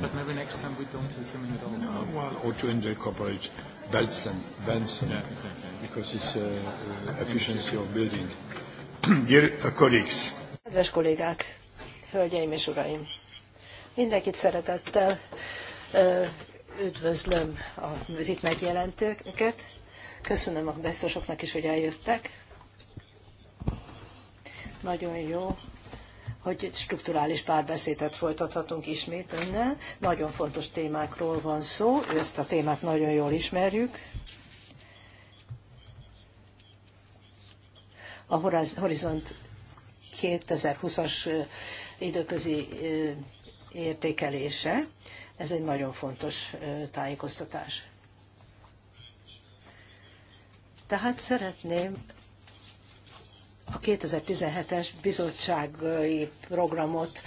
But maybe next time we don't use them at all. No, well, or to incorporate belts and bands yeah, exactly. because it's uh, uh, efficiency of building. Dear uh, colleagues. Kedves kollégák, hölgyeim és uraim, mindenkit szeretettel üdvözlöm az itt megjelentőket. Köszönöm a beszosoknak is, hogy eljöttek. Nagyon jó, hogy strukturális párbeszédet folytathatunk ismét önnel. Nagyon fontos témákról van szó, ezt a témát nagyon jól ismerjük. A Horizont 2020-as időközi értékelése, ez egy nagyon fontos tájékoztatás. Tehát szeretném a 2017-es bizottsági programot,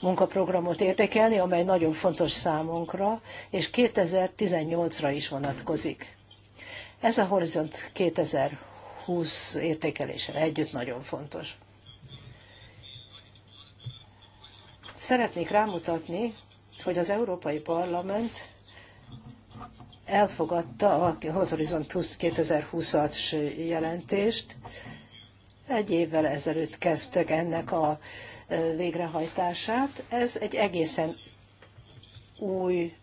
munkaprogramot értékelni, amely nagyon fontos számunkra, és 2018-ra is vonatkozik. Ez a Horizont 2020 értékelésre együtt nagyon fontos. Szeretnék rámutatni, hogy az Európai Parlament elfogadta a Horizont 2020-as jelentést, egy évvel ezelőtt kezdtük ennek a végrehajtását. Ez egy egészen új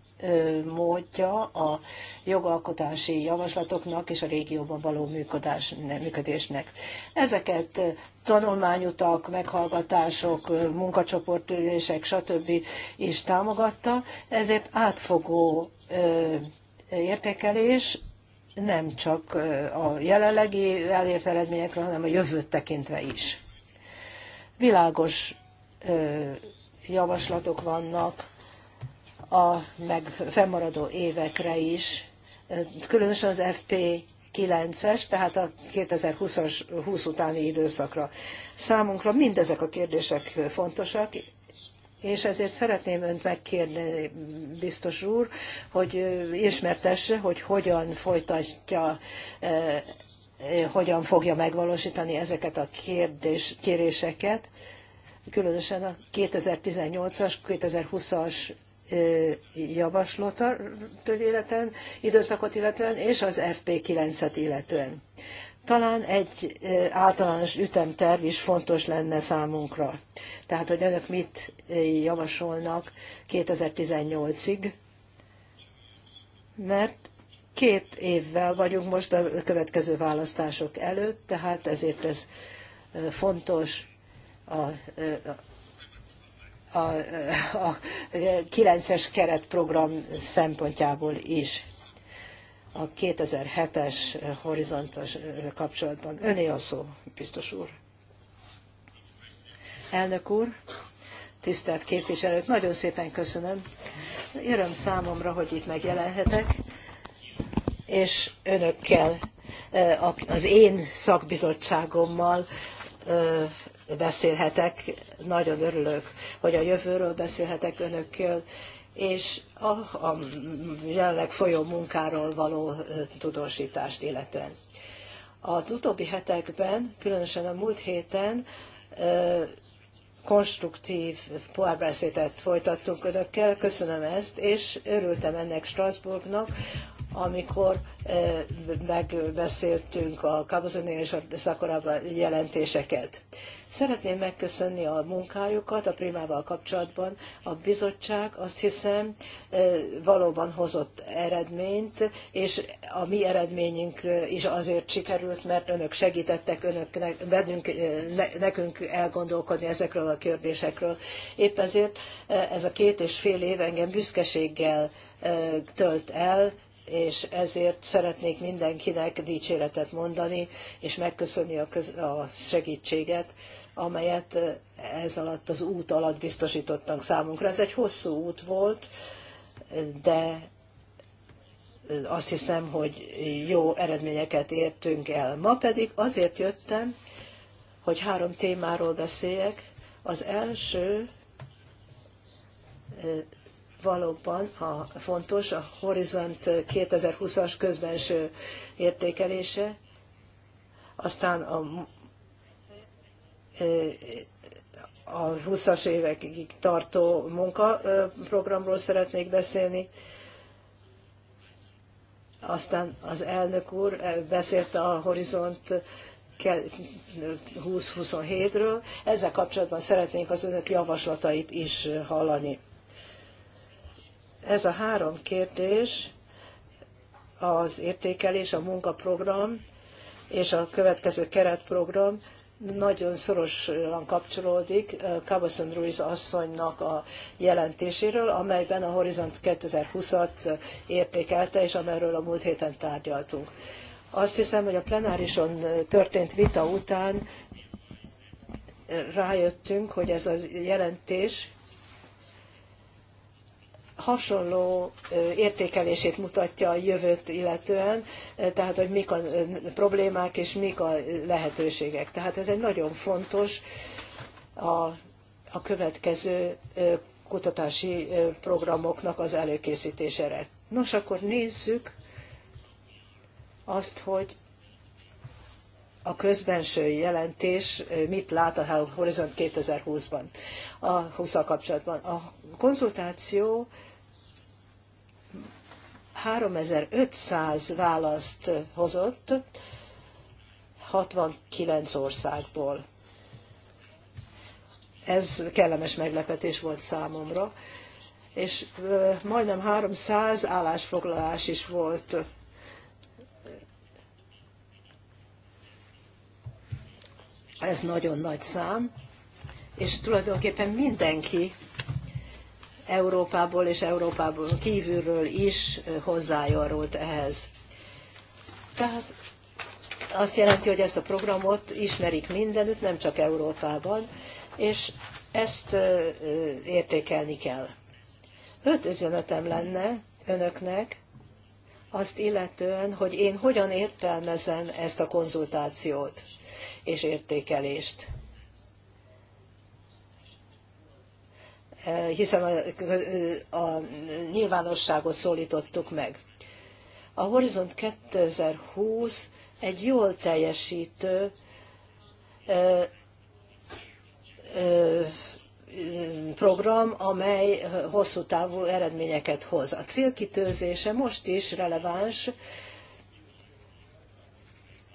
módja a jogalkotási javaslatoknak és a régióban való működás, működésnek. Ezeket tanulmányutak, meghallgatások, munkacsoportülések, stb. is támogatta, ezért átfogó értékelés nem csak a jelenlegi elért eredményekre, hanem a jövőt tekintve is. Világos javaslatok vannak a meg fennmaradó évekre is, különösen az FP 9-es, tehát a 2020-as 20 utáni időszakra. Számunkra mindezek a kérdések fontosak, és ezért szeretném önt megkérni, biztos úr, hogy ismertesse, hogy hogyan folytatja e, e, hogyan fogja megvalósítani ezeket a kérdés, kéréseket, különösen a 2018-as, 2020-as e, javaslatot illetően, időszakot illetően, és az FP9-et illetően. Talán egy általános ütemterv is fontos lenne számunkra. Tehát, hogy önök mit javasolnak 2018-ig, mert két évvel vagyunk most a következő választások előtt, tehát ezért ez fontos a, a, a, a 9-es keretprogram szempontjából is a 2007-es horizontos kapcsolatban. Öné a szó, biztos úr. Elnök úr, tisztelt képviselők, nagyon szépen köszönöm. Öröm számomra, hogy itt megjelenhetek, és önökkel, az én szakbizottságommal beszélhetek. Nagyon örülök, hogy a jövőről beszélhetek önökkel, és a, a jelenleg folyó munkáról való tudósítást illetően. Az utóbbi hetekben, különösen a múlt héten konstruktív párbeszédet folytattunk önökkel, köszönöm ezt, és örültem ennek Strasbourgnak, amikor eh, megbeszéltünk a Kabazoni és a Szakorába jelentéseket. Szeretném megköszönni a munkájukat a primával kapcsolatban. A bizottság azt hiszem eh, valóban hozott eredményt, és a mi eredményünk eh, is azért sikerült, mert önök segítettek önöknek, bennünk, nekünk elgondolkodni ezekről a kérdésekről. Épp ezért ez a két és fél év engem büszkeséggel tölt el, és ezért szeretnék mindenkinek dicséretet mondani, és megköszönni a, köz- a segítséget, amelyet ez alatt az út alatt biztosítottak számunkra. Ez egy hosszú út volt, de azt hiszem, hogy jó eredményeket értünk el. Ma pedig azért jöttem, hogy három témáról beszéljek. Az első valóban a fontos a Horizont 2020-as közbenső értékelése, aztán a, a 20-as évekig tartó munkaprogramról szeretnék beszélni, aztán az elnök úr beszélt a Horizont 2027-ről. Ezzel kapcsolatban szeretnénk az önök javaslatait is hallani. Ez a három kérdés, az értékelés, a munkaprogram és a következő keretprogram nagyon szorosan kapcsolódik Cabazon Ruiz asszonynak a jelentéséről, amelyben a Horizont 2020-at értékelte, és amelyről a múlt héten tárgyaltunk. Azt hiszem, hogy a plenárison történt vita után rájöttünk, hogy ez a jelentés hasonló értékelését mutatja a jövőt illetően, tehát hogy mik a problémák és mik a lehetőségek. Tehát ez egy nagyon fontos a, a következő kutatási programoknak az előkészítésére. Nos, akkor nézzük azt, hogy a közbenső jelentés mit lát a Horizon 2020-ban, a 20 kapcsolatban. A konzultáció 3500 választ hozott 69 országból. Ez kellemes meglepetés volt számomra, és majdnem 300 állásfoglalás is volt ez nagyon nagy szám, és tulajdonképpen mindenki Európából és Európából kívülről is hozzájárult ehhez. Tehát azt jelenti, hogy ezt a programot ismerik mindenütt, nem csak Európában, és ezt értékelni kell. Öt üzenetem lenne önöknek, azt illetően, hogy én hogyan értelmezem ezt a konzultációt és értékelést. hiszen a, a nyilvánosságot szólítottuk meg. A Horizont 2020 egy jól teljesítő program, amely hosszú távú eredményeket hoz. A célkitőzése most is releváns,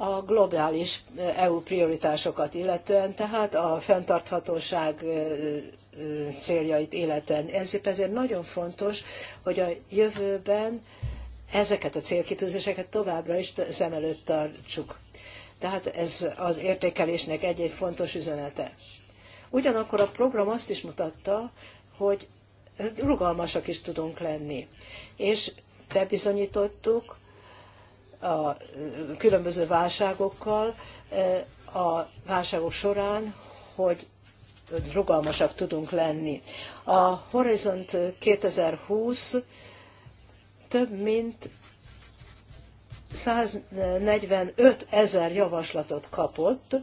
a globális EU prioritásokat illetően, tehát a fenntarthatóság céljait illetően. Ezért ezért nagyon fontos, hogy a jövőben ezeket a célkitűzéseket továbbra is szem előtt tartsuk. Tehát ez az értékelésnek egy-egy fontos üzenete. Ugyanakkor a program azt is mutatta, hogy rugalmasak is tudunk lenni. És bebizonyítottuk, a különböző válságokkal eh, a válságok során, hogy rugalmasak tudunk lenni. A Horizont 2020 több mint 145 ezer javaslatot kapott.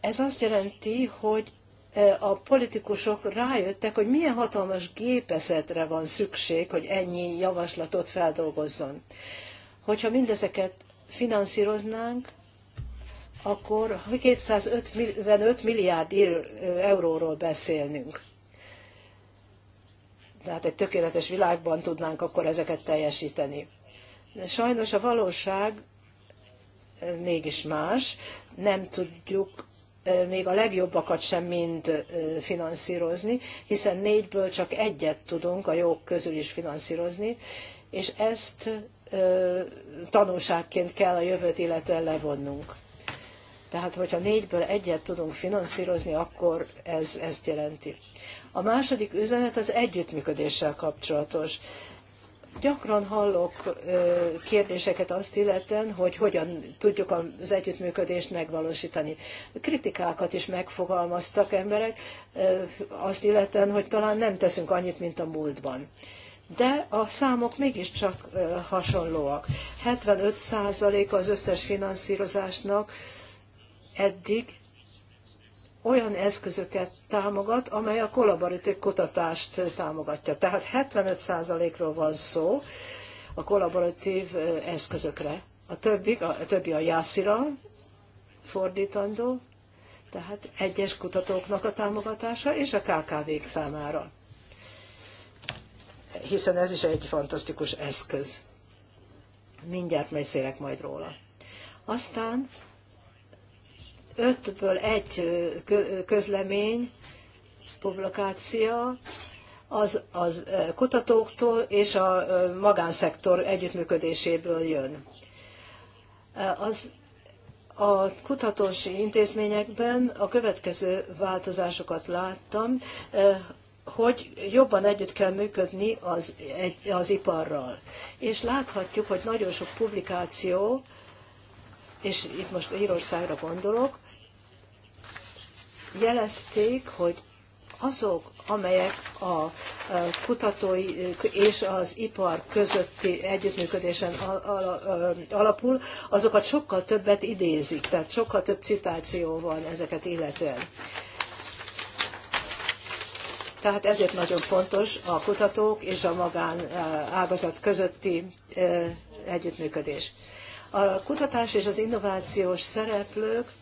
Ez azt jelenti, hogy a politikusok rájöttek, hogy milyen hatalmas gépezetre van szükség, hogy ennyi javaslatot feldolgozzon. Hogyha mindezeket finanszíroznánk, akkor 255 milliárd euróról beszélnünk. Tehát egy tökéletes világban tudnánk akkor ezeket teljesíteni. De sajnos a valóság mégis más. Nem tudjuk még a legjobbakat sem mind finanszírozni, hiszen négyből csak egyet tudunk a jók közül is finanszírozni, és ezt tanulságként kell a jövőt illetően levonnunk. Tehát, hogyha négyből egyet tudunk finanszírozni, akkor ez ezt jelenti. A második üzenet az együttműködéssel kapcsolatos. Gyakran hallok kérdéseket azt illetően, hogy hogyan tudjuk az együttműködést megvalósítani. Kritikákat is megfogalmaztak emberek azt illetően, hogy talán nem teszünk annyit, mint a múltban. De a számok mégiscsak hasonlóak. 75% az összes finanszírozásnak eddig olyan eszközöket támogat, amely a kollaboratív kutatást támogatja. Tehát 75%-ról van szó a kollaboratív eszközökre. A többi a, többi a jászira fordítandó, tehát egyes kutatóknak a támogatása és a KKV-k számára. Hiszen ez is egy fantasztikus eszköz. Mindjárt beszélek majd róla. Aztán ötből egy közlemény, publikáció, az, az kutatóktól és a magánszektor együttműködéséből jön. Az a kutatási intézményekben a következő változásokat láttam, hogy jobban együtt kell működni az, az iparral. És láthatjuk, hogy nagyon sok publikáció, és itt most Írországra gondolok, jelezték, hogy azok, amelyek a kutatói és az ipar közötti együttműködésen alapul, azokat sokkal többet idézik, tehát sokkal több citáció van ezeket illetően. Tehát ezért nagyon fontos a kutatók és a magán ágazat közötti együttműködés. A kutatás és az innovációs szereplők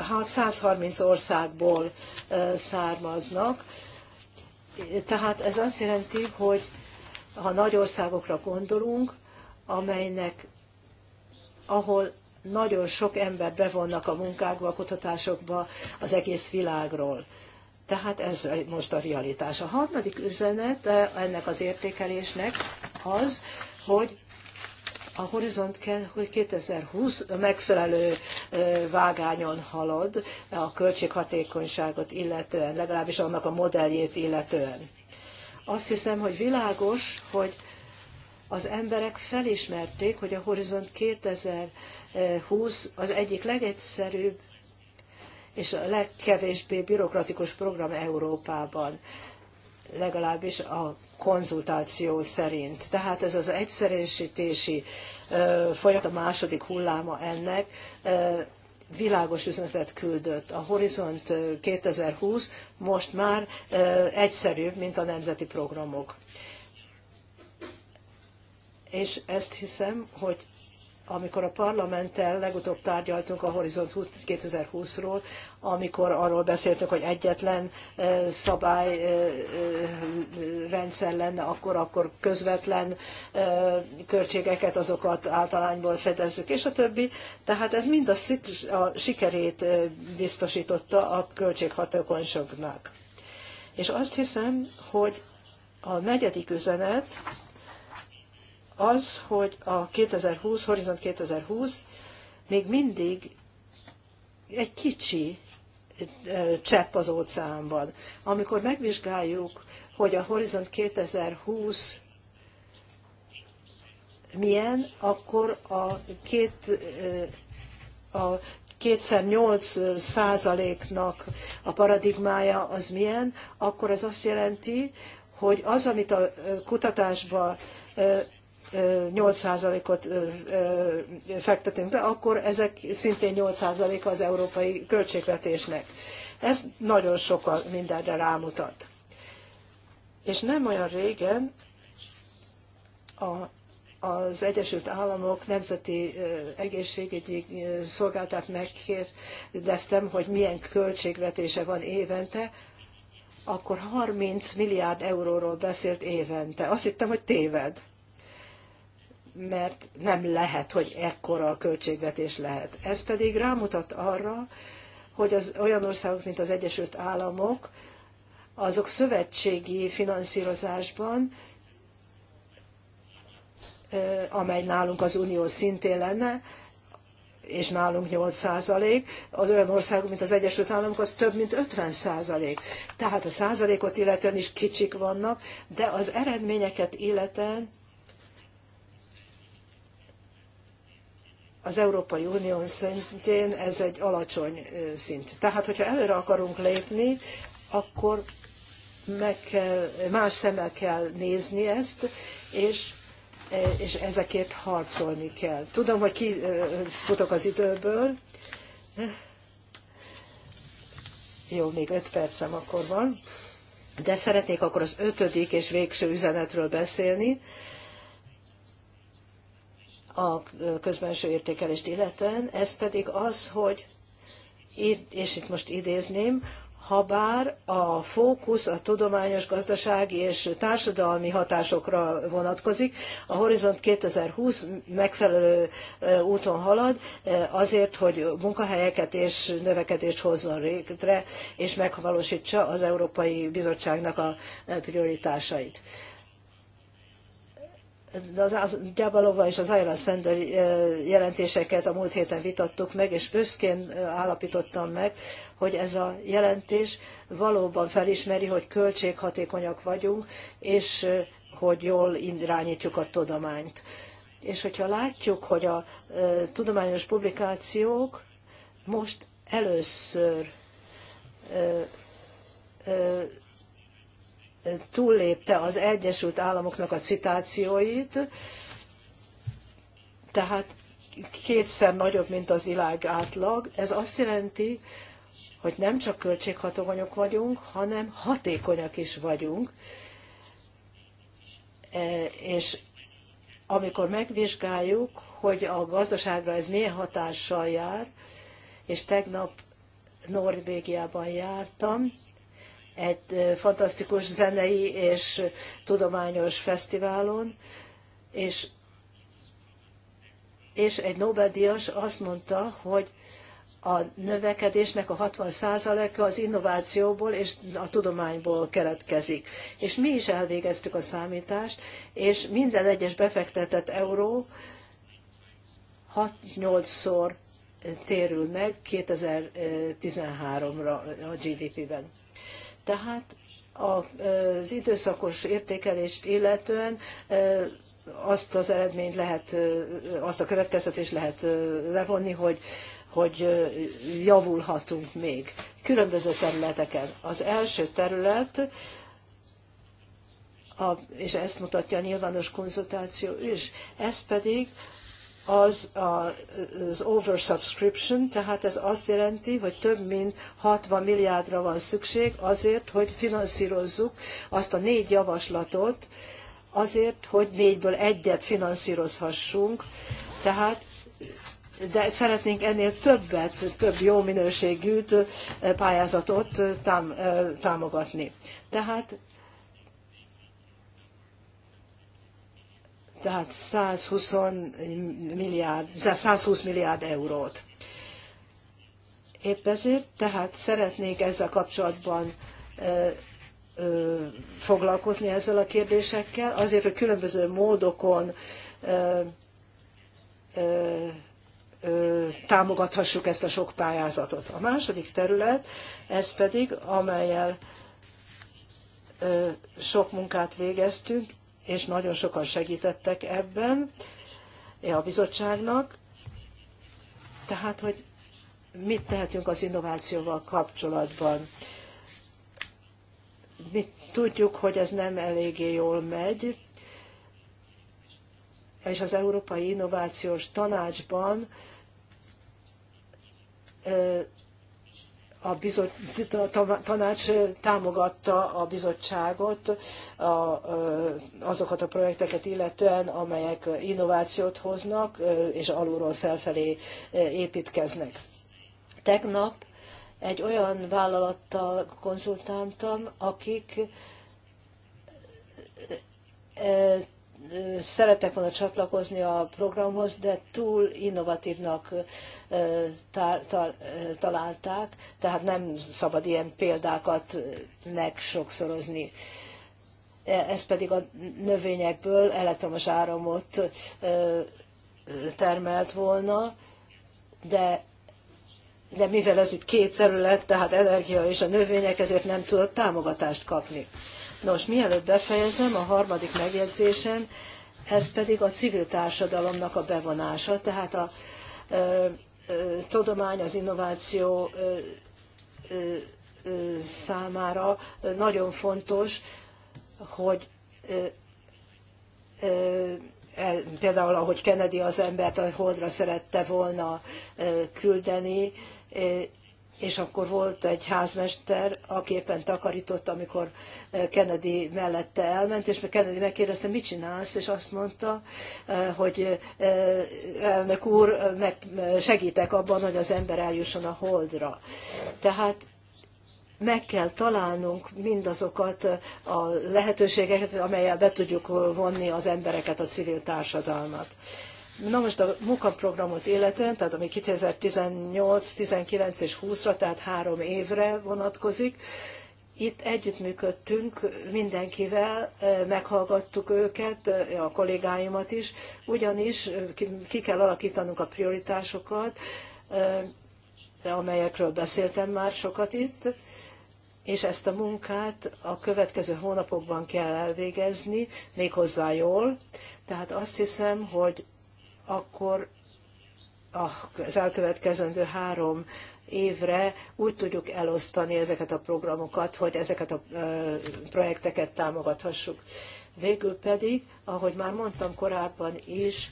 130 hát országból származnak. Tehát ez azt jelenti, hogy ha nagy országokra gondolunk, amelynek, ahol nagyon sok ember bevonnak a munkákba, a kutatásokba az egész világról. Tehát ez most a realitás. A harmadik üzenet ennek az értékelésnek az, hogy a horizont kell, hogy 2020 megfelelő vágányon halad a költséghatékonyságot illetően, legalábbis annak a modelljét illetően. Azt hiszem, hogy világos, hogy az emberek felismerték, hogy a Horizont 2020 az egyik legegyszerűbb és a legkevésbé bürokratikus program Európában legalábbis a konzultáció szerint. Tehát ez az egyszerűsítési folyamat, a második hulláma ennek világos üzenetet küldött. A Horizont 2020 most már egyszerűbb, mint a nemzeti programok. És ezt hiszem, hogy amikor a parlamenttel legutóbb tárgyaltunk a Horizont 2020-ról, amikor arról beszéltünk, hogy egyetlen szabályrendszer lenne, akkor, akkor közvetlen költségeket, azokat általányból fedezzük, és a többi. Tehát ez mind a, a sikerét biztosította a költséghatókonyságnak. És azt hiszem, hogy a negyedik üzenet, az, hogy a 2020, Horizont 2020 még mindig egy kicsi csepp az óceánban. Amikor megvizsgáljuk, hogy a Horizont 2020 milyen, akkor a két a kétszer nyolc százaléknak a paradigmája az milyen, akkor ez azt jelenti, hogy az, amit a kutatásba 8%-ot fektetünk be, akkor ezek szintén 8% az európai költségvetésnek. Ez nagyon sok mindenre rámutat. És nem olyan régen a az Egyesült Államok Nemzeti Egészségügyi Szolgáltát megkérdeztem, hogy milyen költségvetése van évente, akkor 30 milliárd euróról beszélt évente. Azt hittem, hogy téved mert nem lehet, hogy ekkora a költségvetés lehet. Ez pedig rámutat arra, hogy az olyan országok, mint az Egyesült Államok, azok szövetségi finanszírozásban, amely nálunk az unió szintén lenne, és nálunk 8 százalék, az olyan országok, mint az Egyesült Államok, az több, mint 50 százalék. Tehát a százalékot illetően is kicsik vannak, de az eredményeket illetően az Európai Unió szintjén ez egy alacsony szint. Tehát, hogyha előre akarunk lépni, akkor meg kell, más szemmel kell nézni ezt, és, és ezekért harcolni kell. Tudom, hogy kifutok az időből. Jó, még öt percem akkor van. De szeretnék akkor az ötödik és végső üzenetről beszélni, a közbenső értékelést illetően, ez pedig az, hogy, és itt most idézném, bár a fókusz a tudományos, gazdasági és társadalmi hatásokra vonatkozik, a Horizont 2020 megfelelő úton halad azért, hogy munkahelyeket és növekedést hozzon rétre, és megvalósítsa az Európai Bizottságnak a prioritásait az Gyabalova és az Ayala Sender jelentéseket a múlt héten vitattuk meg, és büszkén állapítottam meg, hogy ez a jelentés valóban felismeri, hogy költséghatékonyak vagyunk, és hogy jól irányítjuk a tudományt. És hogyha látjuk, hogy a tudományos publikációk most először túllépte az Egyesült Államoknak a citációit, tehát kétszer nagyobb, mint az világ átlag. Ez azt jelenti, hogy nem csak költséghatóanyok vagyunk, hanem hatékonyak is vagyunk. E, és amikor megvizsgáljuk, hogy a gazdaságra ez milyen hatással jár, és tegnap Norvégiában jártam, egy fantasztikus zenei és tudományos fesztiválon, és, és egy Nobel-díjas azt mondta, hogy a növekedésnek a 60%-a az innovációból és a tudományból keletkezik. És mi is elvégeztük a számítást, és minden egyes befektetett euró 6-8-szor térül meg 2013-ra a GDP-ben. Tehát az időszakos értékelést illetően eh, azt az eredményt lehet, eh, azt a következtetést lehet eh, levonni, hogy, hogy javulhatunk még. Különböző területeken. Az első terület, a, és ezt mutatja a nyilvános konzultáció is, ez pedig az az oversubscription, tehát ez azt jelenti, hogy több mint 60 milliárdra van szükség azért, hogy finanszírozzuk azt a négy javaslatot, azért, hogy négyből egyet finanszírozhassunk, tehát de szeretnénk ennél többet, több jó minőségűt pályázatot e, tám, e, támogatni. Tehát tehát 120 milliárd, 120 milliárd eurót. Épp ezért tehát szeretnék ezzel kapcsolatban foglalkozni ezzel a kérdésekkel, azért, hogy különböző módokon támogathassuk ezt a sok pályázatot. A második terület, ez pedig, amelyel sok munkát végeztünk, és nagyon sokan segítettek ebben e a bizottságnak. Tehát, hogy mit tehetünk az innovációval kapcsolatban. Mi tudjuk, hogy ez nem eléggé jól megy, és az Európai Innovációs Tanácsban a, bizot, tanács támogatta a bizottságot a, azokat a projekteket illetően, amelyek innovációt hoznak és alulról felfelé építkeznek. Tegnap egy olyan vállalattal konzultáltam, akik szeretek volna csatlakozni a programhoz, de túl innovatívnak találták, tehát nem szabad ilyen példákat megsokszorozni. E, ez pedig a növényekből elektromos áramot termelt volna, de de mivel ez itt két terület, tehát energia és a növények, ezért nem tudott támogatást kapni. Nos, mielőtt befejezem, a harmadik megjegyzésem, ez pedig a civil társadalomnak a bevonása, tehát a ö, ö, tudomány, az innováció ö, ö, számára nagyon fontos, hogy ö, ö, e, például ahogy Kennedy az embert a holdra szerette volna küldeni, és akkor volt egy házmester, aki éppen takarított, amikor eh, Kennedy mellette elment, és Kennedy megkérdezte, mit csinálsz, és azt mondta, eh, hogy eh, elnök úr, meg segítek abban, hogy az ember eljusson a holdra. Tehát meg kell találnunk mindazokat a lehetőségeket, amelyel be tudjuk vonni az embereket, a civil társadalmat. Na most a munkaprogramot illetően, tehát ami 2018, 19 és 20-ra, tehát három évre vonatkozik, itt együttműködtünk mindenkivel, meghallgattuk őket, a kollégáimat is, ugyanis ki kell alakítanunk a prioritásokat, amelyekről beszéltem már sokat itt, és ezt a munkát a következő hónapokban kell elvégezni, méghozzá jól. Tehát azt hiszem, hogy akkor az elkövetkezendő három évre úgy tudjuk elosztani ezeket a programokat, hogy ezeket a projekteket támogathassuk. Végül pedig, ahogy már mondtam korábban is,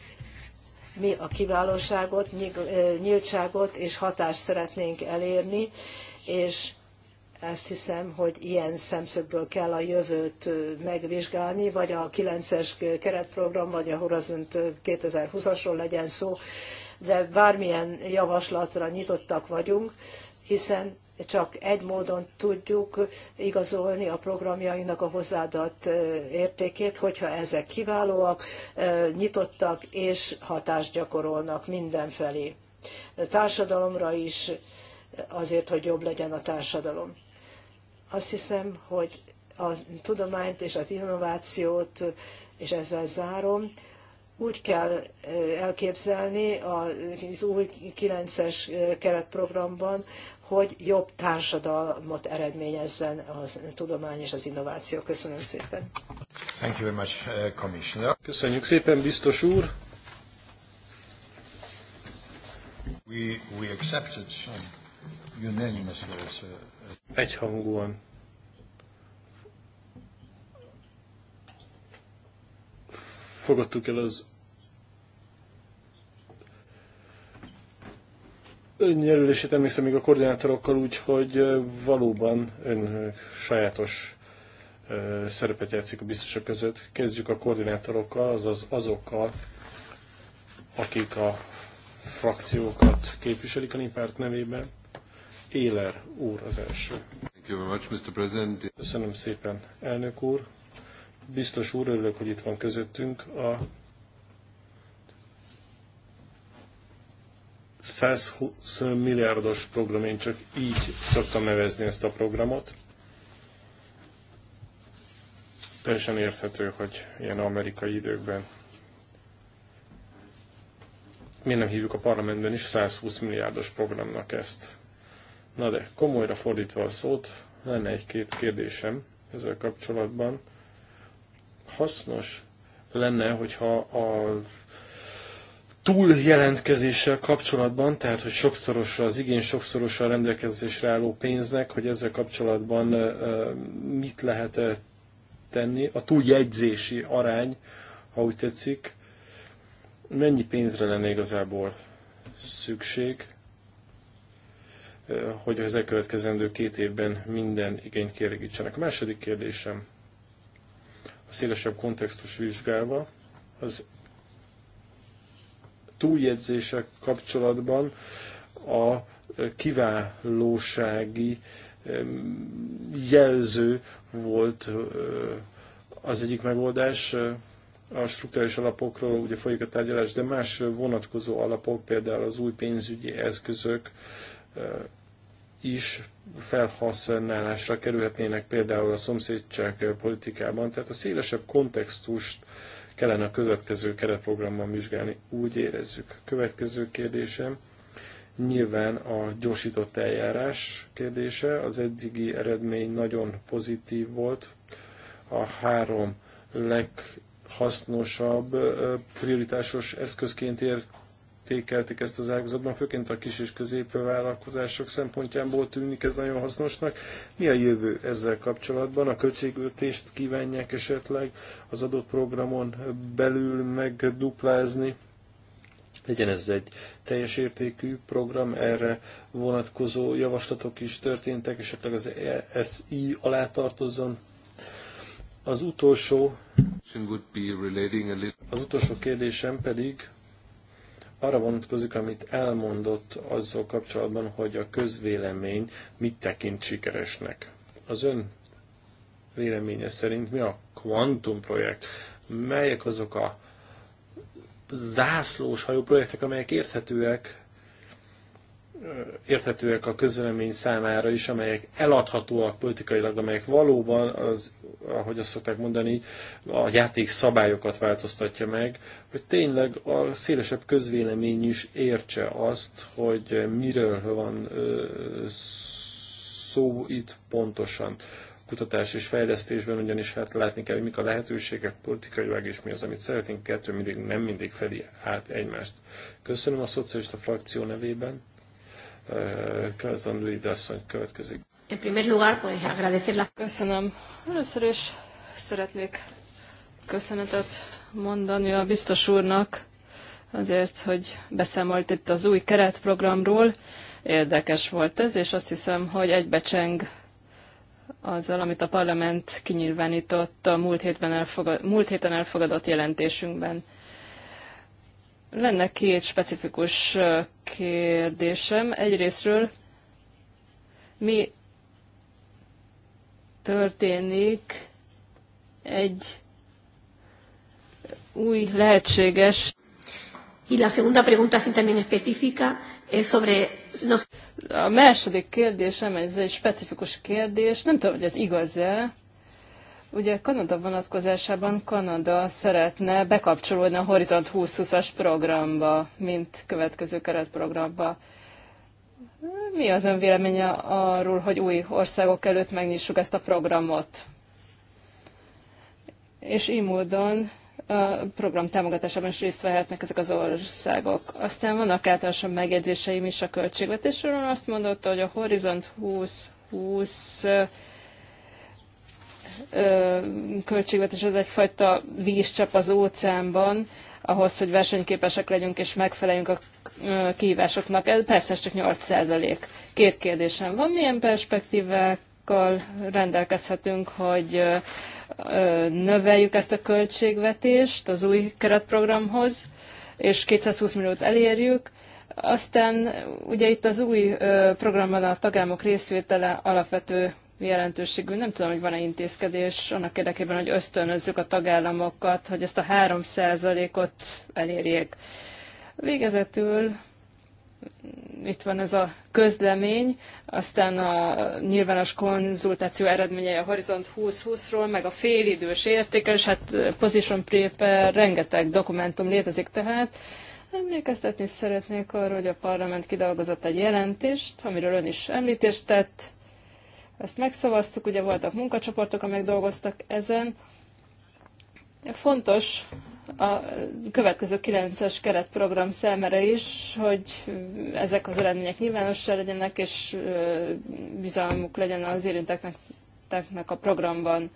mi a kiválóságot, nyíltságot és hatást szeretnénk elérni, és azt hiszem, hogy ilyen szemszögből kell a jövőt megvizsgálni, vagy a 9-es keretprogram, vagy a Horizont 2020-asról legyen szó, de bármilyen javaslatra nyitottak vagyunk, hiszen csak egy módon tudjuk igazolni a programjainknak a hozzáadott értékét, hogyha ezek kiválóak, nyitottak és hatást gyakorolnak mindenfelé. A társadalomra is azért, hogy jobb legyen a társadalom. Azt hiszem, hogy a tudományt és az innovációt, és ezzel zárom, úgy kell eh, elképzelni az új 9-es eh, keretprogramban, hogy jobb társadalmat eredményezzen a tudomány és az innováció. Köszönöm szépen. Thank you very much, eh, Commissioner. Köszönjük szépen, biztos úr. We, we accepted unanimously. Egyhangúan fogadtuk el az önjelölését emlékszem még a koordinátorokkal úgy, hogy valóban ön sajátos szerepet játszik a biztosok között. Kezdjük a koordinátorokkal, azaz azokkal, akik a frakciókat képviselik a néppárt nevében. Éler úr az első. Thank you very much, Mr. President. Köszönöm szépen, elnök úr. Biztos úr, örülök, hogy itt van közöttünk a 120 milliárdos program, én csak így szoktam nevezni ezt a programot. Teljesen érthető, hogy ilyen amerikai időkben miért nem hívjuk a parlamentben is 120 milliárdos programnak ezt. Na de, komolyra fordítva a szót, lenne egy-két kérdésem ezzel kapcsolatban. Hasznos lenne, hogyha a túljelentkezéssel kapcsolatban, tehát hogy sokszorosa az igény, sokszorosa a rendelkezésre álló pénznek, hogy ezzel kapcsolatban mit lehet -e tenni, a túljegyzési arány, ha úgy tetszik, mennyi pénzre lenne igazából szükség, Eh, hogy az elkövetkezendő két évben minden igényt kielégítsenek. A második kérdésem, a szélesebb kontextus vizsgálva, az túljegyzések kapcsolatban a eh, kiválósági eh, jelző volt az egyik megoldás. A struktúrális alapokról ugye folyik a tárgyalás, de más vonatkozó alapok, például az új pénzügyi eszközök is felhasználásra kerülhetnének például a szomszédság politikában. Tehát a szélesebb kontextust kellene a következő keretprogramban vizsgálni, úgy érezzük. Következő kérdésem nyilván a gyorsított eljárás kérdése. Az eddigi eredmény nagyon pozitív volt. A három leghasznosabb prioritásos eszközként ér értékelték ezt az ágazatban, főként a kis és középvállalkozások szempontjából tűnik ez nagyon hasznosnak. Mi a jövő ezzel kapcsolatban? A költségültést kívánják esetleg az adott programon belül megduplázni? legyen ez egy teljes értékű program, erre vonatkozó javaslatok is történtek, esetleg az e SI alá tartozzon. Az utolsó, az utolsó kérdésem pedig arra vonatkozik, amit elmondott azzal kapcsolatban, hogy a közvélemény mit tekint sikeresnek. Az ön véleménye szerint mi a Quantum projekt? Melyek azok a zászlós hajó projektek, amelyek érthetőek érthetőek a közölemény számára is, amelyek eladhatóak politikailag, amelyek valóban, az, ahogy azt szokták mondani, a játék szabályokat változtatja meg, hogy tényleg a szélesebb közvélemény is értse azt, hogy miről van szó itt pontosan kutatás és fejlesztésben, ugyanis hát látni kell, hogy mik a lehetőségek politikailag, és mi az, amit szeretnénk, kettő mindig, nem mindig fedi át egymást. Köszönöm a szocialista frakció nevében. Kazan Luida következik. En primer lugar, pues Köszönöm. Először is szeretnék köszönetet mondani a biztos úrnak azért, hogy beszámolt itt az új keretprogramról. Érdekes volt ez, és azt hiszem, hogy egybecseng azzal, amit a parlament kinyilvánított a múlt héten, elfogad, múlt héten elfogadott jelentésünkben. Lenne két specifikus kérdésem. Egyrésztről mi történik egy új lehetséges. Y la segunda pregunta, también específica, es sobre... A második kérdésem, ez egy specifikus kérdés, nem tudom, hogy ez igaz-e, Ugye Kanada vonatkozásában Kanada szeretne bekapcsolódni a Horizont 2020-as programba, mint következő keretprogramba. Mi az ön véleménye arról, hogy új országok előtt megnyissuk ezt a programot? És így módon a program támogatásában is részt vehetnek ezek az országok. Aztán vannak általánosan megjegyzéseim is a költségvetésről. Azt mondotta, hogy a Horizont 2020 költségvetés az egyfajta vízcsap az óceánban, ahhoz, hogy versenyképesek legyünk és megfeleljünk a kihívásoknak. Ez persze csak 8 százalék. Két kérdésem van, milyen perspektívákkal rendelkezhetünk, hogy növeljük ezt a költségvetést az új keretprogramhoz, és 220 milliót elérjük, aztán ugye itt az új programban a tagállamok részvétele alapvető jelentőségű. Nem tudom, hogy van-e intézkedés annak érdekében, hogy ösztönözzük a tagállamokat, hogy ezt a 3%-ot elérjék. Végezetül itt van ez a közlemény, aztán a nyilvános konzultáció eredményei a Horizont 2020-ról, meg a félidős értékelés, hát Position Paper, rengeteg dokumentum létezik tehát. Emlékeztetni szeretnék arra, hogy a parlament kidolgozott egy jelentést, amiről ön is említést tett, ezt megszavaztuk, ugye voltak munkacsoportok, amelyek dolgoztak ezen. Fontos a következő 9-es keretprogram számára is, hogy ezek az eredmények nyilvánossá legyenek, és bizalmuk legyen az érinteknek a programban.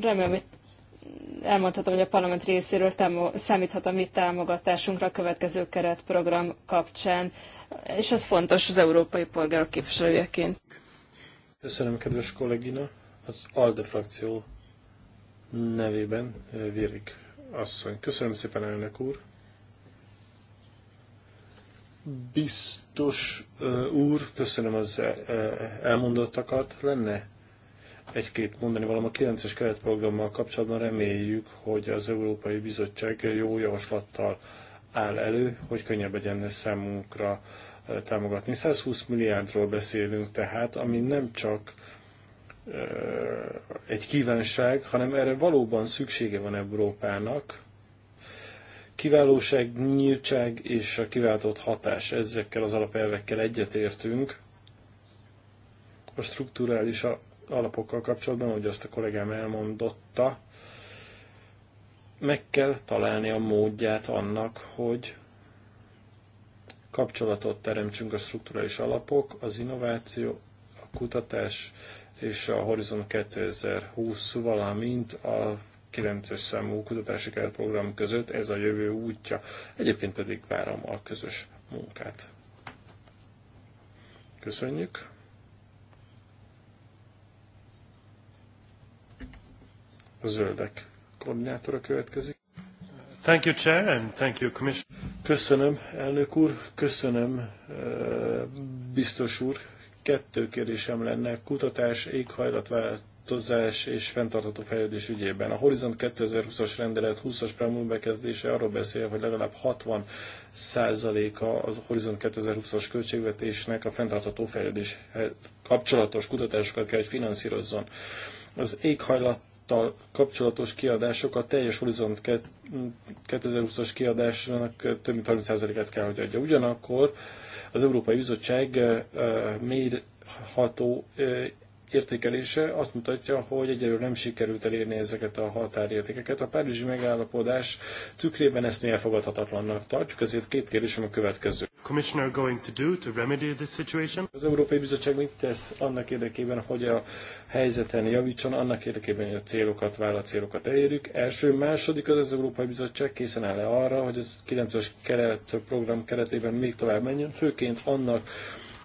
Remélem, hogy elmondhatom, hogy a parlament részéről támog, számíthat a mi támogatásunkra a következő keretprogram kapcsán, és ez fontos az európai polgárok képviselőjeként. Köszönöm, kedves kollégina. Az ALDE frakció nevében eh, Virik asszony. Köszönöm szépen, elnök úr. Biztos eh, úr, köszönöm az eh, elmondottakat. Lenne egy-két mondani valam a 9-es keretprogrammal kapcsolatban reméljük, hogy az Európai Bizottság jó javaslattal áll elő, hogy könnyebb legyen számunkra támogatni. 120 milliárdról beszélünk tehát, ami nem csak egy kívánság, hanem erre valóban szüksége van Európának. Kiválóság, nyíltság és a kiváltott hatás, ezekkel az alapelvekkel egyetértünk. A strukturális alapokkal kapcsolatban, ahogy azt a kollégám elmondotta, meg kell találni a módját annak, hogy kapcsolatot teremtsünk a strukturális alapok, az innováció, a kutatás és a Horizon 2020, valamint a 9-es számú kutatási keretprogram között ez a jövő útja. Egyébként pedig várom a közös munkát. Köszönjük! A zöldek koordinátora következik. Thank you, Chair, and thank you, Commissioner. Köszönöm, elnök úr, köszönöm, eh, biztos úr. Kettő kérdésem lenne, kutatás, éghajlatváltozás és fenntartható fejlődés ügyében. A Horizont 2020-as rendelet 20-as preambulum bekezdése arról beszél, hogy legalább 60 százaléka az Horizont 2020-as költségvetésnek a fenntartható fejlődéshez eh, kapcsolatos kutatásokat kell, hogy finanszírozzon. Az éghajlat kiadásokkal kapcsolatos kiadások a teljes Horizont 2020-as kiadásnak több mint 30%-át kell, hogy adja. Ugyanakkor az Európai Bizottság eh, eh, mérható eh, értékelése azt mutatja, hogy egyelőre nem sikerült elérni ezeket a határértékeket. A párizsi megállapodás tükrében ezt mi elfogadhatatlannak tartjuk, ezért két kérdésem a következő. Commissioner going to do to remedy this situation? Az Európai Bizottság mit tesz annak érdekében, hogy a helyzeten javítson, annak érdekében, hogy a célokat, vállalt célokat elérjük. Első, második az, az Európai Bizottság készen áll -e arra, hogy az 9-es keret, program keretében még tovább menjen, főként annak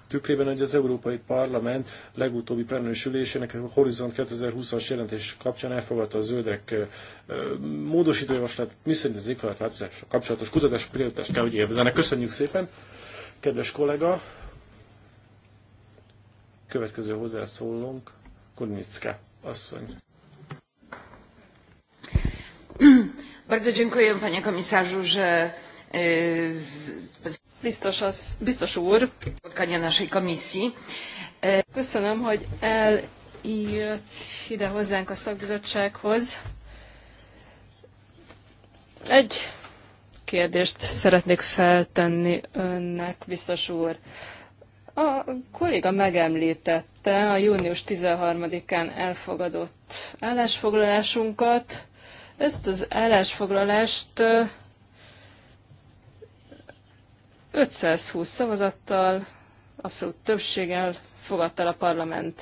tükrében, hogy az Európai Parlament legutóbbi plenáris ülésének a Horizont 2020-as jelentés kapcsán elfogadta a zöldek módosító javaslat, szerint az éghajlatváltozással kapcsolatos kutatás prioritást kell, hogy élvezenek. Köszönjük szépen, kedves kollega! Következő hozzászólónk, Kornicka asszony. Bardzo dziękuję panie komisarzu, że Biztos, az, biztos úr. Köszönöm, hogy eljött ide hozzánk a szakbizottsághoz. Egy kérdést szeretnék feltenni önnek, biztos úr. A kolléga megemlítette a június 13-án elfogadott állásfoglalásunkat. Ezt az állásfoglalást 520 szavazattal, abszolút többséggel fogadta a parlament.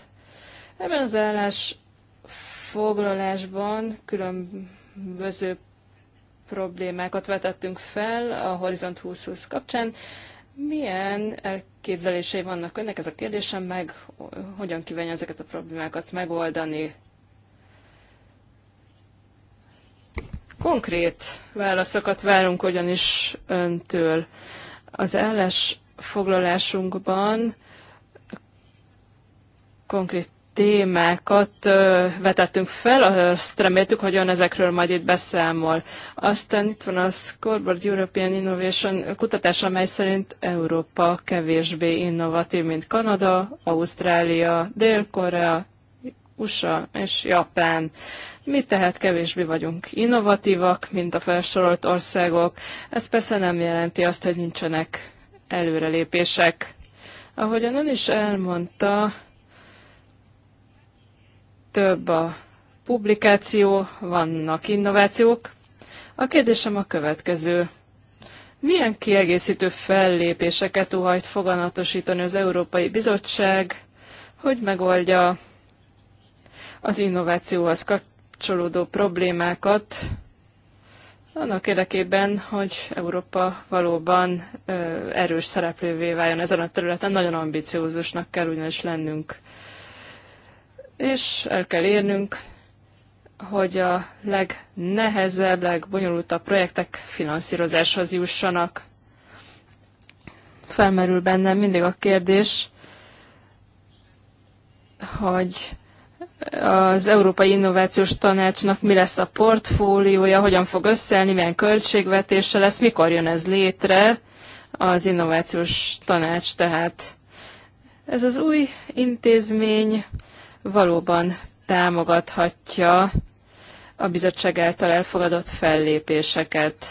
Ebben az állás foglalásban különböző problémákat vetettünk fel a Horizont 2020 kapcsán. Milyen elképzelései vannak önnek ez a kérdésem, meg hogyan kívánja ezeket a problémákat megoldani? Konkrét válaszokat várunk ugyanis öntől. Az állásfoglalásunkban konkrét témákat vetettünk fel, azt reméltük, hogy ön ezekről majd itt beszámol. Aztán itt van a Scoreboard European Innovation kutatás, amely szerint Európa kevésbé innovatív, mint Kanada, Ausztrália, Dél-Korea, USA és Japán. Mi tehát kevésbé vagyunk innovatívak, mint a felsorolt országok. Ez persze nem jelenti azt, hogy nincsenek előrelépések. Ahogyan ön is elmondta, több a publikáció, vannak innovációk. A kérdésem a következő. Milyen kiegészítő fellépéseket óhajt foganatosítani az Európai Bizottság, hogy megoldja az innovációhoz kapcsolódó problémákat, annak érdekében, hogy Európa valóban ö, erős szereplővé váljon ezen a területen, nagyon ambiciózusnak kell ugyanis lennünk. És el kell érnünk, hogy a legnehezebb, legbonyolultabb projektek finanszírozáshoz jussanak. Felmerül bennem mindig a kérdés, hogy az Európai Innovációs Tanácsnak mi lesz a portfóliója, hogyan fog összeállni, milyen költségvetése lesz, mikor jön ez létre az Innovációs Tanács. Tehát ez az új intézmény valóban támogathatja a bizottság által elfogadott fellépéseket.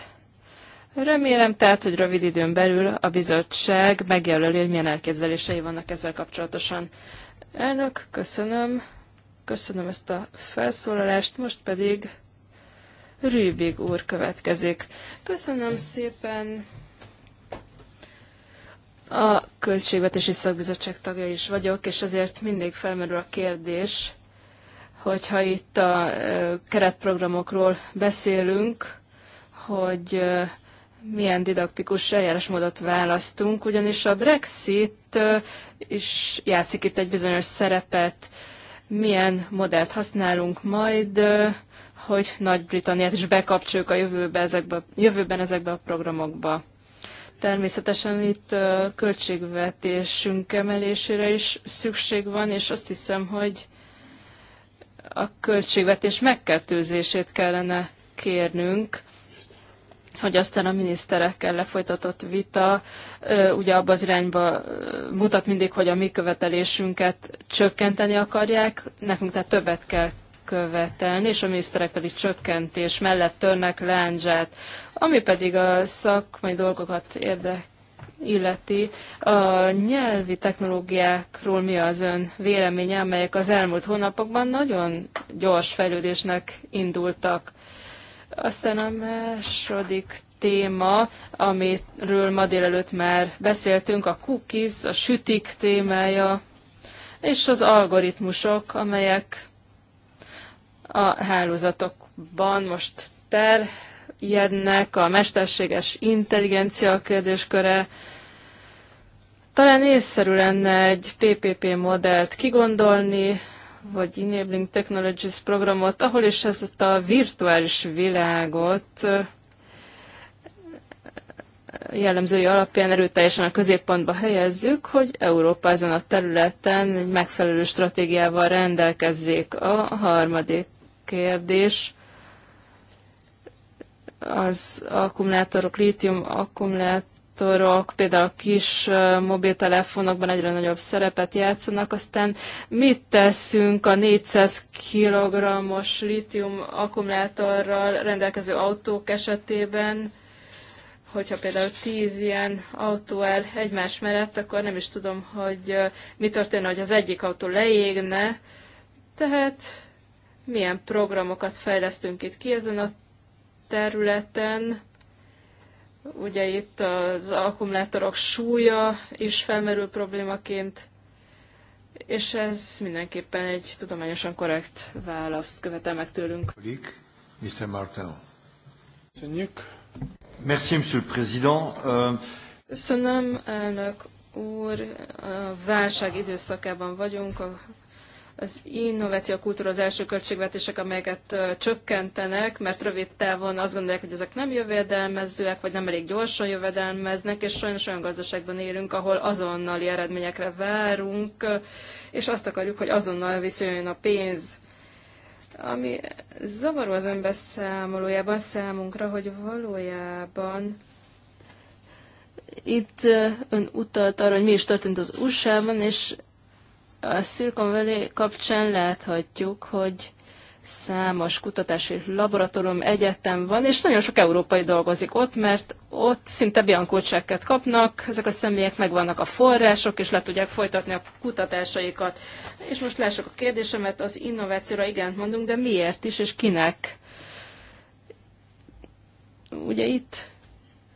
Remélem tehát, hogy rövid időn belül a bizottság megjelöli, hogy milyen elképzelései vannak ezzel kapcsolatosan. Elnök, köszönöm. Köszönöm ezt a felszólalást, most pedig Rübig úr következik. Köszönöm szépen. A Költségvetési Szakbizottság tagja is vagyok, és ezért mindig felmerül a kérdés, hogyha itt a keretprogramokról beszélünk, hogy milyen didaktikus eljárásmódot választunk, ugyanis a Brexit is játszik itt egy bizonyos szerepet milyen modellt használunk majd, hogy Nagy-Britanniát is bekapcsoljuk a jövőbe ezekbe, jövőben ezekbe a programokba. Természetesen itt költségvetésünk emelésére is szükség van, és azt hiszem, hogy a költségvetés megkettőzését kellene kérnünk, hogy aztán a miniszterekkel lefolytatott vita ugye abba az irányba mutat mindig, hogy a mi követelésünket csökkenteni akarják, nekünk tehát többet kell követelni, és a miniszterek pedig csökkentés mellett törnek láncsát, ami pedig a szakmai dolgokat érdekel illeti. A nyelvi technológiákról mi az ön véleménye, amelyek az elmúlt hónapokban nagyon gyors fejlődésnek indultak? Aztán a második téma, amiről ma délelőtt már beszéltünk, a cookies, a sütik témája, és az algoritmusok, amelyek a hálózatokban most terjednek, a mesterséges intelligencia kérdésköre. Talán észszerű lenne egy PPP modellt kigondolni, vagy Enabling Technologies programot, ahol is ezt a virtuális világot jellemzői alapján erőteljesen a középpontba helyezzük, hogy Európa ezen a területen egy megfelelő stratégiával rendelkezzék. A harmadik kérdés az akkumulátorok, lítium akkumulátorok, szektorok, például a kis mobiltelefonokban egyre nagyobb szerepet játszanak, aztán mit teszünk a 400 kg-os litium akkumulátorral rendelkező autók esetében, hogyha például tíz ilyen autó el egymás mellett, akkor nem is tudom, hogy mi történne, hogy az egyik autó leégne. Tehát milyen programokat fejlesztünk itt ki ezen a területen, Ugye itt az akkumulátorok súlya is felmerül problémaként, és ez mindenképpen egy tudományosan korrekt választ követel meg tőlünk. Mr. Martin. Köszönjük. Merci, Monsieur le Président. Euh, Köszönöm, elnök úr. A válság időszakában vagyunk, a az innováció kultúra az első költségvetések, amelyeket csökkentenek, mert rövid távon azt gondolják, hogy ezek nem jövedelmezőek, vagy nem elég gyorsan jövedelmeznek, és sajnos olyan gazdaságban élünk, ahol azonnali eredményekre várunk, és azt akarjuk, hogy azonnal viszonyuljon a pénz ami zavaró az önbeszámolójában számunkra, hogy valójában itt ön utalt arra, hogy mi is történt az USA-ban, és a Silicon Valley kapcsán láthatjuk, hogy számos kutatási laboratórium, egyetem van, és nagyon sok európai dolgozik ott, mert ott szinte biankócsekket kapnak, ezek a személyek megvannak a források, és le tudják folytatni a kutatásaikat. És most lássuk a kérdésemet, az innovációra igen mondunk, de miért is, és kinek? Ugye itt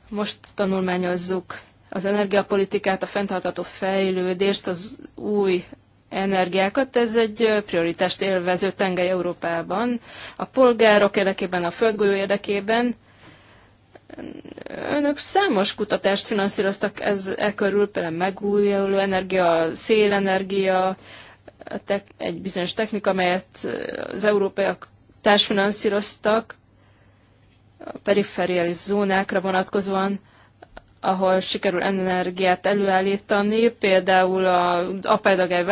most tanulmányozzuk az energiapolitikát, a fenntartató fejlődést, az új energiákat. Ez egy prioritást élvező tengely Európában. A polgárok érdekében, a földgolyó érdekében. Önök számos kutatást finanszíroztak ez e körül, például megújuló energia, szélenergia, egy bizonyos technika, amelyet az európaiak társfinanszíroztak a periferiális zónákra vonatkozóan, ahol sikerül energiát előállítani, például a apálydagály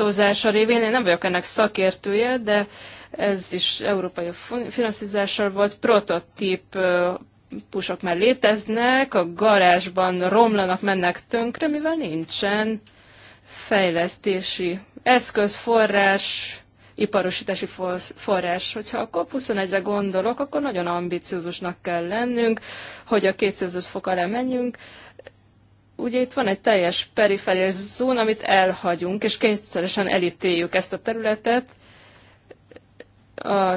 korlátozása révén, én nem vagyok ennek szakértője, de ez is európai finanszírozással volt, prototíp pusok már léteznek, a garázsban romlanak, mennek tönkre, mivel nincsen fejlesztési eszköz, forrás, iparosítási forrás. Hogyha a COP21-re gondolok, akkor nagyon ambiciózusnak kell lennünk, hogy a 200 fok alá menjünk, ugye itt van egy teljes perifériás zóna, amit elhagyunk, és kényszeresen elítéljük ezt a területet. A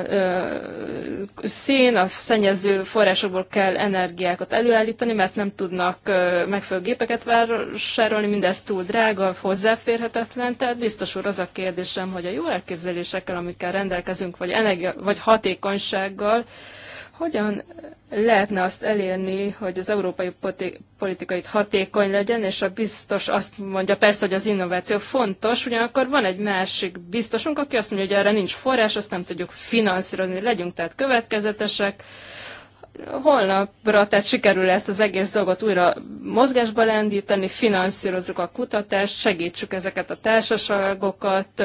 szén, a szennyező forrásokból kell energiákat előállítani, mert nem tudnak ö, megfelelő gépeket vásárolni, mindez túl drága, hozzáférhetetlen. Tehát biztos úr az a kérdésem, hogy a jó elképzelésekkel, amikkel rendelkezünk, vagy, energia, vagy hatékonysággal, hogyan lehetne azt elérni, hogy az európai politika itt hatékony legyen, és a biztos azt mondja persze, hogy az innováció fontos, ugyanakkor van egy másik biztosunk, aki azt mondja, hogy erre nincs forrás, azt nem tudjuk finanszírozni, legyünk tehát következetesek, holnapra, tehát sikerül ezt az egész dolgot újra mozgásba lendíteni, finanszírozzuk a kutatást, segítsük ezeket a társaságokat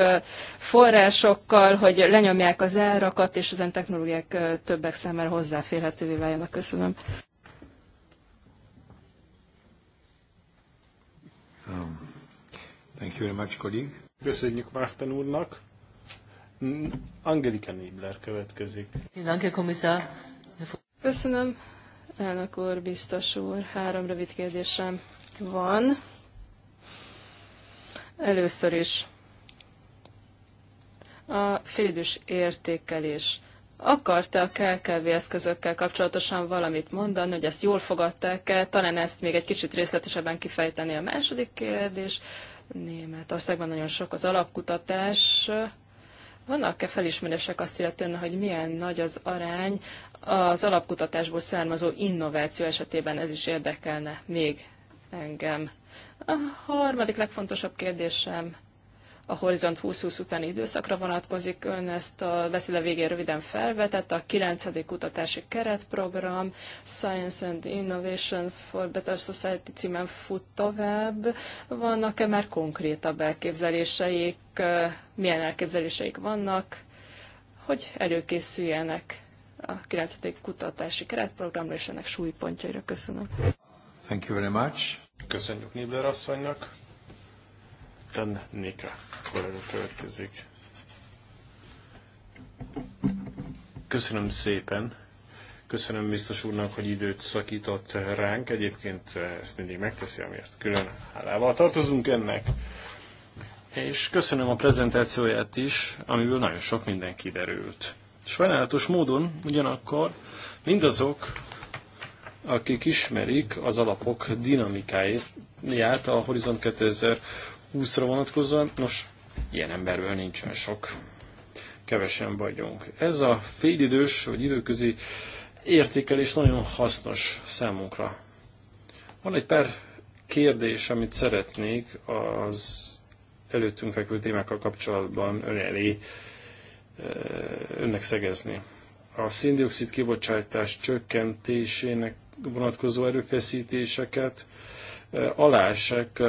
forrásokkal, hogy lenyomják az árakat, és ezen technológiák többek számára hozzáférhetővé váljanak. Köszönöm. Um, thank you very much, colleague. Köszönjük Márten úrnak. Angelika Nébler következik. Köszönöm, Kommissar. Köszönöm. Elnök úr, biztos úr, három rövid kérdésem van. Először is a félidős értékelés. Akarta a KKV eszközökkel kapcsolatosan valamit mondani, hogy ezt jól fogadták e talán ezt még egy kicsit részletesebben kifejteni a második kérdés. Németországban nagyon sok az alapkutatás. Vannak-e felismerések azt illetően, hogy milyen nagy az arány, az alapkutatásból származó innováció esetében ez is érdekelne még engem. A harmadik legfontosabb kérdésem a Horizont 2020 utáni időszakra vonatkozik. Ön ezt a beszéde végén röviden felvetett, a 9. kutatási keretprogram Science and Innovation for Better Society címen fut tovább. Vannak-e már konkrétabb elképzeléseik? Milyen elképzeléseik vannak, hogy előkészüljenek a 9. kutatási keretprogramra és ennek súlypontjaira. Köszönöm. Thank you very much. Köszönjük Nibler asszonynak. Ten Nika kollega következik. Köszönöm szépen. Köszönöm biztos úrnak, hogy időt szakított ránk. Egyébként ezt mindig megteszi, amiért külön hálával tartozunk ennek. És köszönöm a prezentációját is, amiből nagyon sok minden kiderült. Sajnálatos módon ugyanakkor mindazok, akik ismerik az alapok dinamikáját a Horizon 2020-ra vonatkozóan, nos, ilyen emberből nincsen sok. Kevesen vagyunk. Ez a félidős vagy időközi értékelés nagyon hasznos számunkra. Van egy pár kérdés, amit szeretnék az előttünk fekvő témákkal kapcsolatban ön elé önnek szegezni. A széndiokszid kibocsátás csökkentésének vonatkozó erőfeszítéseket alásak,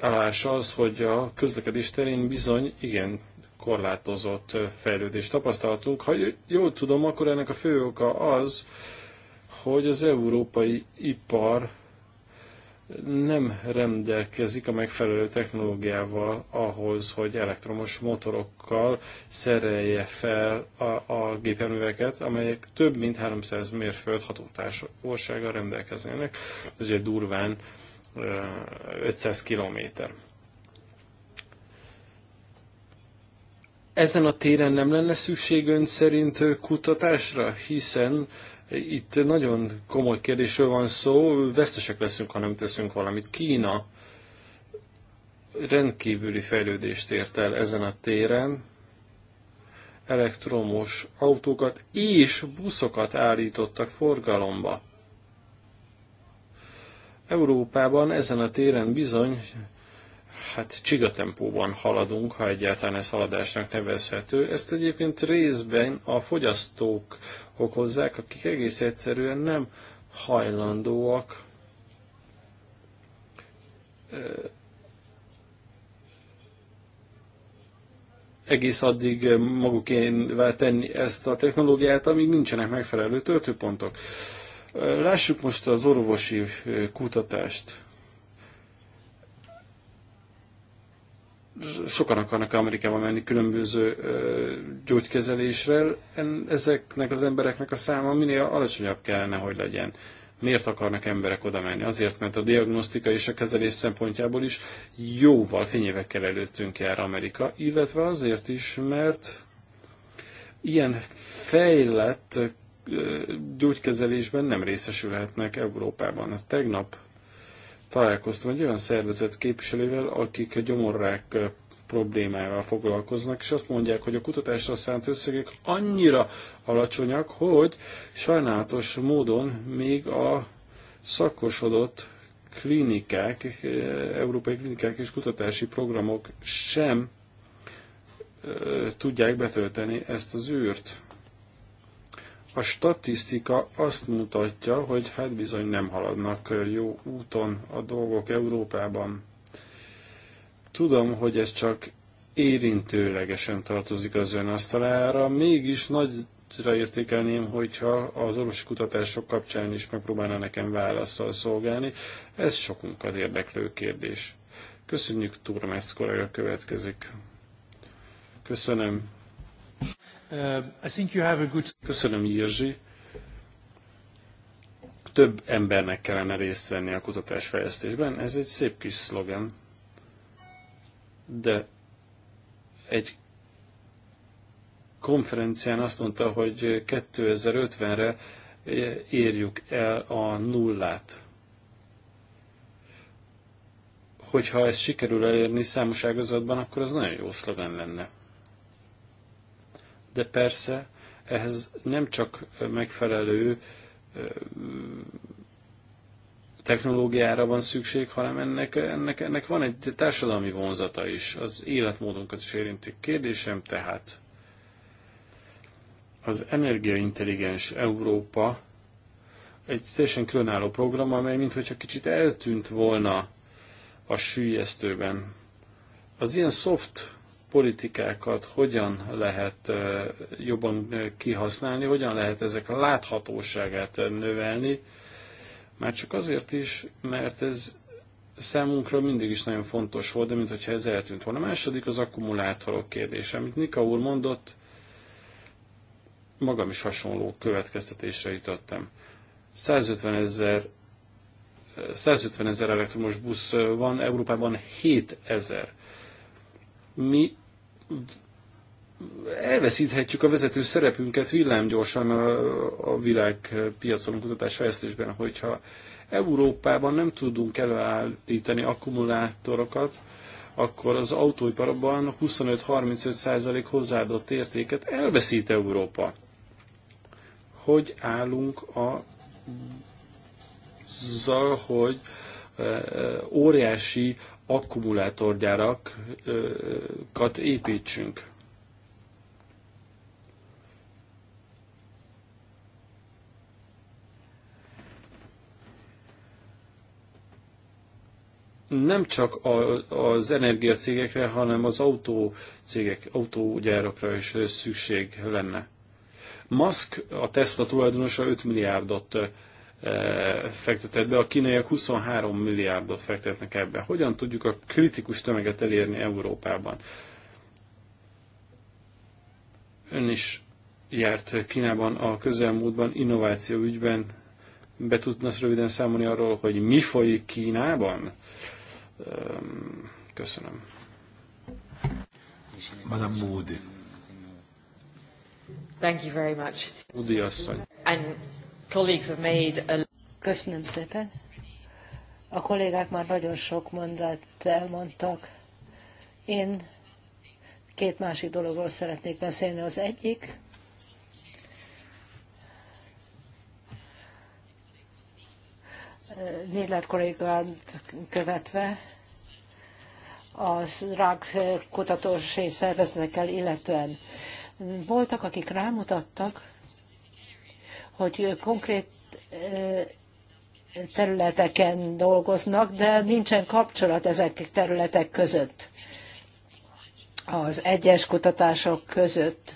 alás az, hogy a közlekedés terén bizony igen korlátozott fejlődést tapasztaltunk. Ha jól tudom, akkor ennek a fő oka az, hogy az európai ipar nem rendelkezik a megfelelő technológiával ahhoz, hogy elektromos motorokkal szerelje fel a, a gépjárműveket, amelyek több mint 300 mérföld hatótávolsággal rendelkeznének, egy durván 500 kilométer. Ezen a téren nem lenne szükség ön szerint kutatásra, hiszen itt nagyon komoly kérdésről van szó, vesztesek leszünk, ha nem teszünk valamit. Kína rendkívüli fejlődést ért el ezen a téren, elektromos autókat és buszokat állítottak forgalomba. Európában ezen a téren bizony hát csigatempóban haladunk, ha egyáltalán ez haladásnak nevezhető. Ezt egyébként részben a fogyasztók okozzák, akik egész egyszerűen nem hajlandóak eh, egész addig magukénvel tenni ezt a technológiát, amíg nincsenek megfelelő töltőpontok. Eh, lássuk most az orvosi kutatást. sokan akarnak Amerikába menni különböző gyógykezelésre, ezeknek az embereknek a száma minél alacsonyabb kellene, hogy legyen. Miért akarnak emberek oda menni? Azért, mert a diagnosztika és a kezelés szempontjából is jóval fényévekkel előttünk jár Amerika, illetve azért is, mert ilyen fejlett gyógykezelésben nem részesülhetnek Európában. Tegnap találkoztam egy olyan szervezet képviselővel, akik a gyomorrák problémával foglalkoznak, és azt mondják, hogy a kutatásra szánt összegek annyira alacsonyak, hogy sajnálatos módon még a szakosodott klinikák, európai klinikák és kutatási programok sem tudják betölteni ezt az űrt. A statisztika azt mutatja, hogy hát bizony nem haladnak jó úton a dolgok Európában. Tudom, hogy ez csak érintőlegesen tartozik az ön asztalára, mégis nagyra értékelném, hogyha az orvosi kutatások kapcsán is megpróbálna nekem válaszsal szolgálni. Ez sokunkat érdeklő kérdés. Köszönjük, Turmes kollega következik. Köszönöm. Uh, I think you have a good... Köszönöm, Jirzsi. Több embernek kellene részt venni a kutatásfejlesztésben. Ez egy szép kis szlogen. De egy konferencián azt mondta, hogy 2050-re érjük el a nullát. Hogyha ezt sikerül elérni számos ágazatban, akkor az nagyon jó szlogen lenne de persze ehhez nem csak megfelelő technológiára van szükség, hanem ennek, ennek, ennek van egy társadalmi vonzata is, az életmódunkat is érinti. Kérdésem tehát, az energiaintelligens Európa egy teljesen különálló program, amely mintha csak kicsit eltűnt volna a sűjesztőben. Az ilyen soft politikákat hogyan lehet jobban kihasználni, hogyan lehet ezek a láthatóságát növelni, már csak azért is, mert ez számunkra mindig is nagyon fontos volt, de mintha ez eltűnt volna. A második az akkumulátorok kérdése. Amit Nika úr mondott, magam is hasonló következtetésre jutottam. 150 ezer 150 ezer elektromos busz van, Európában 7 ezer mi elveszíthetjük a vezető szerepünket villámgyorsan a, a piacon kutatás fejlesztésben, hogyha Európában nem tudunk előállítani akkumulátorokat, akkor az autóiparban 25-35% hozzáadott értéket elveszít Európa. Hogy állunk a azzal, hogy e, e, óriási akkumulátorgyárakat építsünk. nem csak az energiacégekre, hanem az autó cégek, autógyárakra is szükség lenne. Musk, a Tesla tulajdonosa 5 milliárdot E, fektetett be, a kínaiak 23 milliárdot fektetnek ebbe. Hogyan tudjuk a kritikus tömeget elérni Európában? Ön is járt Kínában a közelmúltban innováció ügyben. Be tudna röviden számolni arról, hogy mi folyik Kínában? Köszönöm. Madame Moody. Thank you very much. Moody asszony. And Köszönöm szépen. A kollégák már nagyon sok mondat elmondtak. Én két másik dologról szeretnék beszélni. Az egyik, eh, Néler kollégát követve, az rák kutatósi szervezetekkel illetően. Voltak, akik rámutattak, hogy konkrét területeken dolgoznak, de nincsen kapcsolat ezek területek között, az egyes kutatások között,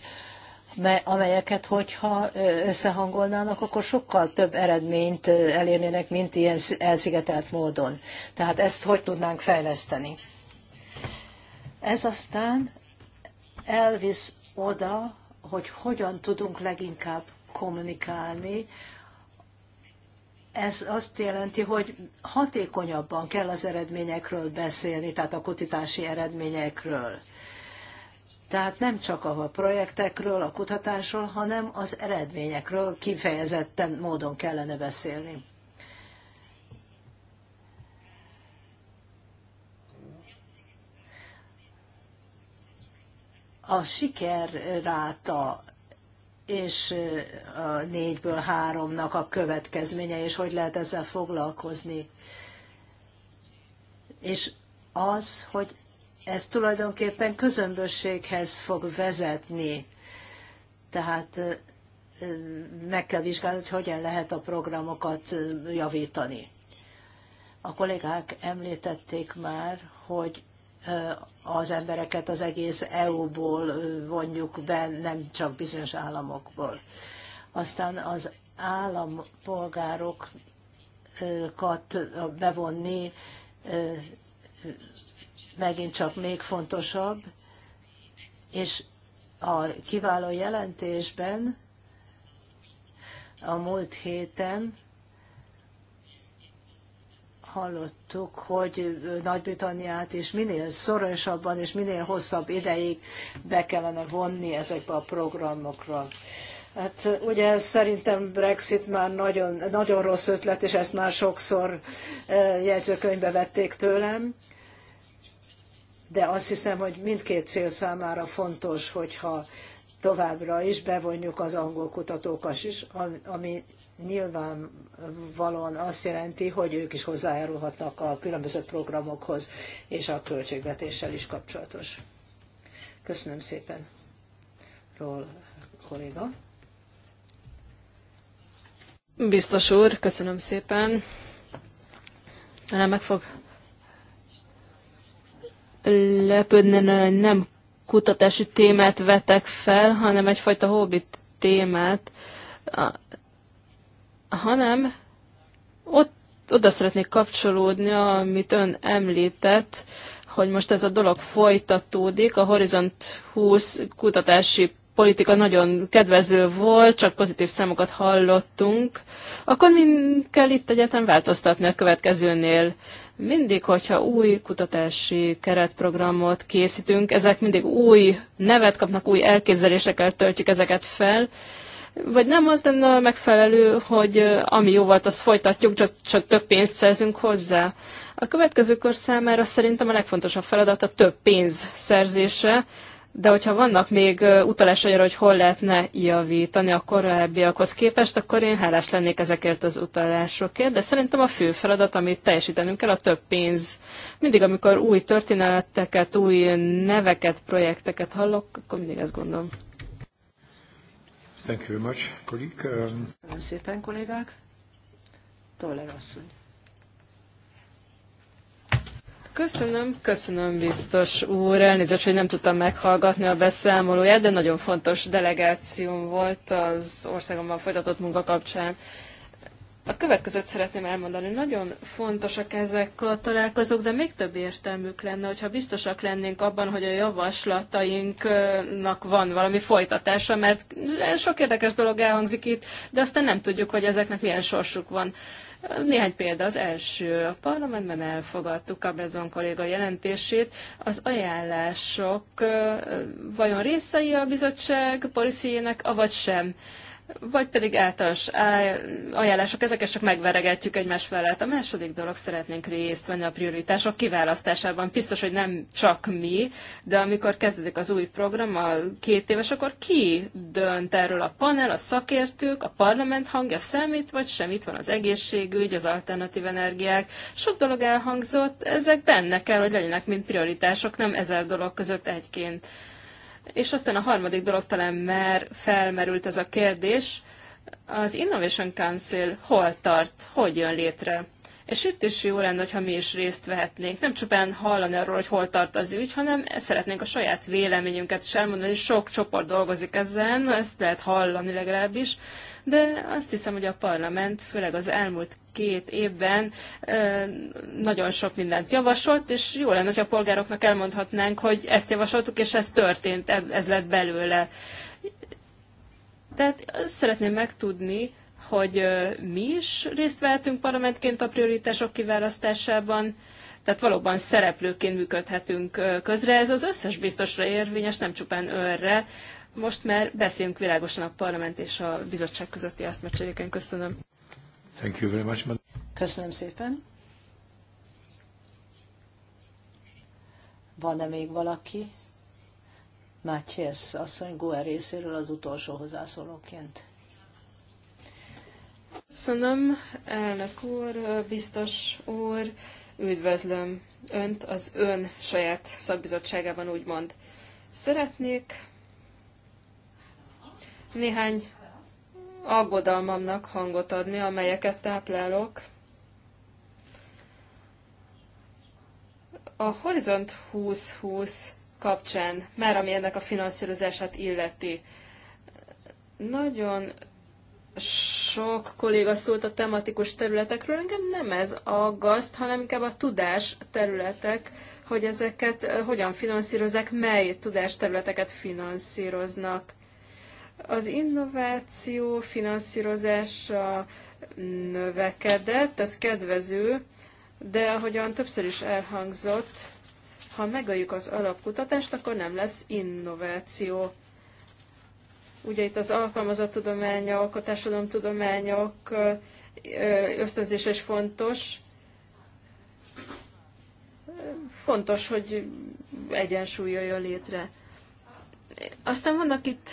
amelyeket hogyha összehangolnának, akkor sokkal több eredményt elérnének, mint ilyen elszigetelt módon. Tehát ezt hogy tudnánk fejleszteni? Ez aztán elvisz oda, hogy hogyan tudunk leginkább kommunikálni. Ez azt jelenti, hogy hatékonyabban kell az eredményekről beszélni, tehát a kutatási eredményekről. Tehát nem csak a projektekről, a kutatásról, hanem az eredményekről kifejezetten módon kellene beszélni. A sikerráta és a négyből háromnak a következménye, és hogy lehet ezzel foglalkozni. És az, hogy ez tulajdonképpen közömbösséghez fog vezetni. Tehát meg kell vizsgálni, hogy hogyan lehet a programokat javítani. A kollégák említették már, hogy az embereket az egész EU-ból vonjuk be, nem csak bizonyos államokból. Aztán az állampolgárokat bevonni megint csak még fontosabb, és a kiváló jelentésben a múlt héten hallottuk, hogy Nagy-Britanniát is minél szorosabban és minél hosszabb ideig be kellene vonni ezekbe a programokra. Hát ugye szerintem Brexit már nagyon, nagyon rossz ötlet, és ezt már sokszor e, jegyzőkönyvbe vették tőlem, de azt hiszem, hogy mindkét fél számára fontos, hogyha továbbra is bevonjuk az angol kutatókat is, ami nyilvánvalóan azt jelenti, hogy ők is hozzájárulhatnak a különböző programokhoz és a költségvetéssel is kapcsolatos. Köszönöm szépen, Ról kolléga. Biztos úr, köszönöm szépen. Nem meg fog lepődni, nem kutatási témát vetek fel, hanem egyfajta hobbit témát hanem ott oda szeretnék kapcsolódni, amit ön említett, hogy most ez a dolog folytatódik, a Horizont 20 kutatási politika nagyon kedvező volt, csak pozitív számokat hallottunk, akkor mind kell itt egyetem változtatni a következőnél. Mindig, hogyha új kutatási keretprogramot készítünk, ezek mindig új nevet kapnak, új elképzelésekkel töltjük ezeket fel, vagy nem az lenne megfelelő, hogy ami jó volt, azt folytatjuk, csak, csak több pénzt szerzünk hozzá. A következő kor számára szerintem a legfontosabb feladat a több pénz szerzése, de hogyha vannak még utalásai arra, hogy hol lehetne javítani a korábbiakhoz képest, akkor én hálás lennék ezekért az utalásokért, de szerintem a fő feladat, amit teljesítenünk kell, a több pénz. Mindig, amikor új történeteket, új neveket, projekteket hallok, akkor mindig ezt gondolom. Thank you very much, colleague. Um... Köszönöm szépen, kollégák. Toller asszony. Köszönöm, köszönöm biztos úr. Elnézést, hogy nem tudtam meghallgatni a beszámolóját, de nagyon fontos delegációm volt az országomban folytatott munka kapcsán. A következőt szeretném elmondani. Nagyon fontosak ezek a találkozók, de még több értelmük lenne, hogyha biztosak lennénk abban, hogy a javaslatainknak van valami folytatása, mert sok érdekes dolog elhangzik itt, de aztán nem tudjuk, hogy ezeknek milyen sorsuk van. Néhány példa. Az első, a parlamentben elfogadtuk Cabezon kolléga jelentését. Az ajánlások vajon részei a bizottság policyjének, avagy sem? vagy pedig általános ajánlások, ezeket csak megveregetjük egymás felett. A második dolog, szeretnénk részt venni a prioritások kiválasztásában. Biztos, hogy nem csak mi, de amikor kezdődik az új program, a két éves, akkor ki dönt erről a panel, a szakértők, a parlament hangja számít, vagy sem? Itt van az egészségügy, az alternatív energiák. Sok dolog elhangzott, ezek benne kell, hogy legyenek, mint prioritások, nem ezer dolog között egyként. És aztán a harmadik dolog talán már felmerült ez a kérdés, az Innovation Council hol tart, hogy jön létre? És itt is jó lenne, ha mi is részt vehetnénk. Nem csupán hallani arról, hogy hol tart az ügy, hanem szeretnénk a saját véleményünket is elmondani. Sok csoport dolgozik ezen, ezt lehet hallani legalábbis. De azt hiszem, hogy a parlament, főleg az elmúlt két évben nagyon sok mindent javasolt, és jó lenne, hogy a polgároknak elmondhatnánk, hogy ezt javasoltuk, és ez történt, ez lett belőle. Tehát azt szeretném megtudni, hogy mi is részt vehetünk parlamentként a prioritások kiválasztásában, tehát valóban szereplőként működhetünk közre. Ez az összes biztosra érvényes, nem csupán önre. Most már beszéljünk világosan a parlament és a bizottság közötti eszmecseréken. Köszönöm. Thank you very much, Köszönöm szépen. Van-e még valaki? Mátyész asszony Guer részéről az utolsó hozzászólóként. Köszönöm, elnök úr, biztos úr, üdvözlöm önt az ön saját szakbizottságában, úgymond. Szeretnék néhány aggodalmamnak hangot adni, amelyeket táplálok. A Horizont 2020 kapcsán, már ami ennek a finanszírozását illeti, nagyon sok kolléga szólt a tematikus területekről, engem nem ez a gazd, hanem inkább a tudás területek, hogy ezeket eh, hogyan finanszírozzák, mely területeket finanszíroznak. Az innováció finanszírozása növekedett, ez kedvező, de ahogyan többször is elhangzott, ha megöljük az alapkutatást, akkor nem lesz innováció. Ugye itt az alkalmazott tudományok, a társadalomtudományok ösztönzése is fontos. Fontos, hogy egyensúly jöjjön létre. Aztán vannak itt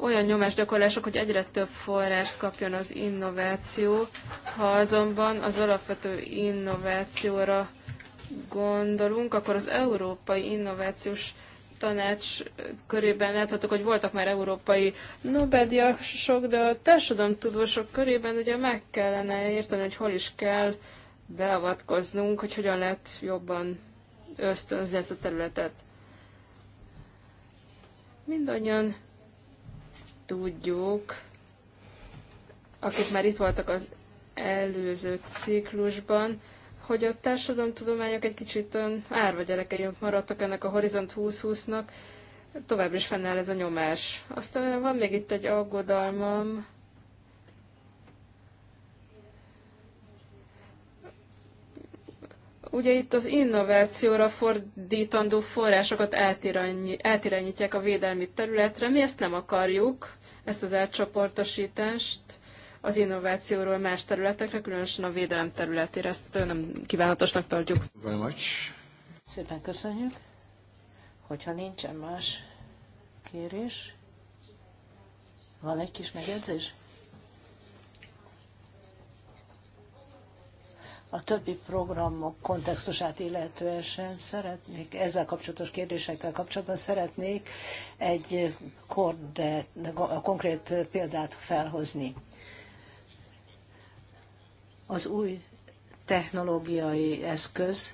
olyan nyomásgyakorlások, hogy egyre több forrást kapjon az innováció, ha azonban az alapvető innovációra gondolunk, akkor az európai innovációs tanács körében láthatok, hogy voltak már európai Nobel-díjasok, de a társadalomtudósok körében ugye meg kellene érteni, hogy hol is kell beavatkoznunk, hogy hogyan lehet jobban ösztönzni ezt a területet. Mindannyian tudjuk, akik már itt voltak az előző ciklusban, hogy a társadalomtudományok egy kicsit um, árva gyerekei maradtak ennek a Horizont 2020-nak, tovább is fennáll ez a nyomás. Aztán van még itt egy aggodalmam, ugye itt az innovációra fordítandó forrásokat eltirányítják a védelmi területre, mi ezt nem akarjuk, ezt az elcsoportosítást az innovációról más területekre, különösen a védelem területére. Ezt nem kívánatosnak tartjuk. Very much. Szépen köszönjük. Hogyha nincsen más kérés, van egy kis megjegyzés? a többi programok kontextusát illetően szeretnék, ezzel kapcsolatos kérdésekkel kapcsolatban szeretnék egy konkrét példát felhozni az új technológiai eszköz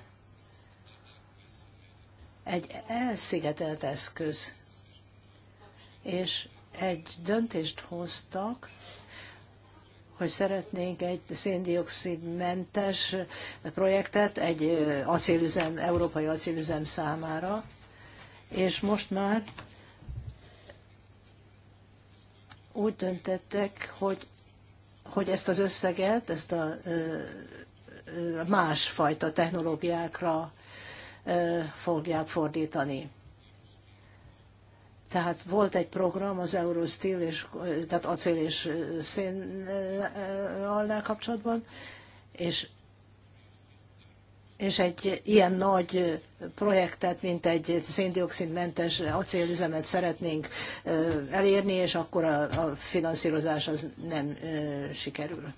egy elszigetelt eszköz, és egy döntést hoztak, hogy szeretnénk egy széndiokszidmentes projektet egy acélüzem, európai acélüzem számára, és most már úgy döntettek, hogy hogy ezt az összeget, ezt a másfajta technológiákra fogják fordítani. Tehát volt egy program az Eurostil, és, tehát acél és szénnal kapcsolatban, és és egy ilyen nagy projektet, mint egy széndiokszidmentes acélüzemet szeretnénk elérni, és akkor a, a finanszírozás az nem sikerül.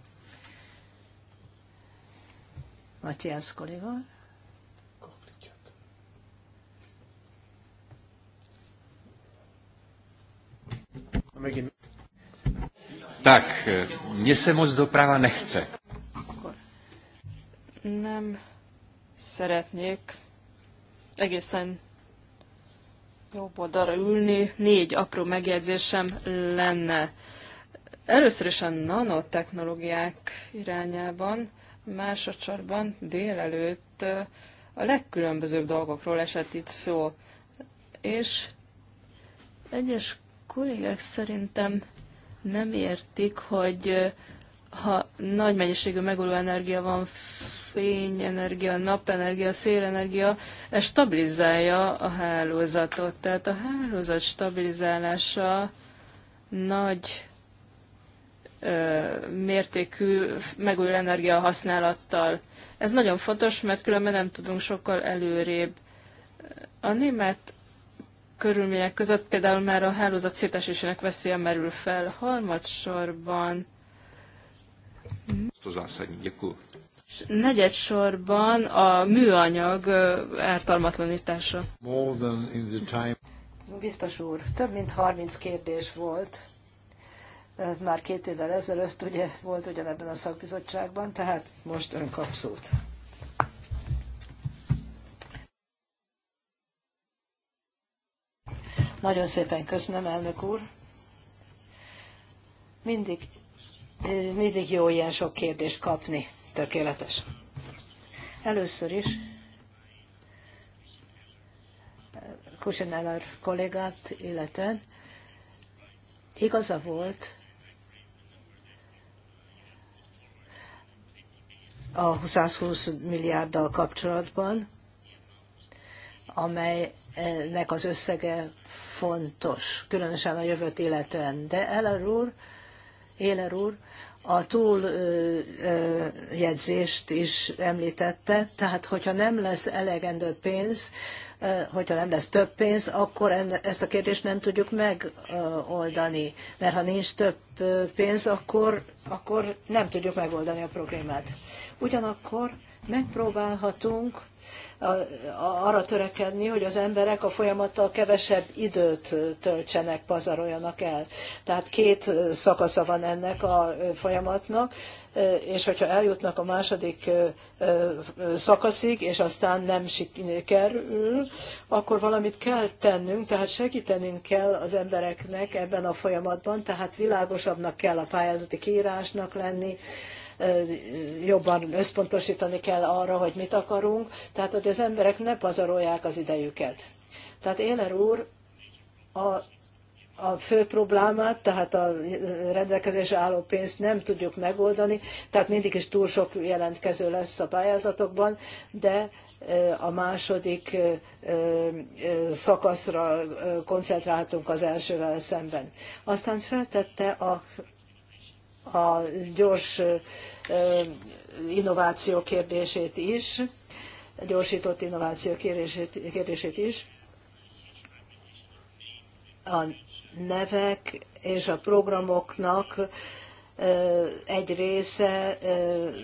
Matthias kolléga. Tak, e, mě se moc doprava nechce. Nem szeretnék egészen jobb oldalra ülni. Négy apró megjegyzésem lenne. Először is a nanotechnológiák irányában, másodszorban délelőtt a legkülönbözőbb dolgokról esett itt szó. És egyes kollégák szerintem nem értik, hogy ha nagy mennyiségű megújuló energia van, fényenergia, napenergia, szélenergia, ez stabilizálja a hálózatot. Tehát a hálózat stabilizálása nagy ö, mértékű megújuló energia használattal. Ez nagyon fontos, mert különben nem tudunk sokkal előrébb. A német körülmények között például már a hálózat szétesésének veszélye merül fel. Harmadsorban To zásadní, děkuji. Negyed sorban a műanyag ártalmatlanítása. More than in the time. Biztos úr, több mint 30 kérdés volt. Már két évvel ezelőtt ugye volt ugyanebben a szakbizottságban, tehát most ön kap szót. Nagyon szépen köszönöm, elnök úr. Mindig mindig jó ilyen sok kérdést kapni. Tökéletes. Először is Kusen kollégát illetően igaza volt a 120 milliárddal kapcsolatban, amelynek az összege fontos, különösen a jövőt illetően. De Eller úr Éler úr a túljegyzést is említette, tehát hogyha nem lesz elegendő pénz, hogyha nem lesz több pénz, akkor ezt a kérdést nem tudjuk megoldani. Mert ha nincs több pénz, akkor, akkor nem tudjuk megoldani a problémát. Ugyanakkor megpróbálhatunk arra törekedni, hogy az emberek a folyamattal kevesebb időt töltsenek, pazaroljanak el. Tehát két szakasza van ennek a folyamatnak, és hogyha eljutnak a második szakaszig, és aztán nem sikerül, akkor valamit kell tennünk, tehát segítenünk kell az embereknek ebben a folyamatban, tehát világosabbnak kell a pályázati kiírásnak lenni, jobban összpontosítani kell arra, hogy mit akarunk, tehát hogy az emberek ne pazarolják az idejüket. Tehát Éler úr a, a fő problémát, tehát a rendelkezésre álló pénzt nem tudjuk megoldani, tehát mindig is túl sok jelentkező lesz a pályázatokban, de a második szakaszra koncentráltunk az elsővel szemben. Aztán feltette a a gyors innováció kérdését is, a gyorsított innováció kérdését, kérdését is. A nevek és a programoknak egy része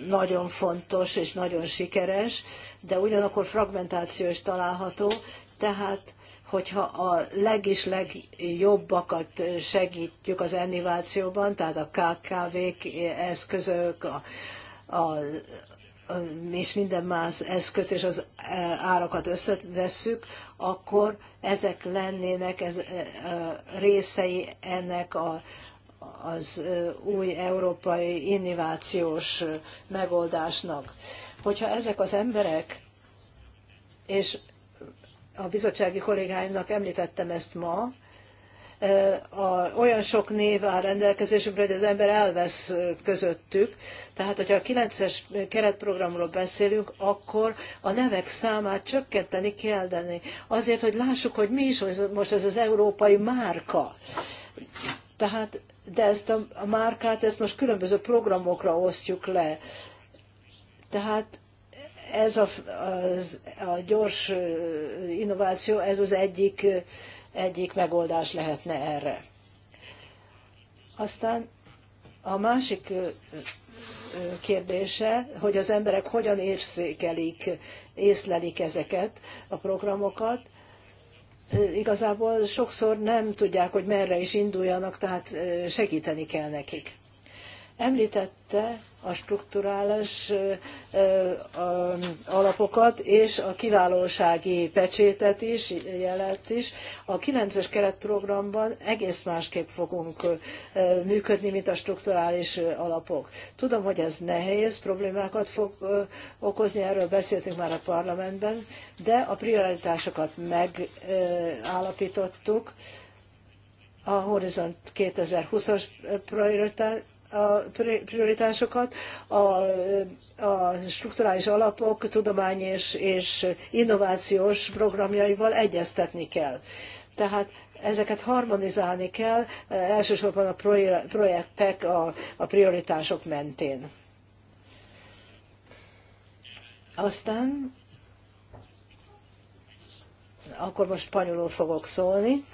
nagyon fontos és nagyon sikeres, de ugyanakkor fragmentáció is található, tehát hogyha a leg is legjobbakat segítjük az innovációban, tehát a KKV-k eszközök, a, a, és minden más eszközt és az e, árakat összevesszük, akkor ezek lennének ez, e, e, részei ennek a, az új európai innovációs megoldásnak. Hogyha ezek az emberek és a bizottsági kollégáimnak említettem ezt ma, a, olyan sok név áll rendelkezésünkre, hogy az ember elvesz közöttük. Tehát, hogyha a 9-es keretprogramról beszélünk, akkor a nevek számát csökkenteni kellene. Azért, hogy lássuk, hogy mi is most ez az európai márka. Tehát, de ezt a márkát, ezt most különböző programokra osztjuk le. Tehát ez a, a gyors innováció, ez az egyik, egyik megoldás lehetne erre. Aztán a másik kérdése, hogy az emberek hogyan érzékelik, észlelik ezeket a programokat. Igazából sokszor nem tudják, hogy merre is induljanak, tehát segíteni kell nekik. Említette a strukturális alapokat, és a kiválósági pecsétet is, jelet is. A 9-es keretprogramban egész másképp fogunk működni, mint a strukturális alapok. Tudom, hogy ez nehéz, problémákat fog okozni, erről beszéltünk már a parlamentben, de a prioritásokat megállapítottuk, a Horizont 2020-as a prioritásokat, a, a strukturális alapok tudomány és, és innovációs programjaival egyeztetni kell. Tehát ezeket harmonizálni kell, elsősorban a projektek a, a prioritások mentén. Aztán, akkor most spanyolul fogok szólni.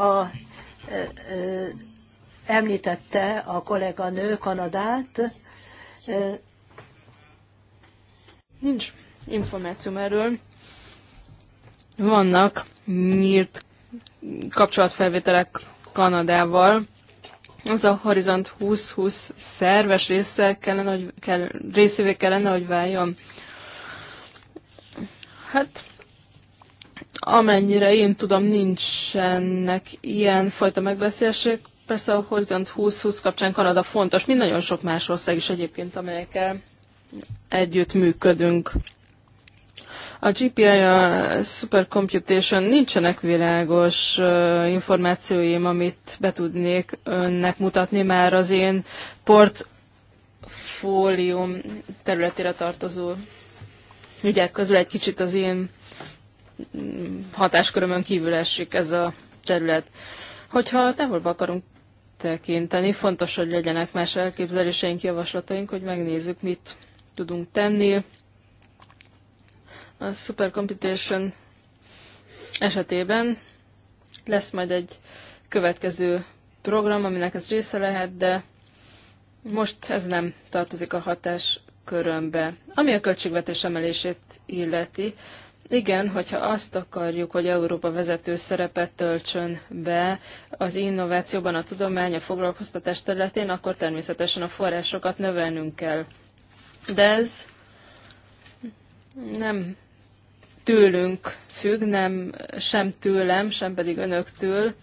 a említette a kolléganő Kanadát. Nincs információm erről. Vannak nyílt kapcsolatfelvételek Kanadával. Az a Horizont 2020 szerves része kellene, hogy, kell, részévé kellene, hogy váljon. Hát Amennyire én tudom, nincsenek ilyen fajta megbeszélések. Persze a Horizont 2020 kapcsán Kanada fontos, mint nagyon sok más ország is egyébként, amelyekkel együtt működünk. A GPI, a Supercomputation nincsenek világos információim, amit be tudnék önnek mutatni, már az én portfólium területére tartozó ügyek közül egy kicsit az én hatáskörömön kívül esik ez a terület. Hogyha távolba akarunk tekinteni, fontos, hogy legyenek más elképzeléseink, javaslataink, hogy megnézzük, mit tudunk tenni. A Supercomputation esetében lesz majd egy következő program, aminek ez része lehet, de most ez nem tartozik a hatás körömbe. Ami a költségvetés emelését illeti, igen, hogyha azt akarjuk, hogy Európa vezető szerepet töltsön be az innovációban, a tudomány, a foglalkoztatás területén, akkor természetesen a forrásokat növelnünk kell. De ez nem tőlünk függ, nem sem tőlem, sem pedig önöktől.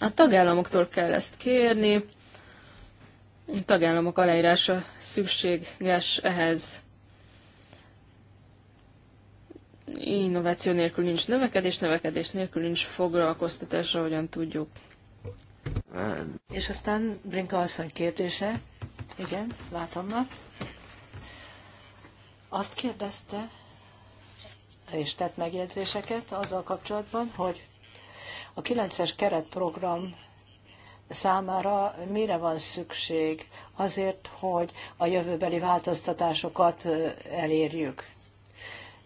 A tagállamoktól kell ezt kérni, a tagállamok aláírása szükséges ehhez innováció nélkül nincs növekedés, növekedés nélkül nincs foglalkoztatás, ahogyan tudjuk. És aztán Brinka asszony kérdése, igen, látom már. Azt kérdezte, és tett megjegyzéseket azzal kapcsolatban, hogy a 9-es keretprogram számára mire van szükség azért, hogy a jövőbeli változtatásokat elérjük.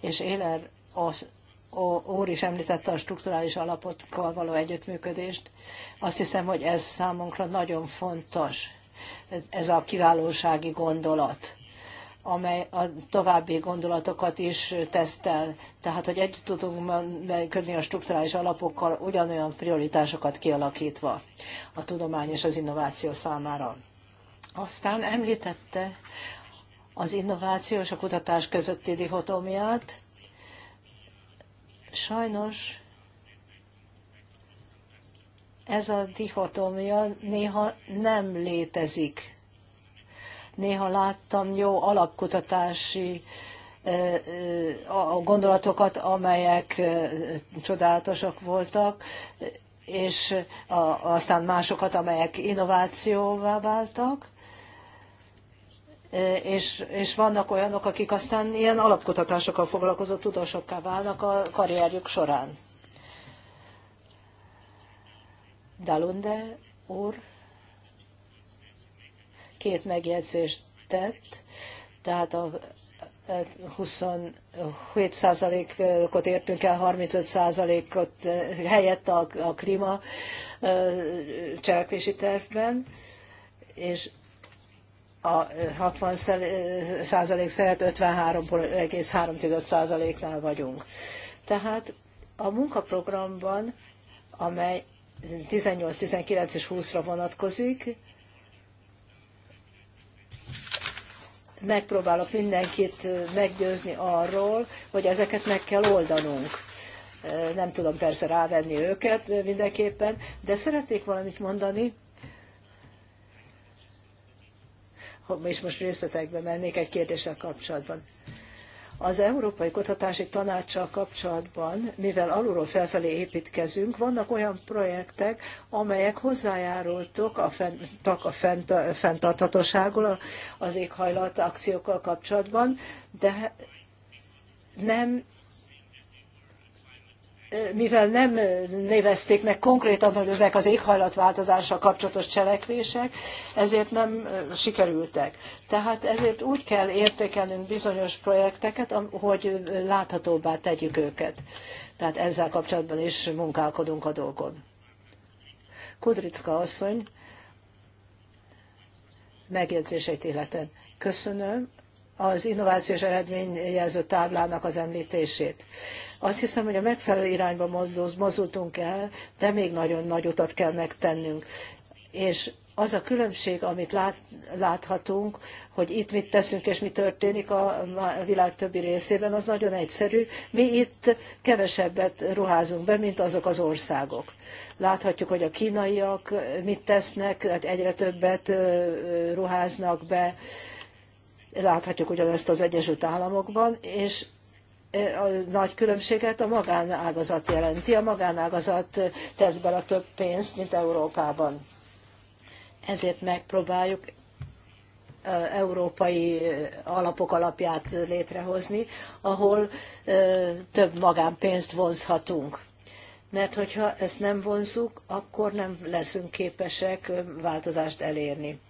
És Éler az Úr is említette a strukturális alapokkal való együttműködést. Azt hiszem, hogy ez számunkra nagyon fontos, ez a kiválósági gondolat amely a további gondolatokat is tesztel. Tehát, hogy együtt tudunk működni a strukturális alapokkal, ugyanolyan prioritásokat kialakítva a tudomány és az innováció számára. Aztán említette az innováció és a kutatás közötti dihotómiát, Sajnos ez a dihotómia néha nem létezik. Néha láttam jó alapkutatási a gondolatokat, amelyek csodálatosak voltak, és aztán másokat, amelyek innovációvá váltak, és, és vannak olyanok, akik aztán ilyen alapkutatásokkal foglalkozó tudósokká válnak a karrierjük során. Dalunde úr két megjegyzést tett, tehát a 27%-ot értünk el, 35%-ot helyett a, a klíma cselekvési tervben, és a 60 százalék szeret 53,3 nál vagyunk. Tehát a munkaprogramban, amely 18, 19 és 20-ra vonatkozik, megpróbálok mindenkit meggyőzni arról, hogy ezeket meg kell oldanunk. Nem tudom persze rávenni őket mindenképpen, de szeretnék valamit mondani és most részletekbe mennék egy kérdéssel kapcsolatban. Az Európai Kutatási Tanácssal kapcsolatban, mivel alulról felfelé építkezünk, vannak olyan projektek, amelyek hozzájárultak a, fent, a fent, fenntarthatósággal, az éghajlat akciókkal kapcsolatban, de nem mivel nem nevezték meg konkrétan, hogy ezek az éghajlatváltozással kapcsolatos cselekvések, ezért nem sikerültek. Tehát ezért úgy kell értékelnünk bizonyos projekteket, hogy láthatóbbá tegyük őket. Tehát ezzel kapcsolatban is munkálkodunk a dolgon. Kudricka asszony megjegyzéseit illetően. Köszönöm az innovációs eredményjelző táblának az említését. Azt hiszem, hogy a megfelelő irányba mozdultunk el, de még nagyon nagy utat kell megtennünk. És az a különbség, amit lát, láthatunk, hogy itt mit teszünk és mi történik a világ többi részében, az nagyon egyszerű. Mi itt kevesebbet ruházunk be, mint azok az országok. Láthatjuk, hogy a kínaiak mit tesznek, hát egyre többet ruháznak be Láthatjuk ugyanezt az Egyesült Államokban, és e, a nagy különbséget a magánágazat jelenti. A magánágazat tesz bele több pénzt, mint Európában. Ezért megpróbáljuk e, európai alapok alapját létrehozni, ahol e, több magánpénzt vonzhatunk. Mert hogyha ezt nem vonzuk, akkor nem leszünk képesek változást elérni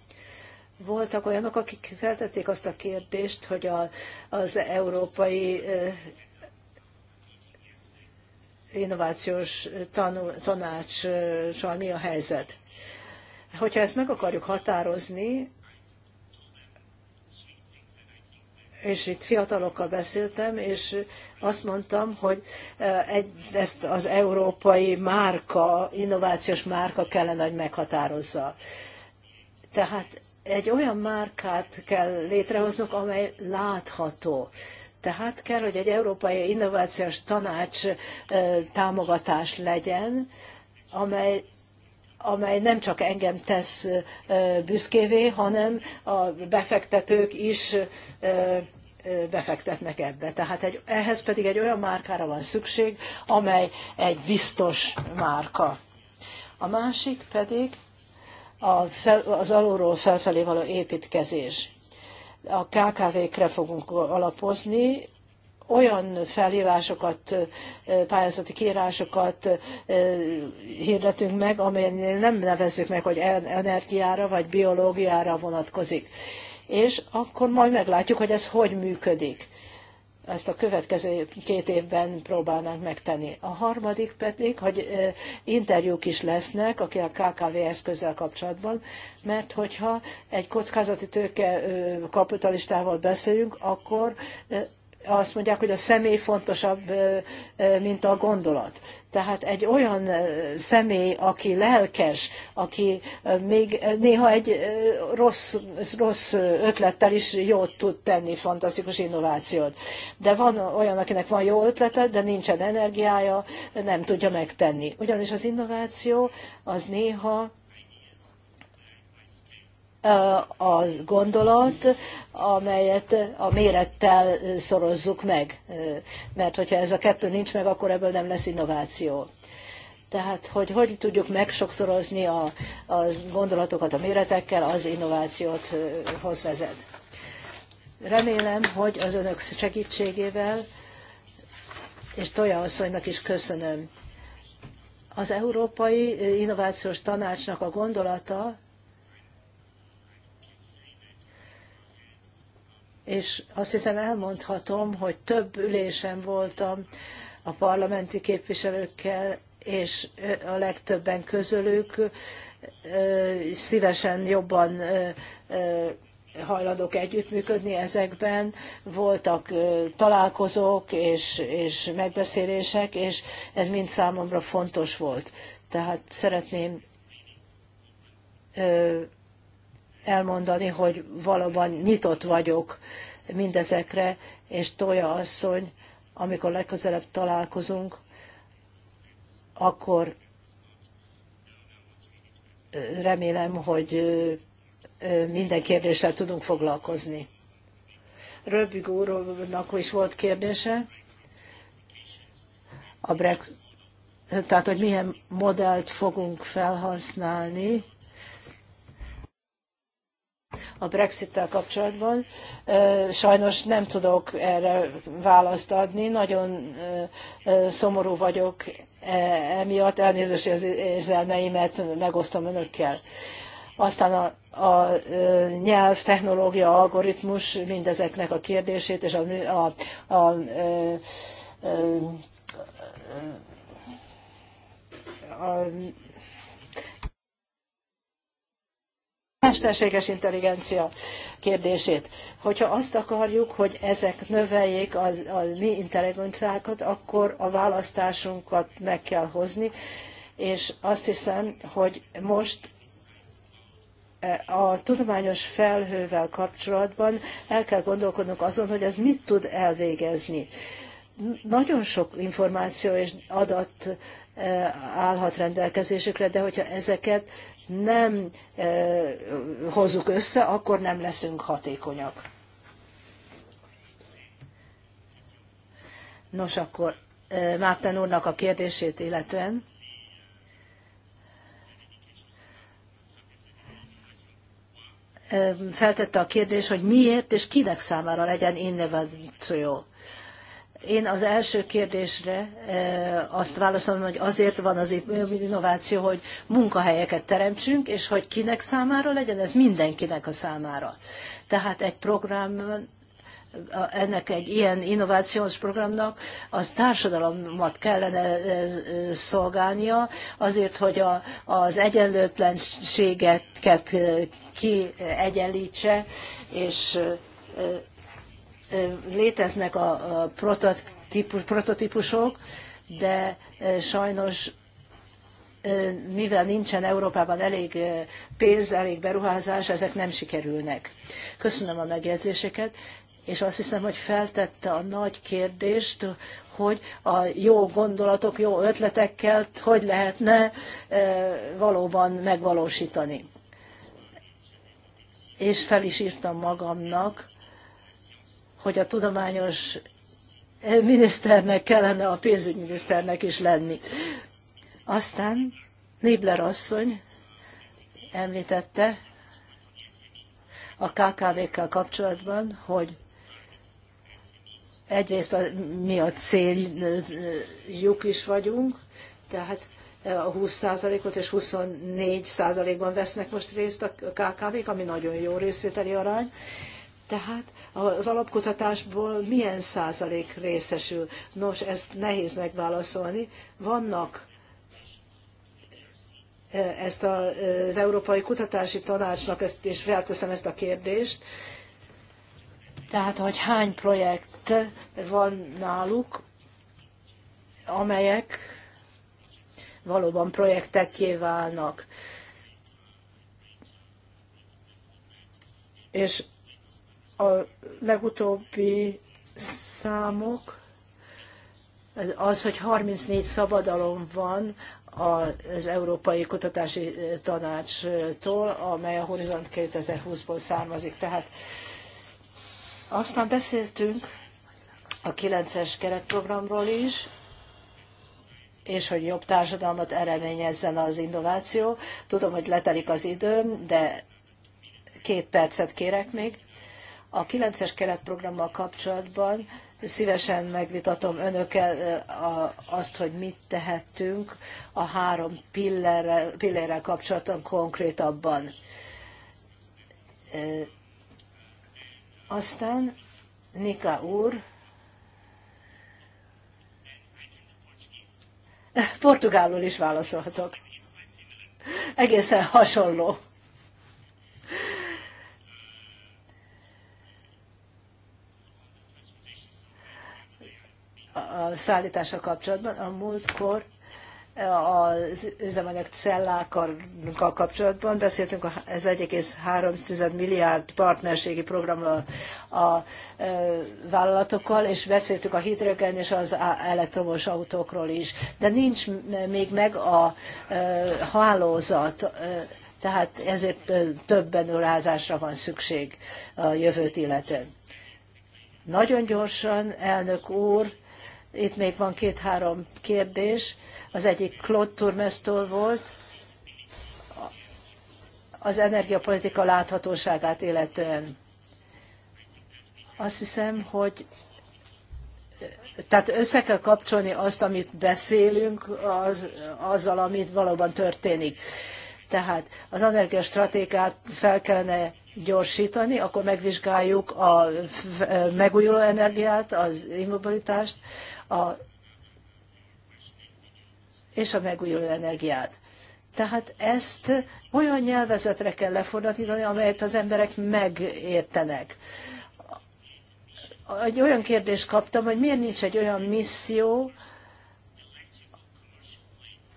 voltak olyanok, akik feltették azt a kérdést, hogy a, az európai innovációs tanul, tanácssal mi a helyzet. Hogyha ezt meg akarjuk határozni, és itt fiatalokkal beszéltem, és azt mondtam, hogy egy, ezt az európai márka, innovációs márka kellene, hogy meghatározza. Tehát egy olyan márkát kell létrehoznunk, amely látható. Tehát kell, hogy egy Európai Innovációs Tanács támogatás legyen, amely amely nem csak engem tesz büszkévé, hanem a befektetők is befektetnek ebbe. Tehát egy, ehhez pedig egy olyan márkára van szükség, amely egy biztos márka. A másik pedig a fel, az alulról felfelé való építkezés. A KKV-kre fogunk alapozni, olyan felhívásokat, pályázati kiírásokat hirdetünk meg, amelyen nem nevezzük meg, hogy energiára vagy biológiára vonatkozik. És akkor majd meglátjuk, hogy ez hogy működik ezt a következő két évben próbálnánk megtenni. A harmadik pedig, hogy interjúk is lesznek, aki a KKV eszközzel kapcsolatban, mert hogyha egy kockázati tőke kapitalistával beszélünk, akkor azt mondják, hogy a személy fontosabb, mint a gondolat. Tehát egy olyan személy, aki lelkes, aki még néha egy rossz, rossz ötlettel is jót tud tenni, fantasztikus innovációt. De van olyan, akinek van jó ötlete, de nincsen energiája, nem tudja megtenni. Ugyanis az innováció az néha a gondolat, amelyet a mérettel szorozzuk meg. Mert hogyha ez a kettő nincs meg, akkor ebből nem lesz innováció. Tehát, hogy hogy tudjuk megsokszorozni a, a gondolatokat a méretekkel, az innovációt hoz vezet. Remélem, hogy az önök segítségével, és Tolja asszonynak is köszönöm. Az Európai Innovációs Tanácsnak a gondolata, és azt hiszem elmondhatom, hogy több ülésen voltam a parlamenti képviselőkkel, és a legtöbben közülük szívesen jobban hajladok együttműködni ezekben. Voltak találkozók és, és megbeszélések, és ez mind számomra fontos volt. Tehát szeretném elmondani, hogy valóban nyitott vagyok mindezekre, és Tója asszony, amikor legközelebb találkozunk, akkor remélem, hogy minden kérdéssel tudunk foglalkozni. Röbbig úrnak is volt kérdése. A Brexit, tehát, hogy milyen modellt fogunk felhasználni a Brexit-tel kapcsolatban. Sajnos nem tudok erre választ adni, nagyon szomorú vagyok e, emiatt, elnézést, hogy az érzelmeimet megosztom önökkel. Aztán a, a nyelv, technológia, algoritmus mindezeknek a kérdését és a, a, a, a, a, a mesterséges intelligencia kérdését. Hogyha azt akarjuk, hogy ezek növeljék a, a mi intelligenciákat, akkor a választásunkat meg kell hozni, és azt hiszem, hogy most eh, a tudományos felhővel kapcsolatban el kell gondolkodnunk azon, hogy ez mit tud elvégezni. Nagyon sok információ és adat állhat rendelkezésükre, de hogyha ezeket nem hozzuk össze, akkor nem leszünk hatékonyak. Nos, akkor Márten úrnak a kérdését illetően. Feltette a kérdés, hogy miért és kinek számára legyen innováció. Én az első kérdésre e, azt válaszolom, hogy azért van az innováció, hogy munkahelyeket teremtsünk, és hogy kinek számára legyen, ez mindenkinek a számára. Tehát egy program ennek egy ilyen innovációs programnak az társadalomat kellene e, e, szolgálnia, azért, hogy a, az egyenlőtlenséget kiegyenlítse, és léteznek a prototípus, prototípusok, de sajnos mivel nincsen Európában elég pénz, elég beruházás, ezek nem sikerülnek. Köszönöm a megjegyzéseket, és azt hiszem, hogy feltette a nagy kérdést, hogy a jó gondolatok, jó ötletekkel hogy lehetne valóban megvalósítani. És fel is írtam magamnak, hogy a tudományos eh, miniszternek kellene a pénzügyminiszternek is lenni. Aztán Nibler asszony említette a KKV-kkel kapcsolatban, hogy egyrészt a, mi a céljuk is vagyunk, tehát eh, a 20%-ot és 24%-ban vesznek most részt a KKV-k, ami nagyon jó részvételi arány, tehát az alapkutatásból milyen százalék részesül? Nos, ezt nehéz megválaszolni. Vannak e, ezt az Európai Kutatási Tanácsnak, ezt, és felteszem ezt a kérdést, tehát, hogy hány projekt van náluk, amelyek valóban projektekké válnak. És a legutóbbi számok az, hogy 34 szabadalom van az Európai Kutatási Tanácstól, amely a Horizont 2020-ból származik. Tehát aztán beszéltünk a 9-es keretprogramról is, és hogy jobb társadalmat eredményezzen az innováció. Tudom, hogy letelik az időm, de két percet kérek még. A 9-es keretprogrammal kapcsolatban szívesen megvitatom önökkel azt, hogy mit tehettünk a három pillérrel, pillérrel kapcsolatban konkrétabban. Aztán Nika úr, Portugálul is válaszolhatok. Egészen hasonló. a szállítása kapcsolatban. A múltkor az üzemanyag cellákkal kapcsolatban beszéltünk az 1,3 milliárd partnerségi programról a e, vállalatokkal, és beszéltük a hidrogen és az elektromos autókról is. De nincs még meg a e, hálózat, e, tehát ezért több beruházásra van szükség a jövőt illetően. Nagyon gyorsan, elnök úr, itt még van két-három kérdés. Az egyik Claude Turmes-tól volt, az energiapolitika láthatóságát illetően. Azt hiszem, hogy tehát össze kell kapcsolni azt, amit beszélünk, az, azzal, amit valóban történik. Tehát az energiastratégiát fel kellene gyorsítani, akkor megvizsgáljuk a megújuló energiát, az immobilitást, a, és a megújuló energiát. Tehát ezt olyan nyelvezetre kell lefordítani, amelyet az emberek megértenek. Egy olyan kérdést kaptam, hogy miért nincs egy olyan misszió,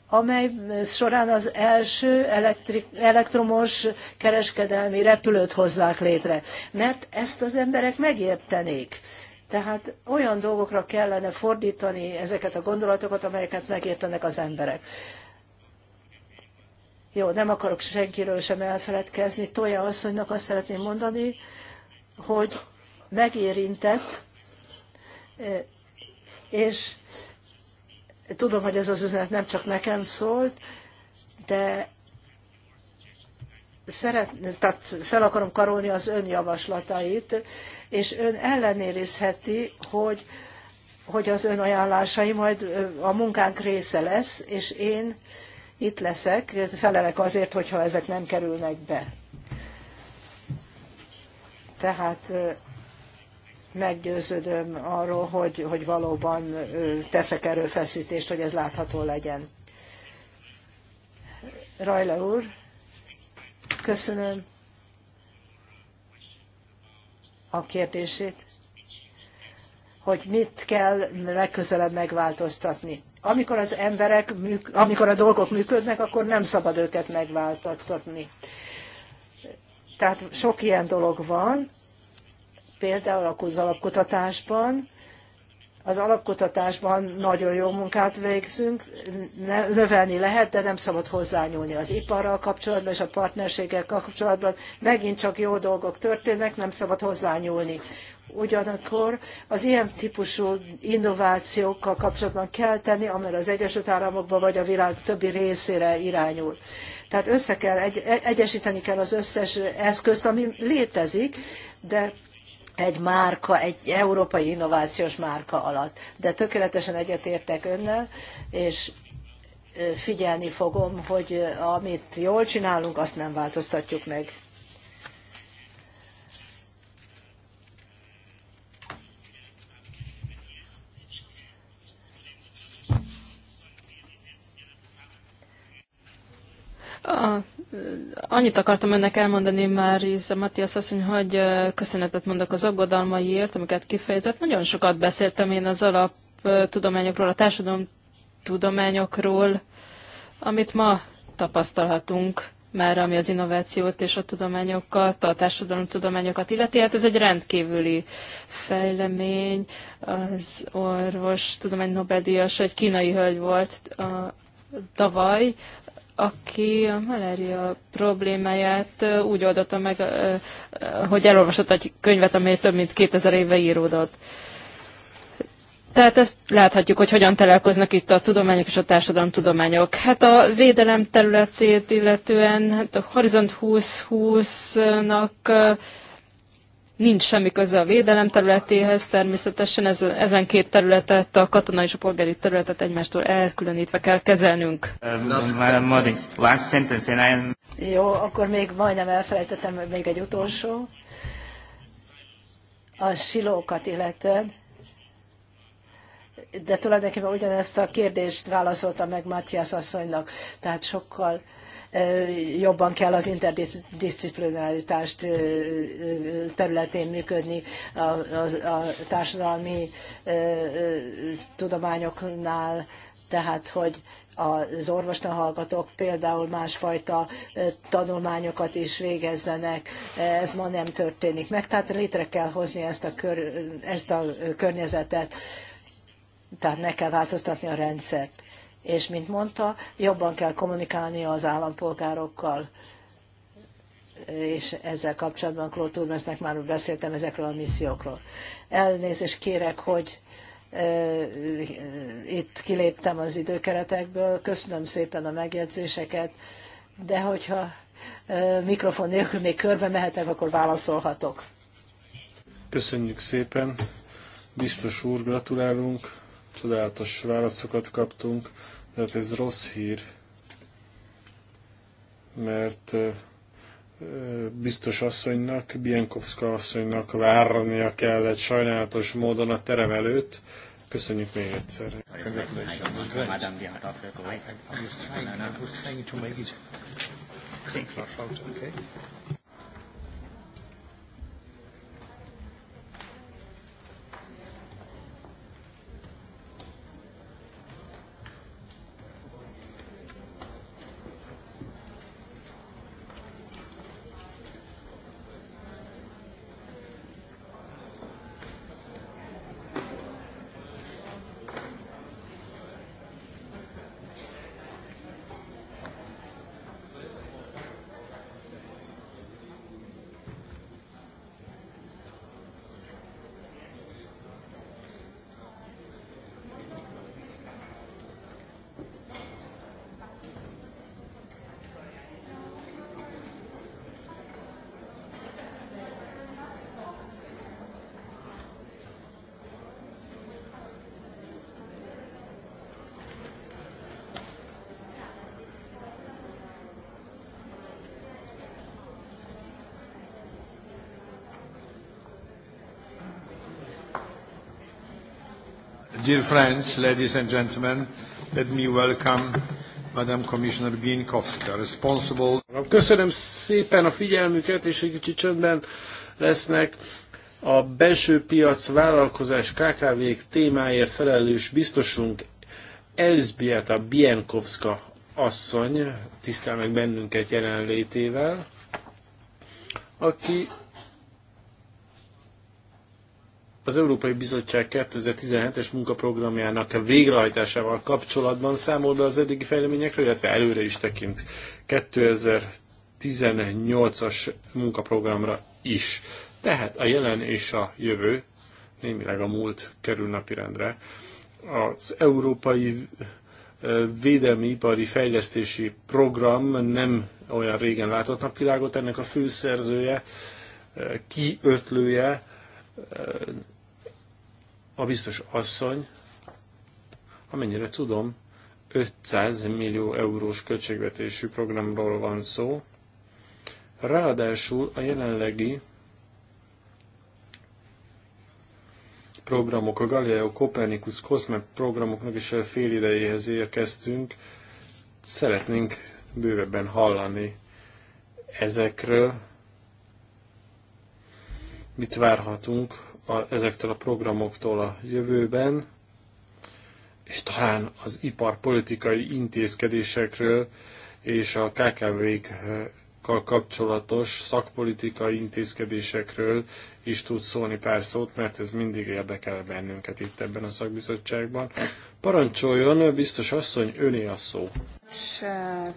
amely során az első elektrik, elektromos kereskedelmi repülőt hozzák létre. Mert ezt az emberek megértenék. Tehát olyan dolgokra kellene fordítani ezeket a gondolatokat, amelyeket megértenek az emberek. Jó, nem akarok senkiről sem elfeledkezni. Tolja asszonynak azt szeretném mondani, hogy megérintett, eh, és Tudom, hogy ez az üzenet nem csak nekem szólt, de szeret, tehát fel akarom karolni az ön javaslatait, és ön ellenérizheti, hogy, hogy az ön ajánlásai majd a munkánk része lesz, és én itt leszek, felelek azért, hogyha ezek nem kerülnek be. Tehát meggyőződöm arról, hogy, hogy valóban teszek erőfeszítést, hogy ez látható legyen. Rajla úr, köszönöm a kérdését, hogy mit kell legközelebb megváltoztatni. Amikor az emberek, amikor a dolgok működnek, akkor nem szabad őket megváltoztatni. Tehát sok ilyen dolog van, például az alapkutatásban, az alapkutatásban nagyon jó munkát végzünk, növelni lehet, de nem szabad hozzányúlni az iparral kapcsolatban és a partnerségekkel kapcsolatban. Megint csak jó dolgok történnek, nem szabad hozzányúlni. Ugyanakkor az ilyen típusú innovációkkal kapcsolatban kell tenni, amely az Egyesült Államokban vagy a világ többi részére irányul. Tehát össze kell, egy, egyesíteni kell az összes eszközt, ami létezik, de egy márka, egy európai innovációs márka alatt. De tökéletesen egyetértek önnel, és figyelni fogom, hogy amit jól csinálunk, azt nem változtatjuk meg. A Annyit akartam önnek elmondani már, Riz, Matthias asszony, hogy köszönetet mondok az aggodalmaiért, amiket kifejezett. Nagyon sokat beszéltem én az alaptudományokról, a tudományokról, amit ma tapasztalhatunk már, ami az innovációt és a tudományokat, a tudományokat illeti. Hát ez egy rendkívüli fejlemény. Az orvos tudomány Nobel-díjas egy kínai hölgy volt a tavaly, aki a malária problémáját úgy oldotta meg, hogy elolvasott egy könyvet, amely több mint 2000 éve íródott. Tehát ezt láthatjuk, hogy hogyan találkoznak itt a tudományok és a tudományok. Hát a védelem területét illetően hát a Horizont 2020-nak nincs semmi köze a védelem területéhez, természetesen ez, ezen két területet, a katonai és a polgári területet egymástól elkülönítve kell kezelnünk. Last sentence, Jó, akkor még majdnem elfelejtettem, még egy utolsó. A silókat illetően. De tulajdonképpen ugyanezt a kérdést válaszolta meg Matthias asszonynak, tehát sokkal jobban kell az interdisziplinaritás területén működni a, a, a társadalmi tudományoknál, tehát hogy az orvostan hallgatók például másfajta tanulmányokat is végezzenek. Ez ma nem történik meg, tehát létre kell hozni ezt a, kör, ezt a környezetet, tehát meg kell változtatni a rendszert és mint mondta, jobban kell kommunikálni az állampolgárokkal és ezzel kapcsolatban Claude Turmesnek már beszéltem ezekről a missziókról. Elnézést kérek, hogy itt kiléptem az időkeretekből, köszönöm szépen a megjegyzéseket, de hogyha mikrofon nélkül még körbe mehetek, akkor válaszolhatok. Köszönjük szépen, biztos úr, gratulálunk, csodálatos válaszokat kaptunk hát ez rossz hír, mert biztos asszonynak, Bienkowska asszonynak várnia kellett sajnálatos módon a terem előtt. Köszönjük még egyszer. Dear friends, ladies and gentlemen, let me welcome Madam Commissioner Bienkowska, responsible. Köszönöm szépen a figyelmüket, és egy kicsit csöndben lesznek. A belső piac vállalkozás KKV-k témáért felelős biztosunk Elzbieta Bienkowska asszony tisztel meg bennünket jelenlétével, aki az Európai Bizottság 2017-es munkaprogramjának a végrehajtásával kapcsolatban számol be az eddigi fejleményekről, illetve előre is tekint 2018-as munkaprogramra is. Tehát a jelen és a jövő, némileg a múlt kerül napirendre, az Európai Védelmi Ipari Fejlesztési Program nem olyan régen látott napvilágot, ennek a főszerzője, kiötlője, a biztos asszony, amennyire tudom, 500 millió eurós költségvetésű programról van szó. Ráadásul a jelenlegi programok, a Galileo Copernicus Cosme programoknak is a fél idejéhez érkeztünk. Szeretnénk bővebben hallani ezekről. Mit várhatunk a, ezektől a programoktól a jövőben, és talán az iparpolitikai intézkedésekről és a KKV-kkal kapcsolatos szakpolitikai intézkedésekről is tud szólni pár szót, mert ez mindig érdekel bennünket itt ebben a szakbizottságban. Parancsoljon, biztos asszony, öné a szó.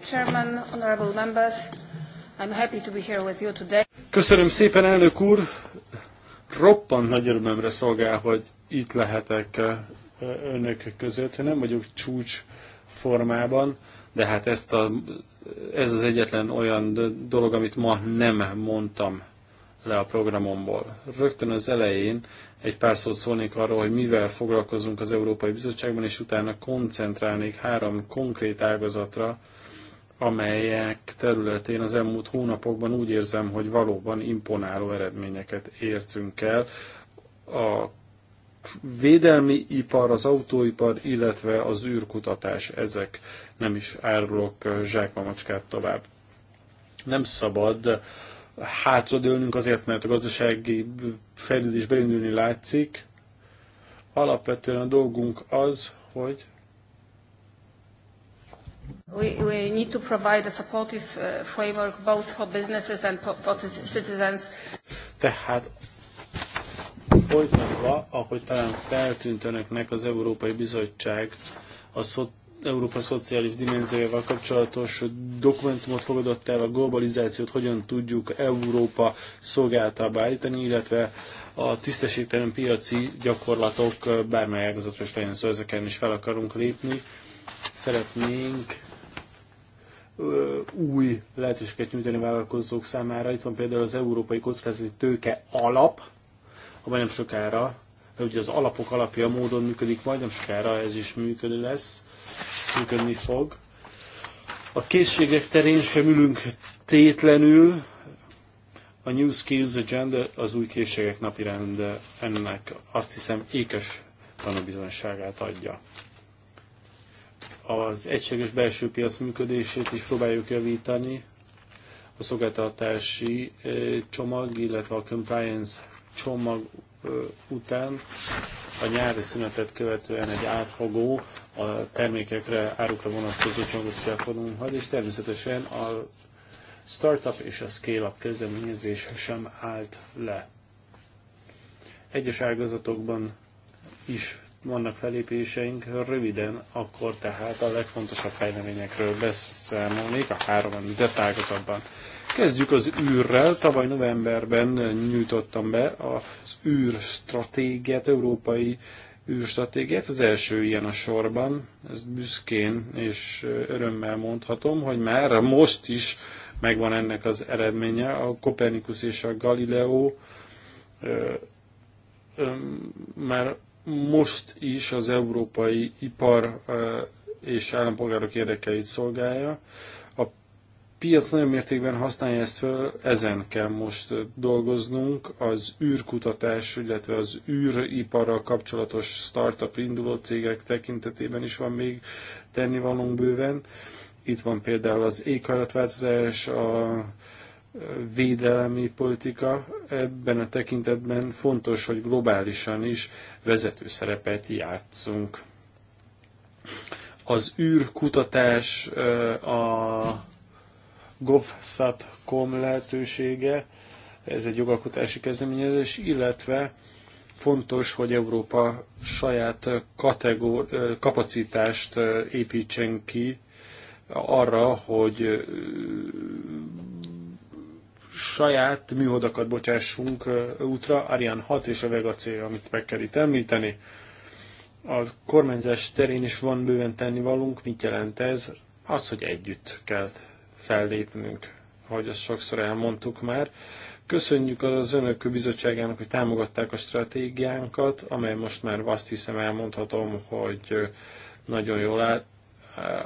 Chairman, honorable members, I'm happy to be here with you today. Köszönöm szépen, elnök úr! Roppant nagy örömömre szolgál, hogy itt lehetek eh, önök között. Nem vagyok csúcs formában, de hát ezt a, ez az egyetlen olyan dolog, amit ma nem mondtam le a programomból. Rögtön az elején egy pár szót szólnék arról, hogy mivel foglalkozunk az Európai Bizottságban, és utána koncentrálnék három konkrét ágazatra, amelyek területén az elmúlt hónapokban úgy érzem, hogy valóban imponáló eredményeket értünk el. A védelmi ipar, az autóipar, illetve az űrkutatás, ezek nem is árulok zsákmamacskát tovább. Nem szabad hátradőlnünk azért, mert a gazdasági fejlődés beindulni látszik. Alapvetően a dolgunk az, hogy We, need to provide a supportive uh, framework both for businesses and for citizens. Tehát folytatva, ahogy talán feltűnt önöknek az Európai Bizottság a szo- Európa Szociális Dimenziójával kapcsolatos dokumentumot fogadott el, a globalizációt hogyan tudjuk Európa szolgáltába állítani, illetve a tisztességtelen piaci gyakorlatok bármely ágazatos legyen szó, szóval ezeken is fel akarunk lépni szeretnénk új lehetőséget nyújtani vállalkozók számára. Itt van például az Európai Kockázati Tőke Alap, amely nem sokára, ugye az alapok alapja módon működik, majd nem sokára ez is működő lesz, működni fog. A készségek terén sem ülünk tétlenül, a New Skills Agenda az új készségek napirend ennek azt hiszem ékes tanúbizonyságát adja az egységes belső piac működését is próbáljuk javítani, a szolgáltatási eh, csomag, illetve a compliance csomag eh, után a nyári szünetet követően egy átfogó a termékekre, árukra vonatkozó csomagot is elfogadunk majd, és természetesen a startup és a scale-up kezdeményezés sem állt le. Egyes ágazatokban is vannak felépéseink, röviden akkor tehát a legfontosabb fejleményekről beszámolnék a három említett ágazatban. Kezdjük az űrrel. Tavaly novemberben nyújtottam be az űrstratégiát, európai űrstratégiát, az első ilyen a sorban. Ezt büszkén és örömmel mondhatom, hogy már most is megvan ennek az eredménye. A Kopernikus és a Galileo már most is az európai ipar és állampolgárok érdekeit szolgálja. A piac nagyon mértékben használja ezt fel, ezen kell most dolgoznunk. Az űrkutatás, illetve az űriparral kapcsolatos startup induló cégek tekintetében is van még tennivalónk bőven. Itt van például az éghajlatváltozás, a védelmi politika ebben a tekintetben fontos, hogy globálisan is vezető szerepet játszunk. Az űrkutatás, a GovSat.com lehetősége, ez egy jogalkotási kezdeményezés, illetve fontos, hogy Európa saját kategor, kapacitást építsen ki arra, hogy saját műholdakat bocsássunk útra, Ariane 6 és a Vega C, amit meg kell itt említeni. A kormányzás terén is van bőven tennivalunk, mit jelent ez? Az, hogy együtt kell fellépnünk, ahogy azt sokszor elmondtuk már. Köszönjük az önök bizottságának, hogy támogatták a stratégiánkat, amely most már azt hiszem elmondhatom, hogy nagyon jól áll.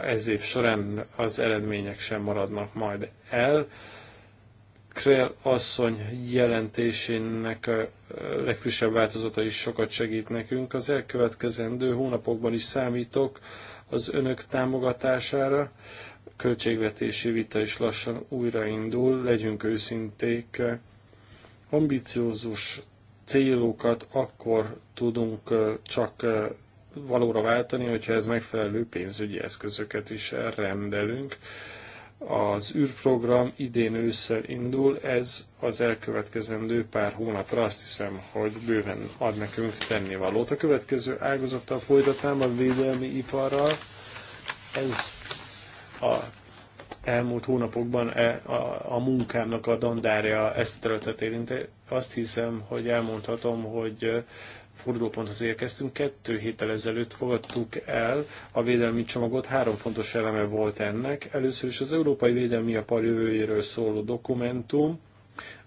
Ez év során az eredmények sem maradnak majd el. Krell asszony jelentésének a legfrissebb változata is sokat segít nekünk. Az elkövetkezendő hónapokban is számítok az önök támogatására. Költségvetési vita is lassan újraindul, legyünk őszinték. Ambiciózus célokat akkor tudunk csak valóra váltani, hogyha ez megfelelő pénzügyi eszközöket is rendelünk. Az űrprogram idén ősszel indul, ez az elkövetkezendő pár hónapra azt hiszem, hogy bőven ad nekünk tennivalót. A következő ágazattal folytatnám a védelmi iparral. Ez a elmúlt hónapokban e, a, a munkámnak a dandárja ezt a területet érinti. Azt hiszem, hogy elmondhatom, hogy fordulóponthoz érkeztünk. Kettő héttel ezelőtt fogadtuk el a védelmi csomagot. Három fontos eleme volt ennek. Először is az Európai Védelmi Apar jövőjéről szóló dokumentum,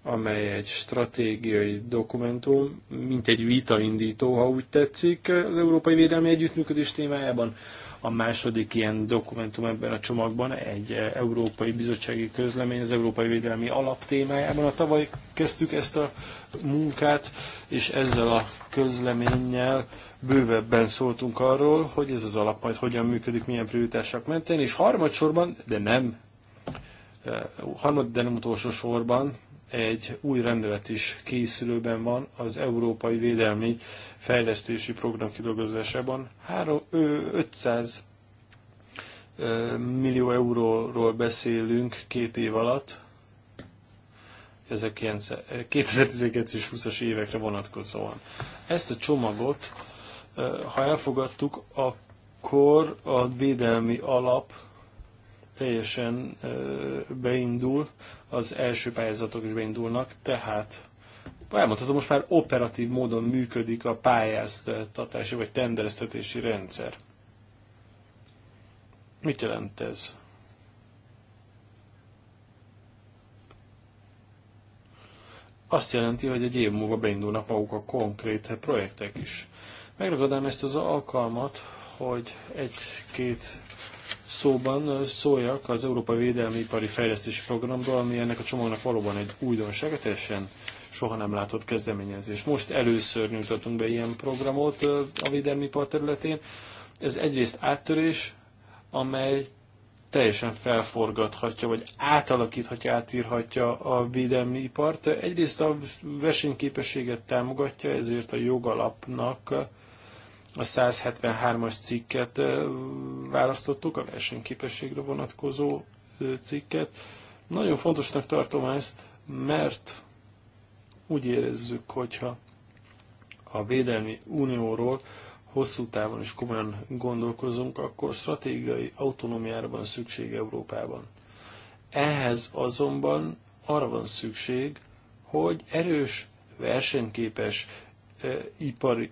amely egy stratégiai dokumentum, mint egy vitaindító, ha úgy tetszik, az Európai Védelmi Együttműködés témájában a második ilyen dokumentum ebben a csomagban, egy Európai Bizottsági Közlemény az Európai Védelmi Alap témájában. A tavaly kezdtük ezt a munkát, és ezzel a közleménnyel bővebben szóltunk arról, hogy ez az alap majd hogyan működik, milyen prioritások mentén, és harmadsorban, de nem eh, harmad, de nem utolsó sorban egy új rendelet is készülőben van az Európai Védelmi Fejlesztési Program kidolgozásában. 500 millió euróról beszélünk két év alatt, ezek 2012 és 20-as évekre vonatkozóan. Ezt a csomagot, ha elfogadtuk, akkor a védelmi alap teljesen beindul, az első pályázatok is beindulnak, tehát elmondhatom, most már operatív módon működik a pályáztatási vagy tendereztetési rendszer. Mit jelent ez? Azt jelenti, hogy egy év múlva beindulnak maguk a konkrét projektek is. Megragadnám ezt az alkalmat, hogy egy-két szóban szóljak az Európai Védelmi Ipari Fejlesztési Programról, ami ennek a csomagnak valóban egy újdonság, teljesen soha nem látott kezdeményezés. Most először nyújtottunk be ilyen programot a védelmi ipar területén. Ez egyrészt áttörés, amely teljesen felforgathatja, vagy átalakíthatja, átírhatja a védelmi ipart. Egyrészt a versenyképességet támogatja, ezért a jogalapnak a 173-as cikket választottuk, a versenyképességre vonatkozó cikket. Nagyon fontosnak tartom ezt, mert úgy érezzük, hogyha a Védelmi Unióról hosszú távon is komolyan gondolkozunk, akkor stratégiai autonómiára van szükség Európában. Ehhez azonban arra van szükség, hogy erős, versenyképes ipari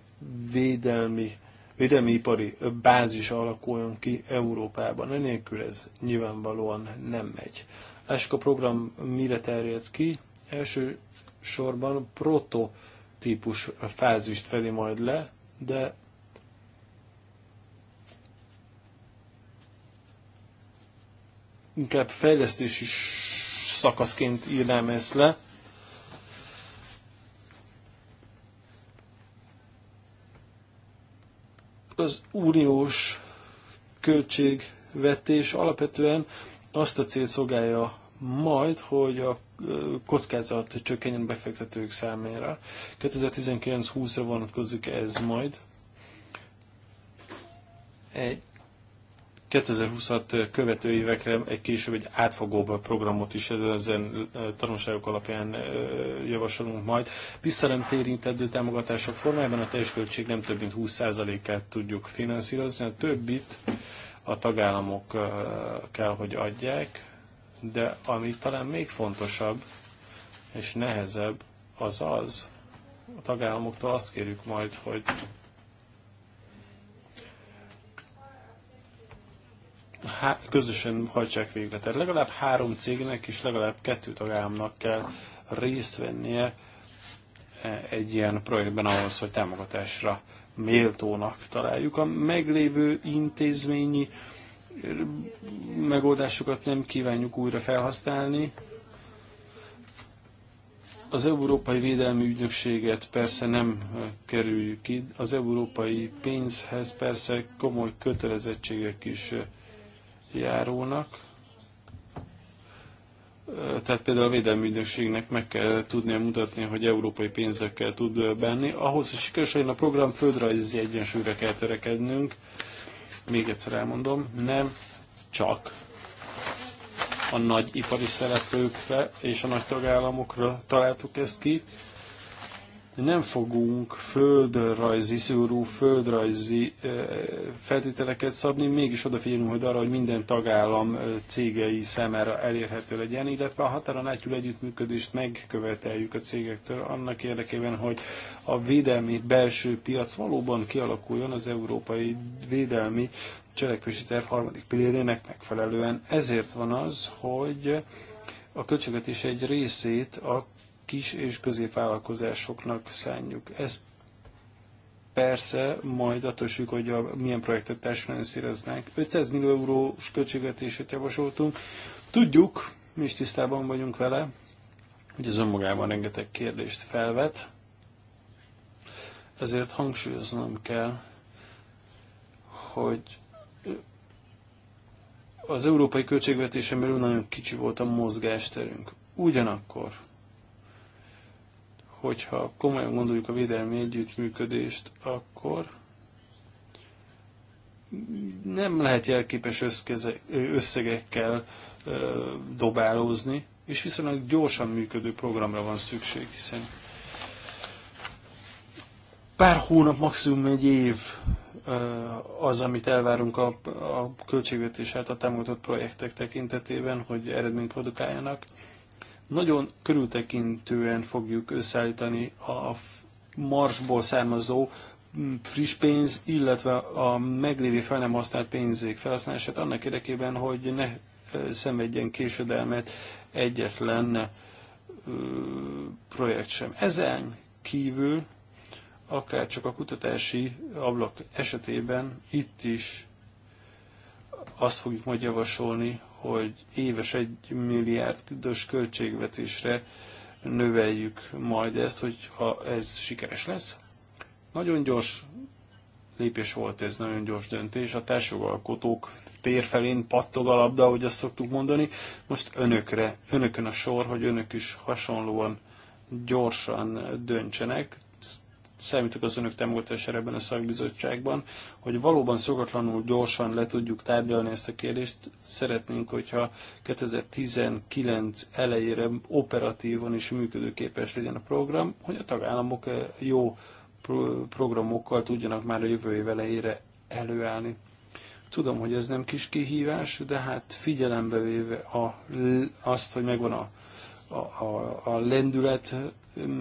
védelmi, védelmi ipari bázis alakuljon ki Európában. Enélkül ez nyilvánvalóan nem megy. Lássuk a program mire terjed ki. Elsősorban prototípus fázist fedi majd le, de inkább fejlesztési szakaszként írnám ezt le. Az uniós költségvetés alapvetően azt a cél szolgálja majd, hogy a kockázat csökkenjen befektetők számára. 2019-20-ra vonatkozik ez majd. Egy 2026 követő évekre egy később egy átfogóbb programot is ezen tanulságok alapján javasolunk majd. Visszarem térintedő támogatások formájában a teljes költség nem több mint 20%-át tudjuk finanszírozni, a többit a tagállamok kell, hogy adják, de ami talán még fontosabb és nehezebb, az az, a tagállamoktól azt kérjük majd, hogy közösen hajtsák végre. Tehát legalább három cégnek és legalább kettő tagállamnak kell részt vennie e, egy ilyen projektben ahhoz, hogy támogatásra méltónak találjuk. A meglévő intézményi megoldásokat nem kívánjuk újra felhasználni. Az Európai Védelmi Ügynökséget persze nem e, kerüljük ki, az európai pénzhez persze komoly kötelezettségek is e, járónak. Tehát például a védelmi ügynökségnek meg kell tudnia mutatni, hogy európai pénzekkel tud benni. Ahhoz, hogy sikeres legyen a program, földrajzi egyensúlyra kell törekednünk. Még egyszer elmondom, nem csak a nagy ipari szereplőkre és a nagy tagállamokra találtuk ezt ki, nem fogunk földrajzi, szigorú földrajzi feltételeket szabni, mégis odafigyelünk hogy arra, hogy minden tagállam cégei számára elérhető legyen, illetve a határon átjú együttműködést megköveteljük a cégektől annak érdekében, hogy a védelmi belső piac valóban kialakuljon az európai védelmi cselekvési terv harmadik pillérének megfelelően. Ezért van az, hogy a költségvetés egy részét a kis és középvállalkozásoknak szánjuk. Ez persze majd attól függ, hogy a, milyen projektet társfinanszíroznak. 500 millió eurós költségvetését javasoltunk. Tudjuk, mi is tisztában vagyunk vele, hogy ez önmagában rengeteg kérdést felvet, ezért hangsúlyoznom kell, hogy az európai költségvetésen belül nagyon kicsi volt a mozgásterünk. Ugyanakkor hogyha komolyan gondoljuk a védelmi együttműködést, akkor nem lehet jelképes összegekkel dobálózni, és viszonylag gyorsan működő programra van szükség, hiszen pár hónap, maximum egy év az, amit elvárunk a, a költségvetés által támogatott projektek tekintetében, hogy eredményt produkáljanak. Nagyon körültekintően fogjuk összeállítani a marsból származó mm, friss pénz, illetve a meglévő fel nem használt pénzék felhasználását annak érdekében, hogy ne szenvedjen késedelmet egyetlen projekt sem. Ezen kívül akár csak a kutatási ablak esetében itt is azt fogjuk majd javasolni, hogy éves egy milliárdos költségvetésre növeljük majd ezt, hogy ha ez sikeres lesz. Nagyon gyors lépés volt ez, nagyon gyors döntés. A társjogalkotók térfelén pattog a labda, ahogy azt szoktuk mondani. Most önökre, önökön a sor, hogy önök is hasonlóan gyorsan döntsenek számítok az önök támogatására ebben a szakbizottságban, hogy valóban szokatlanul gyorsan le tudjuk tárgyalni ezt a kérdést. Szeretnénk, hogyha 2019 elejére operatívan és működőképes legyen a program, hogy a tagállamok eh, jó programokkal tudjanak már a jövő év elejére előállni. Tudom, hogy ez nem kis kihívás, de hát figyelembe véve a, azt, hogy megvan a, a, a, a lendület,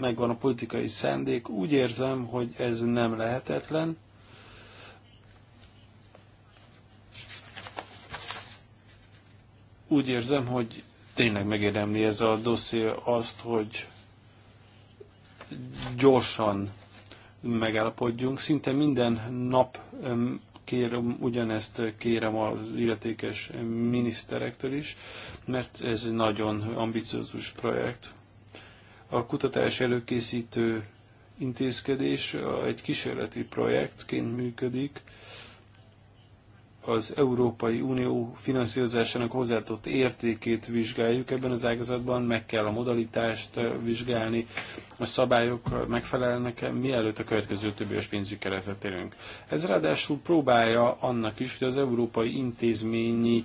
megvan a politikai szándék. Úgy érzem, hogy ez nem lehetetlen. Úgy érzem, hogy tényleg megérdemli ez a dosszé azt, hogy gyorsan megállapodjunk. Szinte minden nap kérem, ugyanezt kérem az illetékes miniszterektől is, mert ez egy nagyon ambiciózus projekt. A kutatás előkészítő intézkedés egy kísérleti projektként működik, az Európai Unió finanszírozásának hozzáadott értékét vizsgáljuk ebben az ágazatban, meg kell a modalitást vizsgálni, a szabályok megfelelnek -e, mielőtt a következő többi pénzügyi keretet élünk. Ez ráadásul próbálja annak is, hogy az európai intézményi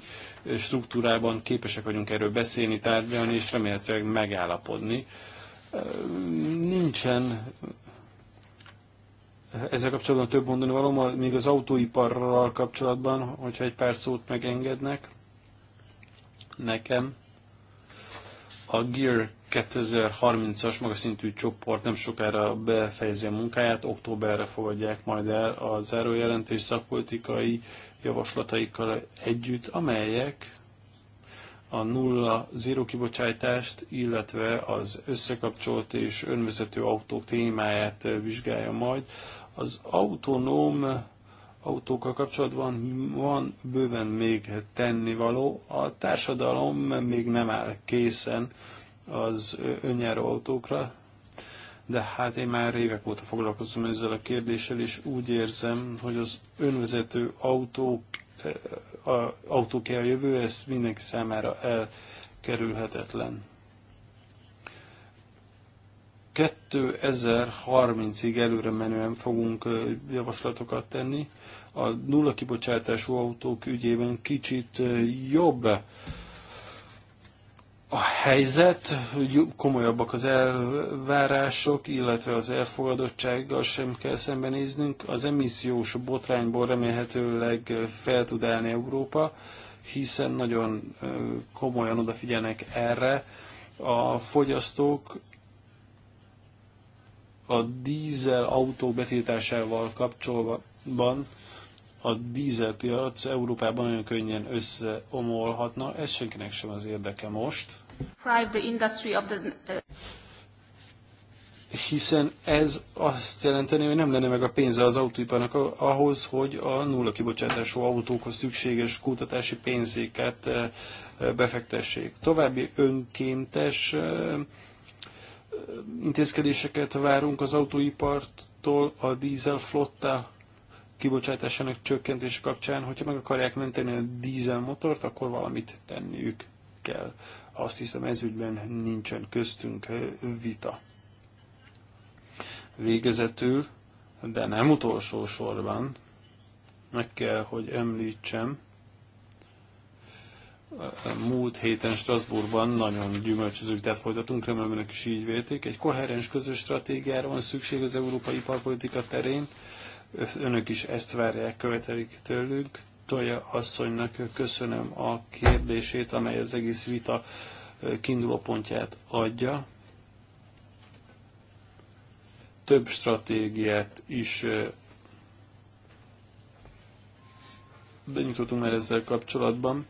struktúrában képesek vagyunk erről beszélni, tárgyalni és remélhetőleg megállapodni Nincsen ezzel kapcsolatban több mondani való, még az autóiparral kapcsolatban, hogyha egy pár szót megengednek nekem. A Gear 2030-as magaszintű csoport nem sokára befejezi a munkáját, októberre fogadják majd el a zárójelentés szakpolitikai javaslataikkal együtt, amelyek a nulla zéró kibocsátást, illetve az összekapcsolt és önvezető autók témáját vizsgálja majd. Az autonóm autókkal kapcsolatban van bőven még tennivaló. A társadalom még nem áll készen az önjáró autókra, de hát én már évek óta foglalkozom ezzel a kérdéssel, és úgy érzem, hogy az önvezető autók autóké a jövő, ez mindenki számára elkerülhetetlen. 2030-ig előre menően fogunk javaslatokat tenni. A nulla kibocsátású autók ügyében kicsit jobb a helyzet, komolyabbak az elvárások, illetve az elfogadottsággal sem kell szembenéznünk. Az emissziós botrányból remélhetőleg fel tud állni Európa, hiszen nagyon komolyan odafigyelnek erre. A fogyasztók a dízel autó betiltásával kapcsolatban a dízelpiac Európában nagyon könnyen összeomolhatna, ez senkinek sem az érdeke most. Eh, hiszen ez azt jelenteni, hogy nem lenne meg a pénze az autóiparnak ahhoz, hogy a nulla kibocsátású autókhoz szükséges kutatási pénzéket eh, eh, befektessék. További önkéntes intézkedéseket várunk az autóipartól a dízelflotta kibocsátásának csökkentés kapcsán, hogyha meg akarják menteni a dízelmotort, akkor valamit tenniük kell. Azt hiszem ügyben nincsen köztünk eh, vita. Végezetül, de nem utolsó sorban, meg kell, hogy említsem, eh, múlt héten Strasbourgban nagyon gyümölcsöző vitát folytatunk, remélem önök is így vélték. Egy koherens közös stratégiára van szükség az európai iparpolitika terén, önök is ezt várják, követelik tőlünk. Tolja asszonynak köszönöm a kérdését, amely az egész vita kiinduló pontját adja. Több stratégiát is benyújtottunk már ezzel kapcsolatban.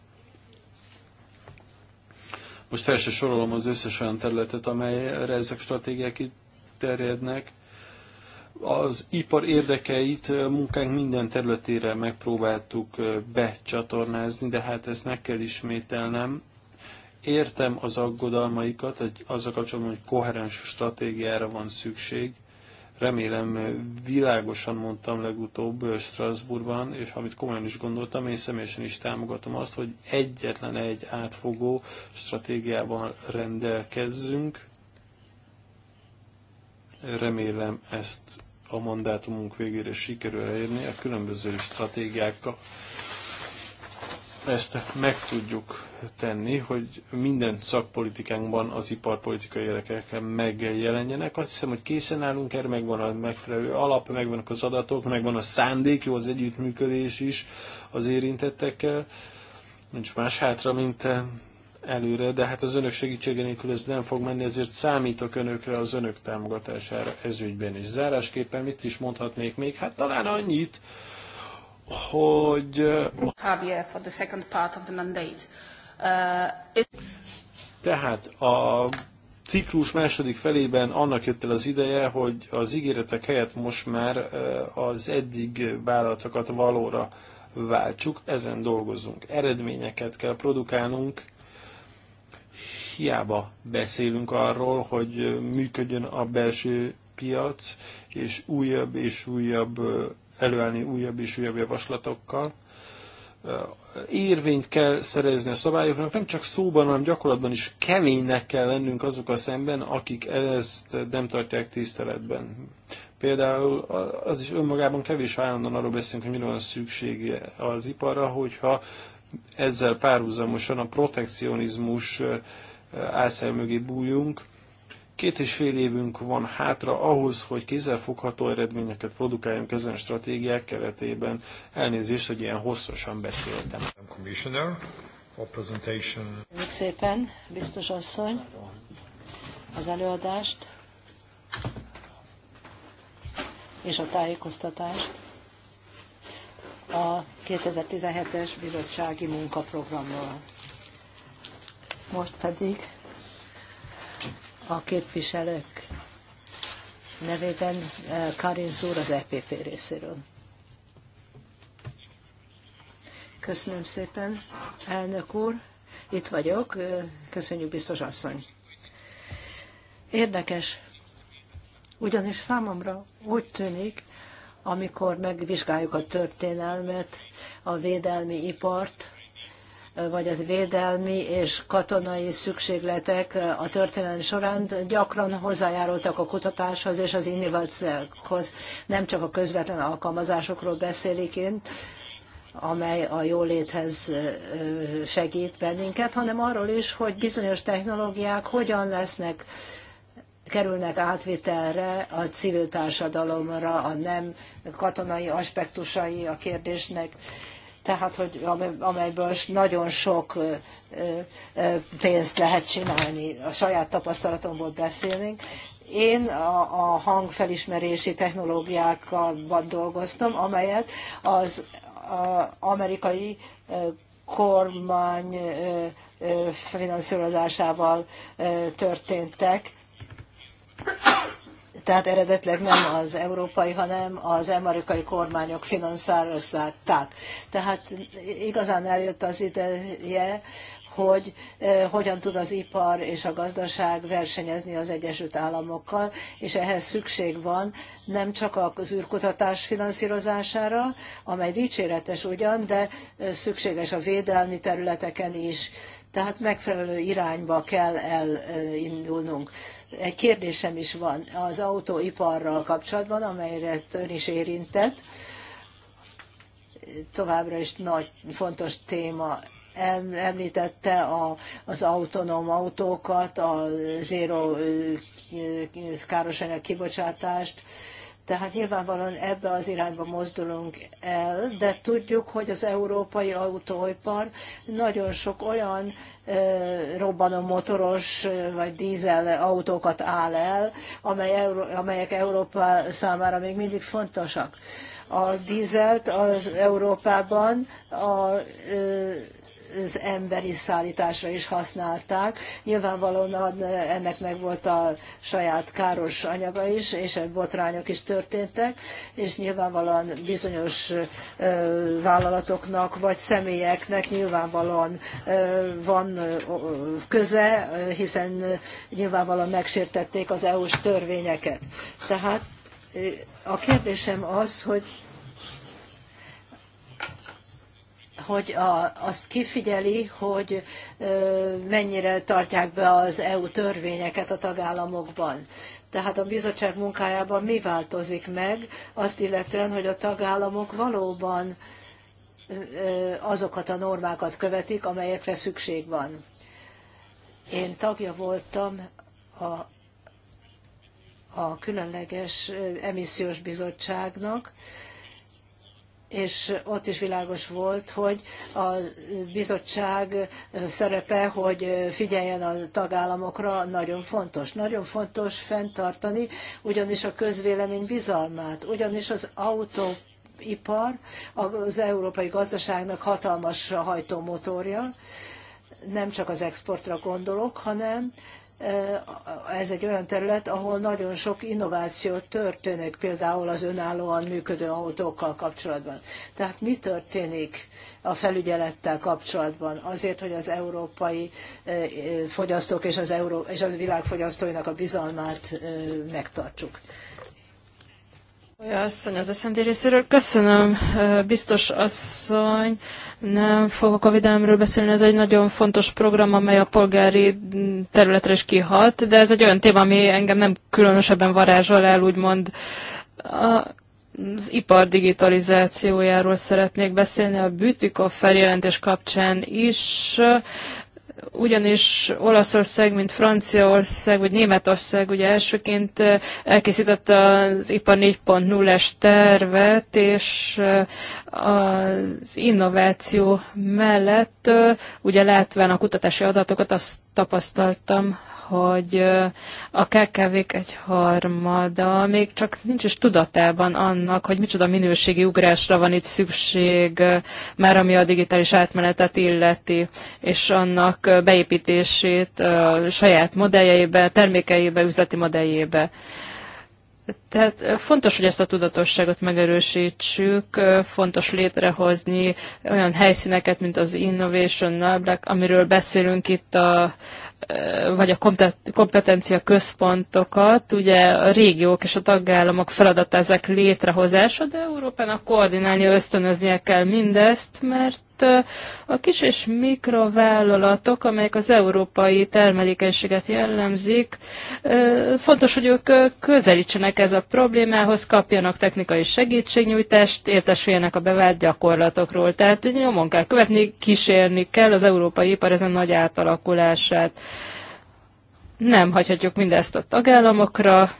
Most fel sorolom az összes olyan területet, amelyre ezek stratégiák itt terjednek az ipar érdekeit munkánk minden területére megpróbáltuk becsatornázni, de hát ezt meg kell ismételnem. Értem az aggodalmaikat, a kapcsolatban, hogy koherens stratégiára van szükség. Remélem világosan mondtam legutóbb Strasbourgban, és amit komolyan is gondoltam, én személyesen is támogatom azt, hogy egyetlen egy átfogó stratégiával rendelkezzünk, remélem ezt a mandátumunk végére sikerül elérni a különböző stratégiákkal. Ezt meg tudjuk tenni, hogy minden szakpolitikánkban az iparpolitikai érdekek megjelenjenek. Azt hiszem, hogy készen állunk erre, megvan a megfelelő alap, megvannak az adatok, megvan a szándék, jó az együttműködés is az érintettekkel. Nincs más hátra, mint előre, de hát az önök segítsége nélkül ez nem fog menni, ezért számítok önökre, az önök támogatására ezügyben is. Zárásképpen mit is mondhatnék még? Hát talán annyit, hogy... Javier for the second part of the mandate. Uh, Tehát a ciklus második felében annak jött el az ideje, hogy az ígéretek helyett most már az eddig vállalatokat valóra váltsuk, ezen dolgozunk. Eredményeket kell produkálnunk, hiába beszélünk arról, hogy működjön a belső piac, és újabb és újabb előállni újabb és újabb javaslatokkal. Érvényt kell szerezni a szabályoknak, nem csak szóban, hanem gyakorlatban is keménynek kell lennünk azok a szemben, akik ezt nem tartják tiszteletben. Például az is önmagában kevés állandóan arról beszélünk, hogy mire van szüksége az iparra, hogyha ezzel párhuzamosan a protekcionizmus álszája mögé bújjunk. Két és fél évünk van hátra ahhoz, hogy kézzelfogható eredményeket produkáljunk ezen stratégiák keretében. Elnézést, hogy ilyen hosszasan beszéltem. Köszönjük szépen, biztos asszony, az előadást és a tájékoztatást a 2017-es bizottsági munkaprogramról. Most pedig a képviselők nevében eh, Karin Zúr az EPP részéről. Köszönöm szépen, elnök úr. Itt vagyok. Eh, köszönjük, biztos asszony. Érdekes, ugyanis számomra úgy tűnik, amikor megvizsgáljuk a történelmet, a védelmi ipart, vagy az védelmi és katonai szükségletek a történelem során gyakran hozzájárultak a kutatáshoz és az innovációkhoz. Nem csak a közvetlen alkalmazásokról beszélik én, amely a jóléthez segít bennünket, hanem arról is, hogy bizonyos technológiák hogyan lesznek kerülnek átvitelre a civil társadalomra, a nem katonai aspektusai a kérdésnek tehát hogy amelyből nagyon sok pénzt lehet csinálni. A saját tapasztalatomból beszélnénk. Én a, a hangfelismerési technológiákkal dolgoztam, amelyet az amerikai kormány finanszírozásával történtek tehát eredetleg nem az európai, hanem az amerikai kormányok finanszírozták. Tehát igazán eljött az ideje, hogy eh, hogyan tud az ipar és a gazdaság versenyezni az Egyesült Államokkal, és ehhez szükség van nem csak az űrkutatás finanszírozására, amely dicséretes ugyan, de eh, szükséges a védelmi területeken is. Tehát megfelelő irányba kell elindulnunk. Egy kérdésem is van az autóiparral kapcsolatban, amelyre ön is érintett. Továbbra is nagy, fontos téma említette a, az autonóm autókat, a zéro károsanyag kibocsátást. Tehát nyilvánvalóan ebbe az irányba mozdulunk el, de tudjuk, hogy az európai autóipar nagyon sok olyan robbanó motoros vagy dízel autókat áll el, amely, amelyek Európa számára még mindig fontosak. A dízelt az Európában a az emberi szállításra is használták. Nyilvánvalóan ennek meg volt a saját káros anyaga is, és botrányok is történtek, és nyilvánvalóan bizonyos vállalatoknak vagy személyeknek nyilvánvalóan van köze, hiszen nyilvánvalóan megsértették az EU-s törvényeket. Tehát a kérdésem az, hogy hogy a, azt kifigyeli, hogy mennyire tartják be az EU törvényeket a tagállamokban. Tehát a bizottság munkájában mi változik meg, azt illetően, hogy a tagállamok valóban azokat a normákat követik, amelyekre szükség van. Én tagja voltam a, a különleges emissziós bizottságnak, és ott is világos volt, hogy a bizottság szerepe, hogy figyeljen a tagállamokra, nagyon fontos. Nagyon fontos fenntartani, ugyanis a közvélemény bizalmát, ugyanis az autóipar az európai gazdaságnak hatalmas hajtómotorja, nem csak az exportra gondolok, hanem ez egy olyan terület, ahol nagyon sok innováció történik, például az önállóan működő autókkal kapcsolatban. Tehát mi történik a felügyelettel kapcsolatban azért, hogy az európai eh, fogyasztók és az, Euró- és az világ fogyasztóinak a bizalmát eh, megtartsuk? Olyan asszony az SZND részéről. Köszönöm, eh, biztos asszony. Nem fogok a védelemről beszélni, ez egy nagyon fontos program, amely a polgári területre is kihat, de ez egy olyan téma, ami engem nem különösebben varázsol el, úgymond. az ipar digitalizációjáról szeretnék beszélni a Bütikoff feljelentés kapcsán is ugyanis Olaszország, mint Franciaország, vagy Németország ugye elsőként elkészítette az ipar 4.0-es tervet, és az innováció mellett, ugye látván a kutatási adatokat, azt tapasztaltam, hogy a KKV-k egy harmada még csak nincs is tudatában annak, hogy micsoda minőségi ugrásra van itt szükség, már ami a digitális átmenetet illeti, és annak beépítését a saját modelljeibe, termékeibe, üzleti modelljébe. Tehát fontos, hogy ezt a tudatosságot megerősítsük, fontos létrehozni olyan helyszíneket, mint az Innovation Lab, amiről beszélünk itt a, vagy a kompetencia központokat, ugye a régiók és a tagállamok feladata ezek létrehozása, de Európának koordinálni, ösztönöznie kell mindezt, mert a kis és mikrovállalatok, amelyek az európai termelékenységet jellemzik, fontos, hogy ők közelítsenek ez a problémához, kapjanak technikai segítségnyújtást, értesüljenek a bevált gyakorlatokról. Tehát nyomon kell követni, kísérni kell az európai ipar ezen nagy átalakulását. Nem hagyhatjuk mindezt a tagállamokra,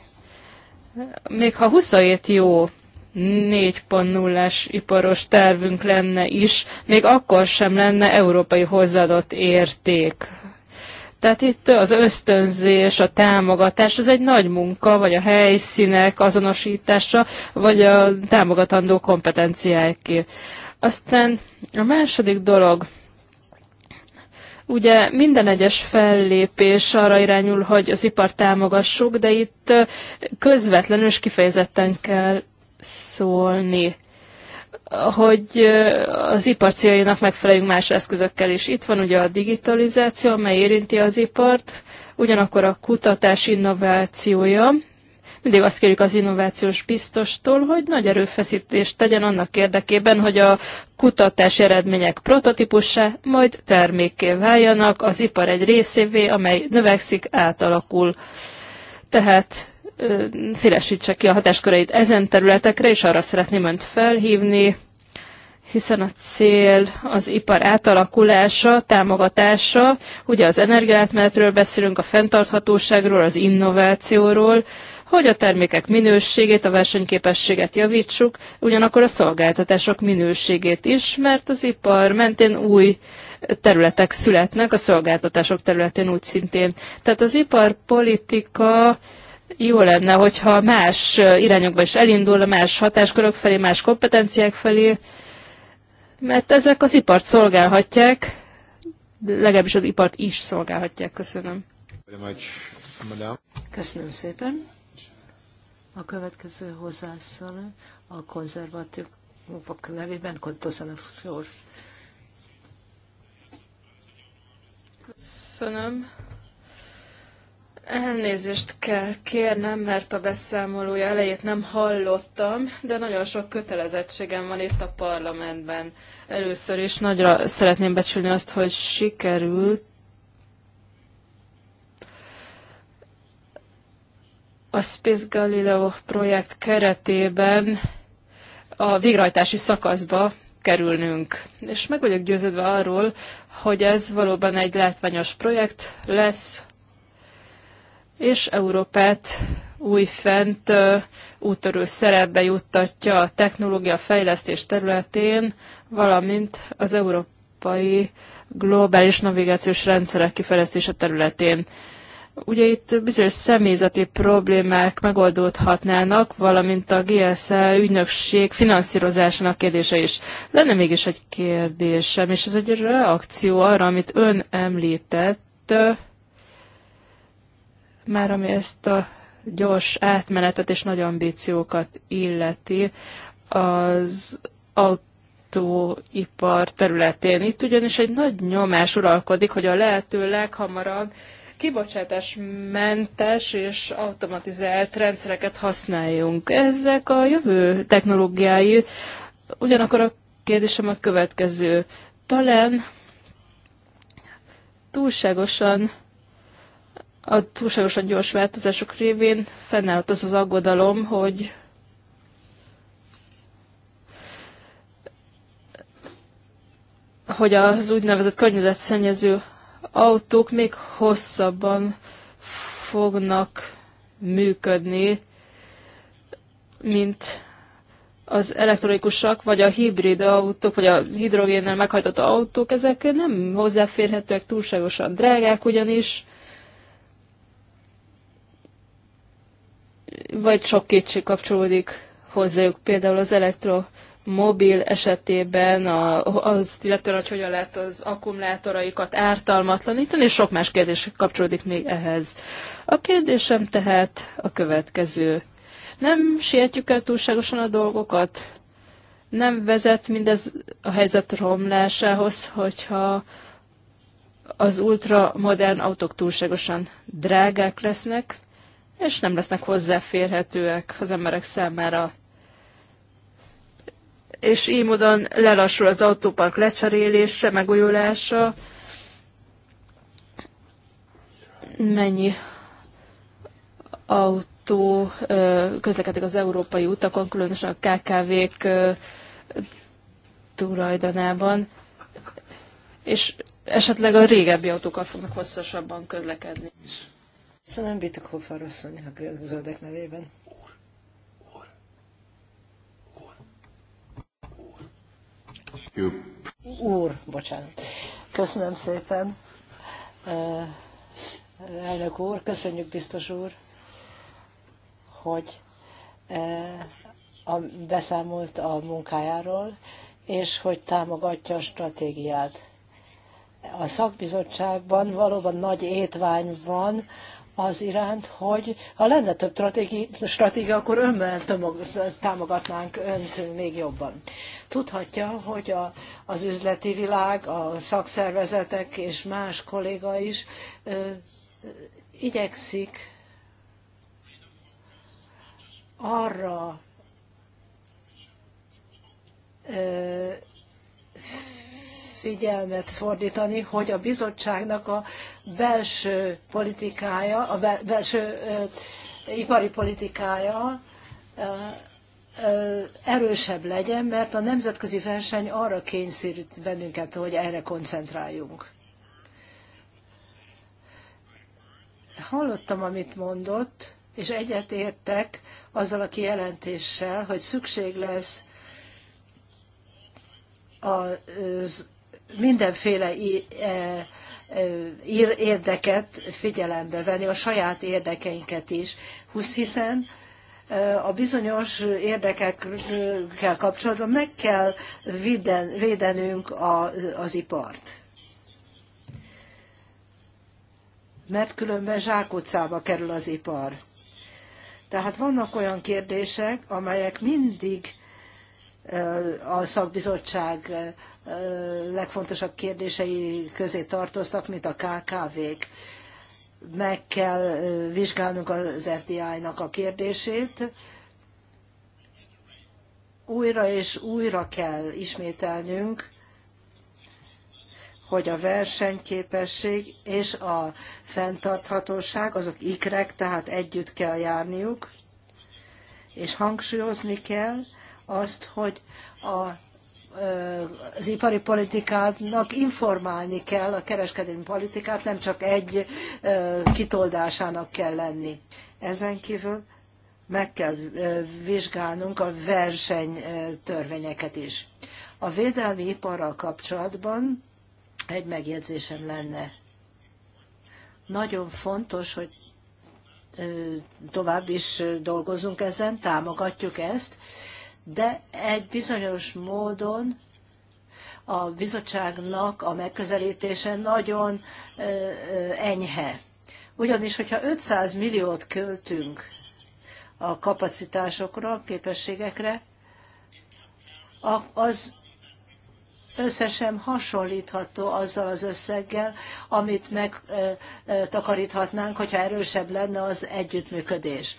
még ha 27 jó 4.0-as iparos tervünk lenne is, még akkor sem lenne európai hozzáadott érték. Tehát itt az ösztönzés, a támogatás, ez egy nagy munka, vagy a helyszínek azonosítása, vagy a támogatandó kompetenciák. Aztán a második dolog, Ugye minden egyes fellépés arra irányul, hogy az ipar támogassuk, de itt közvetlenül és kifejezetten kell szólni hogy az ipar céljainak megfeleljünk más eszközökkel is. Itt van ugye a digitalizáció, amely érinti az ipart, ugyanakkor a kutatás innovációja. Mindig azt kérjük az innovációs biztostól, hogy nagy erőfeszítést tegyen annak érdekében, hogy a kutatás eredmények prototípusa majd termékké váljanak, az ipar egy részévé, amely növekszik, átalakul. Tehát szélesítse ki a hatásköreit ezen területekre, és arra szeretném önt felhívni, hiszen a cél az ipar átalakulása, támogatása, ugye az energiátmenetről beszélünk, a fenntarthatóságról, az innovációról, hogy a termékek minőségét, a versenyképességet javítsuk, ugyanakkor a szolgáltatások minőségét is, mert az ipar mentén új területek születnek, a szolgáltatások területén úgy szintén. Tehát az iparpolitika politika jó lenne, hogyha más irányokba is elindul, más hatáskörök felé, más kompetenciák felé, mert ezek az ipart szolgálhatják, legalábbis az ipart is szolgálhatják. Köszönöm. Köszönöm szépen. A következő hozzászól a konzervatívok nevében Kontoszanov Köszönöm. Elnézést kell kérnem, mert a beszámolója elejét nem hallottam, de nagyon sok kötelezettségem van itt a parlamentben. Először is nagyra szeretném becsülni azt, hogy sikerült a Space Galileo projekt keretében a végrehajtási szakaszba kerülnünk. És meg vagyok győződve arról, hogy ez valóban egy látványos projekt lesz, és Európát újfent útörő szerepbe juttatja a technológia fejlesztés területén, valamint az európai globális navigációs rendszerek kifejlesztése területén. Ugye itt bizonyos személyzeti problémák megoldódhatnának, valamint a GSA ügynökség finanszírozásának kérdése is. Lenne mégis egy kérdésem, és ez egy reakció arra, amit ön említett, már ami ezt a gyors átmenetet és nagy ambíciókat illeti, az autóipar területén. Itt ugyanis egy nagy nyomás uralkodik, hogy a lehető leghamarabb kibocsátásmentes és automatizált rendszereket használjunk. Ezek a jövő technológiái. Ugyanakkor a kérdésem a következő. Talán túlságosan a túlságosan gyors változások révén fennállt az az aggodalom, hogy hogy az úgynevezett környezetszennyező autók még hosszabban fognak működni, mint az elektronikusak, vagy a hibrid autók, vagy a hidrogénnel meghajtott autók, ezek nem hozzáférhetőek, túlságosan drágák ugyanis, vagy sok kétség kapcsolódik hozzájuk, például az elektromobil esetében a, az, illetően, hogy hogyan lehet az akkumulátoraikat ártalmatlanítani, és sok más kérdés kapcsolódik még ehhez. A kérdésem tehát a következő. Nem sietjük el túlságosan a dolgokat? Nem vezet mindez a helyzet romlásához, hogyha az ultramodern autók túlságosan drágák lesznek, és nem lesznek hozzáférhetőek az emberek számára. És így módon lelassul az autópark lecserélése, megújulása. Mennyi autó közlekedik az európai utakon, különösen a KKV-k tulajdonában, és esetleg a régebbi autókkal fognak hosszasabban közlekedni. Szóval nem bírtak hova rosszulni a zöldek nevében. Úr, bocsánat. Köszönöm szépen. Elnök úr, köszönjük biztos úr, hogy beszámolt a munkájáról, és hogy támogatja a stratégiát. A szakbizottságban valóban nagy étvány van az iránt, hogy ha lenne több stratégia, akkor önnel támogatnánk önt még jobban. Tudhatja, hogy a, az üzleti világ, a szakszervezetek és más kolléga is ö, igyekszik arra ö, figyelmet fordítani, hogy a bizottságnak a belső politikája, a belső ipari politikája erősebb legyen, mert a nemzetközi verseny arra kényszerít bennünket, hogy erre koncentráljunk. Hallottam, amit mondott, és egyet értek azzal a kijelentéssel, hogy szükség lesz az mindenféle e, e, érdeket figyelembe venni, a saját érdekeinket is, hiszen e, a bizonyos érdekekkel kapcsolatban meg kell védenünk a, az ipart. Mert különben zsákutcába kerül az ipar. Tehát vannak olyan kérdések, amelyek mindig a szakbizottság legfontosabb kérdései közé tartoztak, mint a KKV-k. Meg kell vizsgálnunk az FDI-nak a kérdését, újra és újra kell ismételnünk, hogy a versenyképesség és a fenntarthatóság, azok ikrek, tehát együtt kell járniuk, és hangsúlyozni kell, azt, hogy a, az ipari politikának informálni kell a kereskedelmi politikát, nem csak egy kitoldásának kell lenni. Ezen kívül meg kell vizsgálnunk a versenytörvényeket is. A védelmi iparral kapcsolatban egy megjegyzésem lenne. Nagyon fontos, hogy tovább is dolgozunk ezen, támogatjuk ezt, de egy bizonyos módon a bizottságnak a megközelítése nagyon enyhe. Ugyanis, hogyha 500 milliót költünk a kapacitásokra, képességekre, az összesen hasonlítható azzal az összeggel, amit megtakaríthatnánk, hogyha erősebb lenne az együttműködés.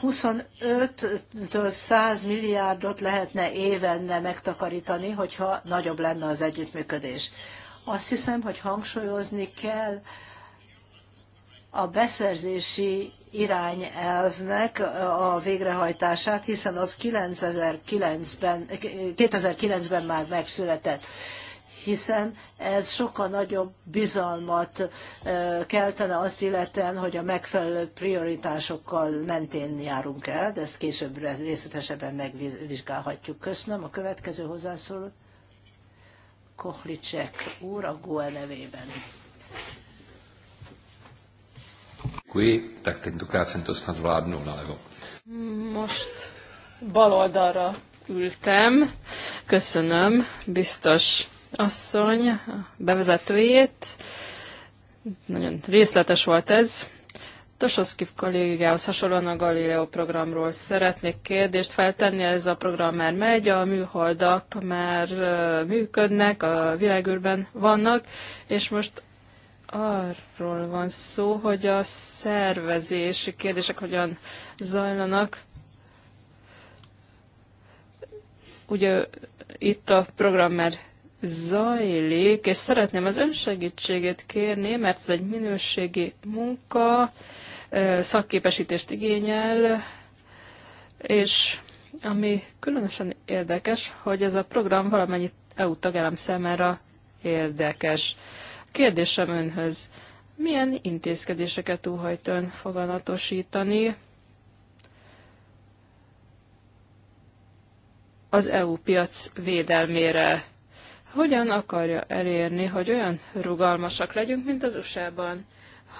25-től 100 milliárdot lehetne évenne megtakarítani, hogyha nagyobb lenne az együttműködés. Azt hiszem, hogy hangsúlyozni kell a beszerzési irányelvnek a végrehajtását, hiszen az 2009-ben, 2009-ben már megszületett hiszen ez sokkal nagyobb bizalmat keltene azt illetően, hogy a megfelelő prioritásokkal mentén járunk el, de ezt később részletesebben megvizsgálhatjuk. Köszönöm. A következő hozzászóló Kohlicek úr a GOE nevében. Děkuji, tak tentokrát jsem Most baloldalra ültem. Köszönöm, biztos asszony bevezetőjét. Nagyon részletes volt ez. Tososzkiv kollégához hasonlóan a Galileo programról szeretnék kérdést feltenni. Ez a program már megy, a műholdak már működnek, a világűrben vannak, és most arról van szó, hogy a szervezési kérdések hogyan zajlanak. Ugye itt a program már zajlik, és szeretném az ön segítségét kérni, mert ez egy minőségi munka, szakképesítést igényel, és ami különösen érdekes, hogy ez a program valamennyi EU tagállam számára érdekes. Kérdésem önhöz, milyen intézkedéseket óhajt ön foganatosítani az EU piac védelmére? hogyan akarja elérni, hogy olyan rugalmasak legyünk, mint az USA-ban.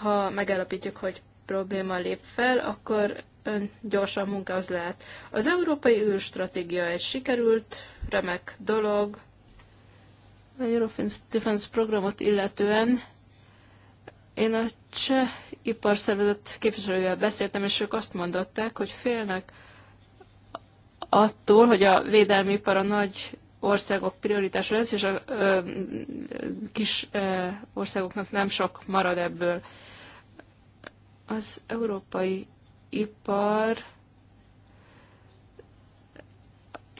Ha megállapítjuk, hogy probléma lép fel, akkor ön gyorsan munkához lehet. Az európai űrstratégia egy sikerült, remek dolog. A European Defense programot illetően én a cseh iparszervezet képviselővel beszéltem, és ők azt mondották, hogy félnek attól, hogy a védelmi ipar a nagy országok prioritása lesz, és a ö, kis ö, országoknak nem sok marad ebből. Az európai ipar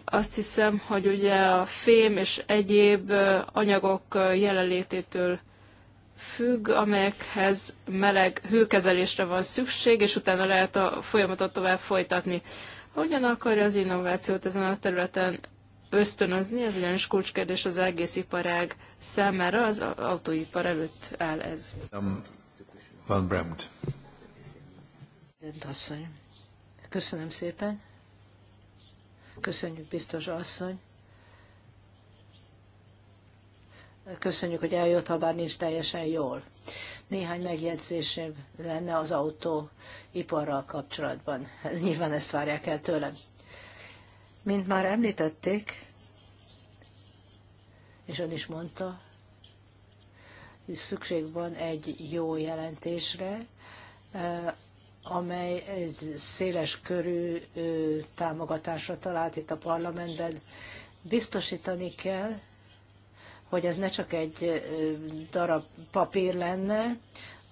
azt hiszem, hogy ugye a fém és egyéb anyagok jelenlététől függ, amelyekhez meleg hőkezelésre van szükség, és utána lehet a folyamatot tovább folytatni. Hogyan akarja az innovációt ezen a területen ösztönözni, ez ugyanis kulcskérdés az egész iparág számára, az autóipar előtt áll ez. Um, van Bremt. Asszony. Köszönöm szépen. Köszönjük biztos asszony. Köszönjük, hogy eljött, ha bár nincs teljesen jól. Néhány megjegyzésem lenne az autóiparral kapcsolatban. Nyilván ezt várják el tőlem. Mint már említették, és ön is mondta, hogy szükség van egy jó jelentésre, eh, amely egy széles körű támogatásra talált itt a parlamentben. Biztosítani kell, hogy ez ne csak egy darab papír lenne,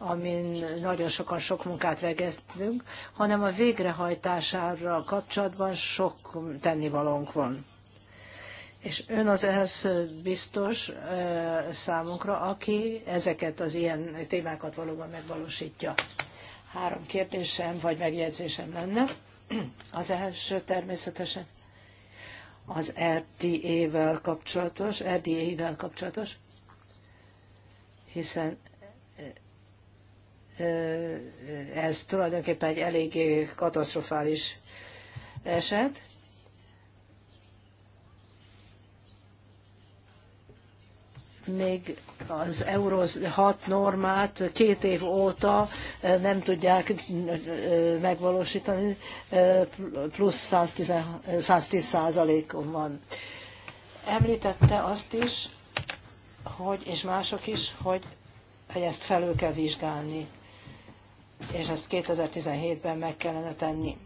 amin nagyon sokan sok munkát végeztünk, hanem a végrehajtására kapcsolatban sok tennivalónk van. És ön az ehhez biztos számunkra, aki ezeket az ilyen témákat valóban megvalósítja. Három kérdésem vagy megjegyzésem lenne. Az első természetesen az RDA-vel kapcsolatos, RDA-vel kapcsolatos, hiszen Eh, ez tulajdonképpen egy eléggé katasztrofális eset. Még az Euró 6 normát két év óta eh, nem tudják eh, megvalósítani, plusz 110, 110 százalékon van. Említette azt is, hogy, és mások is, hogy, hogy ezt felül kell vizsgálni és ezt 2017-ben meg kellene tenni.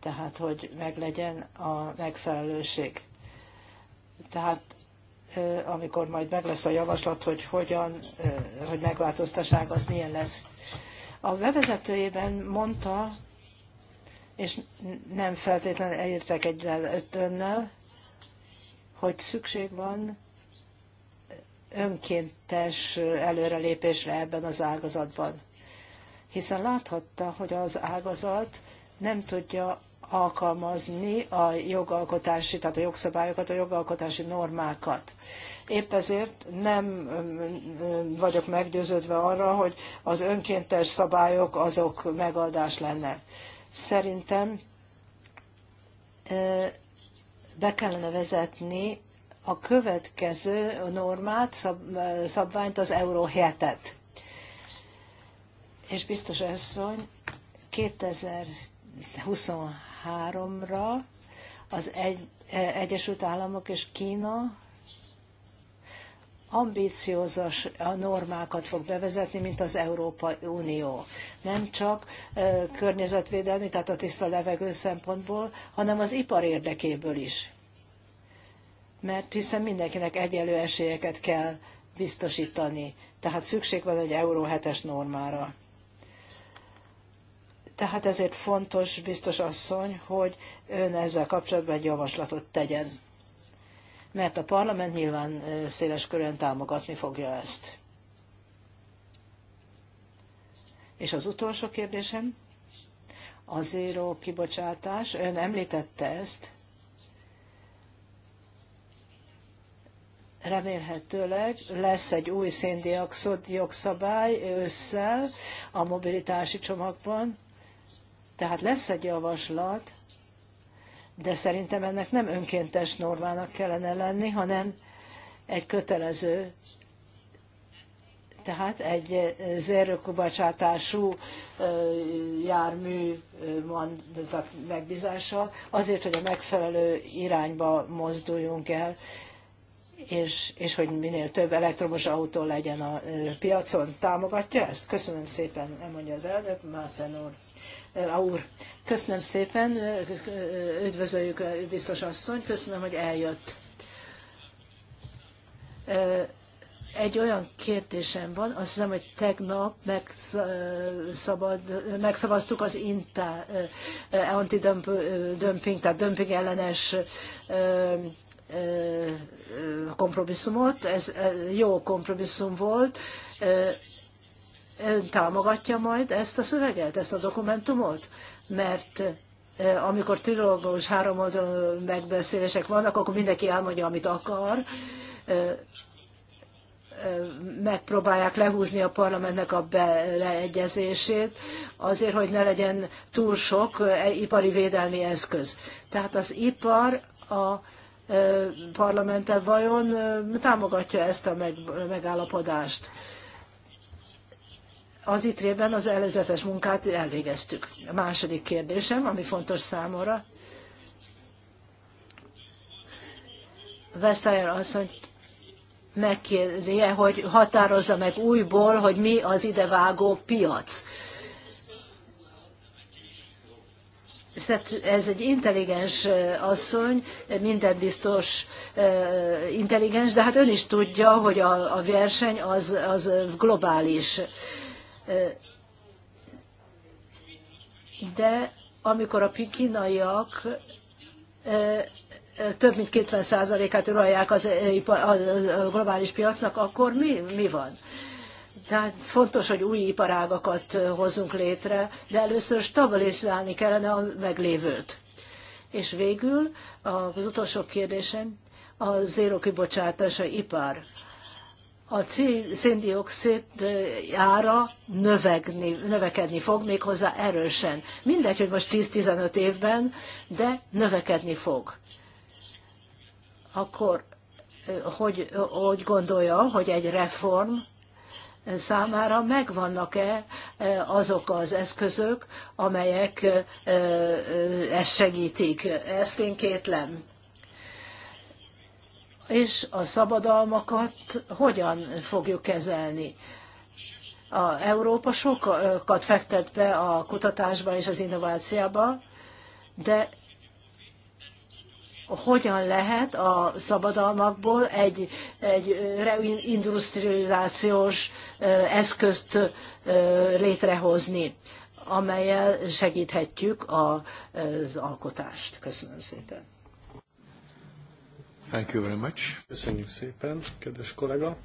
Tehát, hogy meglegyen a megfelelőség. Tehát amikor majd meg lesz a javaslat, hogy hogyan, hogy megváltoztassák, az milyen lesz. A bevezetőjében mondta, és nem feltétlenül egyértek egyre ötönnel, hogy szükség van önkéntes előrelépésre ebben az ágazatban. Hiszen láthatta, hogy az ágazat nem tudja alkalmazni a jogalkotási, tehát a jogszabályokat, a jogalkotási normákat. Épp ezért nem vagyok meggyőződve arra, hogy az önkéntes szabályok azok megoldás lenne. Szerintem be kellene vezetni a következő normát, szab, szabványt, az Euró 7-et. És biztos asszony 2023-ra az egy, e, Egyesült Államok és Kína ambíciózas normákat fog bevezetni, mint az Európai Unió. Nem csak e, környezetvédelmi, tehát a tiszta levegő szempontból, hanem az ipar érdekéből is mert hiszen mindenkinek egyenlő esélyeket kell biztosítani. Tehát szükség van egy Euró 7-es normára. Tehát ezért fontos, biztos asszony, hogy ön ezzel kapcsolatban egy javaslatot tegyen. Mert a parlament nyilván széles körön támogatni fogja ezt. És az utolsó kérdésem, az zéró kibocsátás, ön említette ezt, remélhetőleg lesz egy új széndiokszid jogszabály ősszel a mobilitási csomagban, tehát lesz egy javaslat, de szerintem ennek nem önkéntes normának kellene lenni, hanem egy kötelező, tehát egy zérőkubacsátású jármű megbízása azért, hogy a megfelelő irányba mozduljunk el, és, és hogy minél több elektromos autó legyen a piacon. Támogatja ezt? Köszönöm szépen, mondja az elnök, Márten úr. A úr. Köszönöm szépen, üdvözöljük a biztos asszony, köszönöm, hogy eljött. Egy olyan kérdésem van, azt hiszem, hogy tegnap megszabad, megszavaztuk az INTA anti dumping tehát dömping ellenes kompromisszumot, ez jó kompromisszum volt. Ön támogatja majd ezt a szöveget, ezt a dokumentumot? Mert amikor trilógus három oldalon megbeszélések vannak, akkor mindenki elmondja, amit akar. Megpróbálják lehúzni a parlamentnek a beleegyezését, azért, hogy ne legyen túl sok ipari védelmi eszköz. Tehát az ipar a parlamente vajon támogatja ezt a megállapodást. Az itre az előzetes munkát elvégeztük. A második kérdésem, ami fontos számomra, Vesztályer asszony megkérje, hogy határozza meg újból, hogy mi az idevágó piac ez egy intelligens asszony, minden biztos intelligens, de hát ön is tudja, hogy a, a verseny az, az globális. De amikor a kínaiak több mint 90%-át uralják az, a globális piacnak, akkor mi, mi van? tehát fontos, hogy új iparágakat hozzunk létre, de először stabilizálni kellene a meglévőt. És végül az utolsó kérdésem a zéro kibocsátása ipar. A széndiokszid ára növegni, növekedni fog méghozzá erősen. Mindegy, hogy most 10-15 évben, de növekedni fog. Akkor hogy, hogy gondolja, hogy egy reform számára megvannak-e e, azok az eszközök, amelyek e, e, ezt segítik. Ezt én kétlem. És a szabadalmakat hogyan fogjuk kezelni? A Európa sokat fektet be a kutatásba és az innovációba, de hogyan lehet a szabadalmakból egy, egy reindustrializációs eszközt létrehozni, amelyel segíthetjük az alkotást. Köszönöm szépen. Thank you very much. Köszönjük szépen, kedves kollega.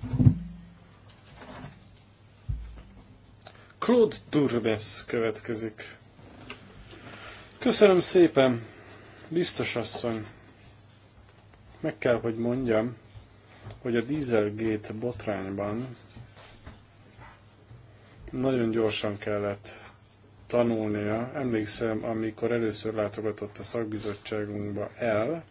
Claude Turbes következik. Köszönöm szépen, biztos asszony. Meg kell, hogy mondjam, hogy a Dieselgate botrányban nagyon gyorsan kellett tanulnia. Emlékszem, amikor először látogatott a szakbizottságunkba el,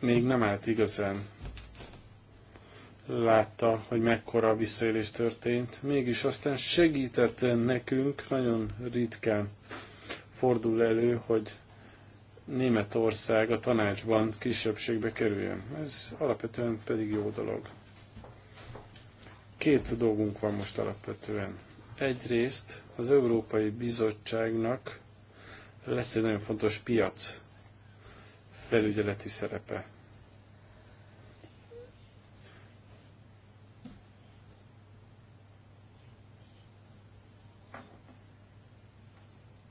még nem állt igazán. Látta, hogy mekkora visszaélés történt, mégis aztán segített nekünk nagyon ritkán fordul elő, hogy Németország a tanácsban kisebbségbe kerüljön. Ez alapvetően pedig jó dolog. Két dolgunk van most alapvetően. Egyrészt az Európai Bizottságnak lesz egy nagyon fontos piac felügyeleti szerepe.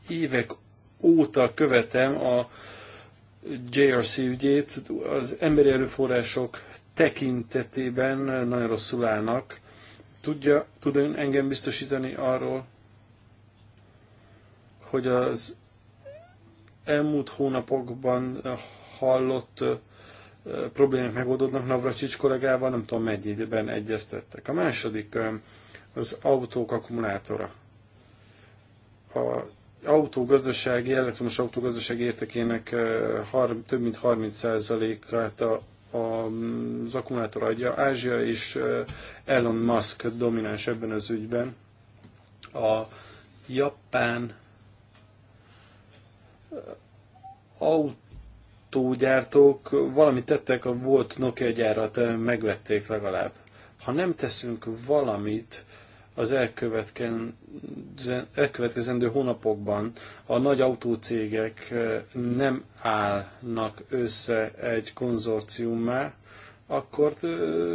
évek óta követem a JRC ügyét, az emberi erőforrások tekintetében nagyon rosszul állnak. Tudja, tud ön engem biztosítani arról, hogy az elmúlt hónapokban hallott problémák megoldódnak Navracsics kollégával, nem tudom mennyiben egyeztettek. A második az autók akkumulátora. A autógazdasági, elektromos autógazdasági értékének eh, több mint 30%-át a az akkumulátor adja. Ázsia és eh, Elon Musk domináns ebben az ügyben. A japán eh, autógyártók valamit tettek, a volt Nokia gyárat megvették legalább. Ha nem teszünk valamit, az elkövetkezendő hónapokban a nagy autócégek nem állnak össze egy konzorciummá, akkor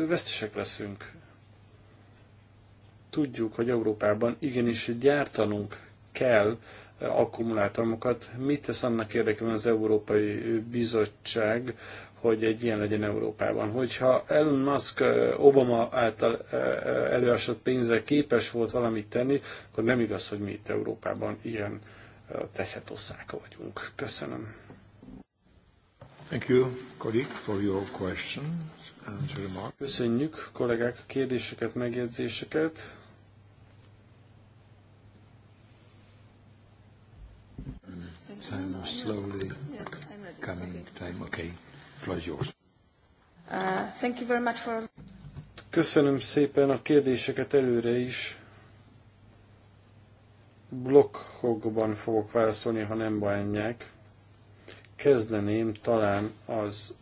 vesztesek leszünk. Tudjuk, hogy Európában igenis gyártanunk kell akkumulátorokat. Mit tesz annak érdekében az Európai Bizottság, hogy egy ilyen legyen Európában. Hogyha Elon Musk Obama által előásott pénzzel képes volt valamit tenni, akkor nem igaz, hogy mi itt Európában ilyen teszetosszáka vagyunk. Köszönöm. Thank you, colleague, for your questions and remarks. Köszönjük, kollégák, a kérdéseket, megjegyzéseket. Time slowly coming time, okay. Uh, Köszönöm szépen a kérdéseket előre is. Blokkokban fogok válaszolni, ha nem bánják. Kezdeném talán az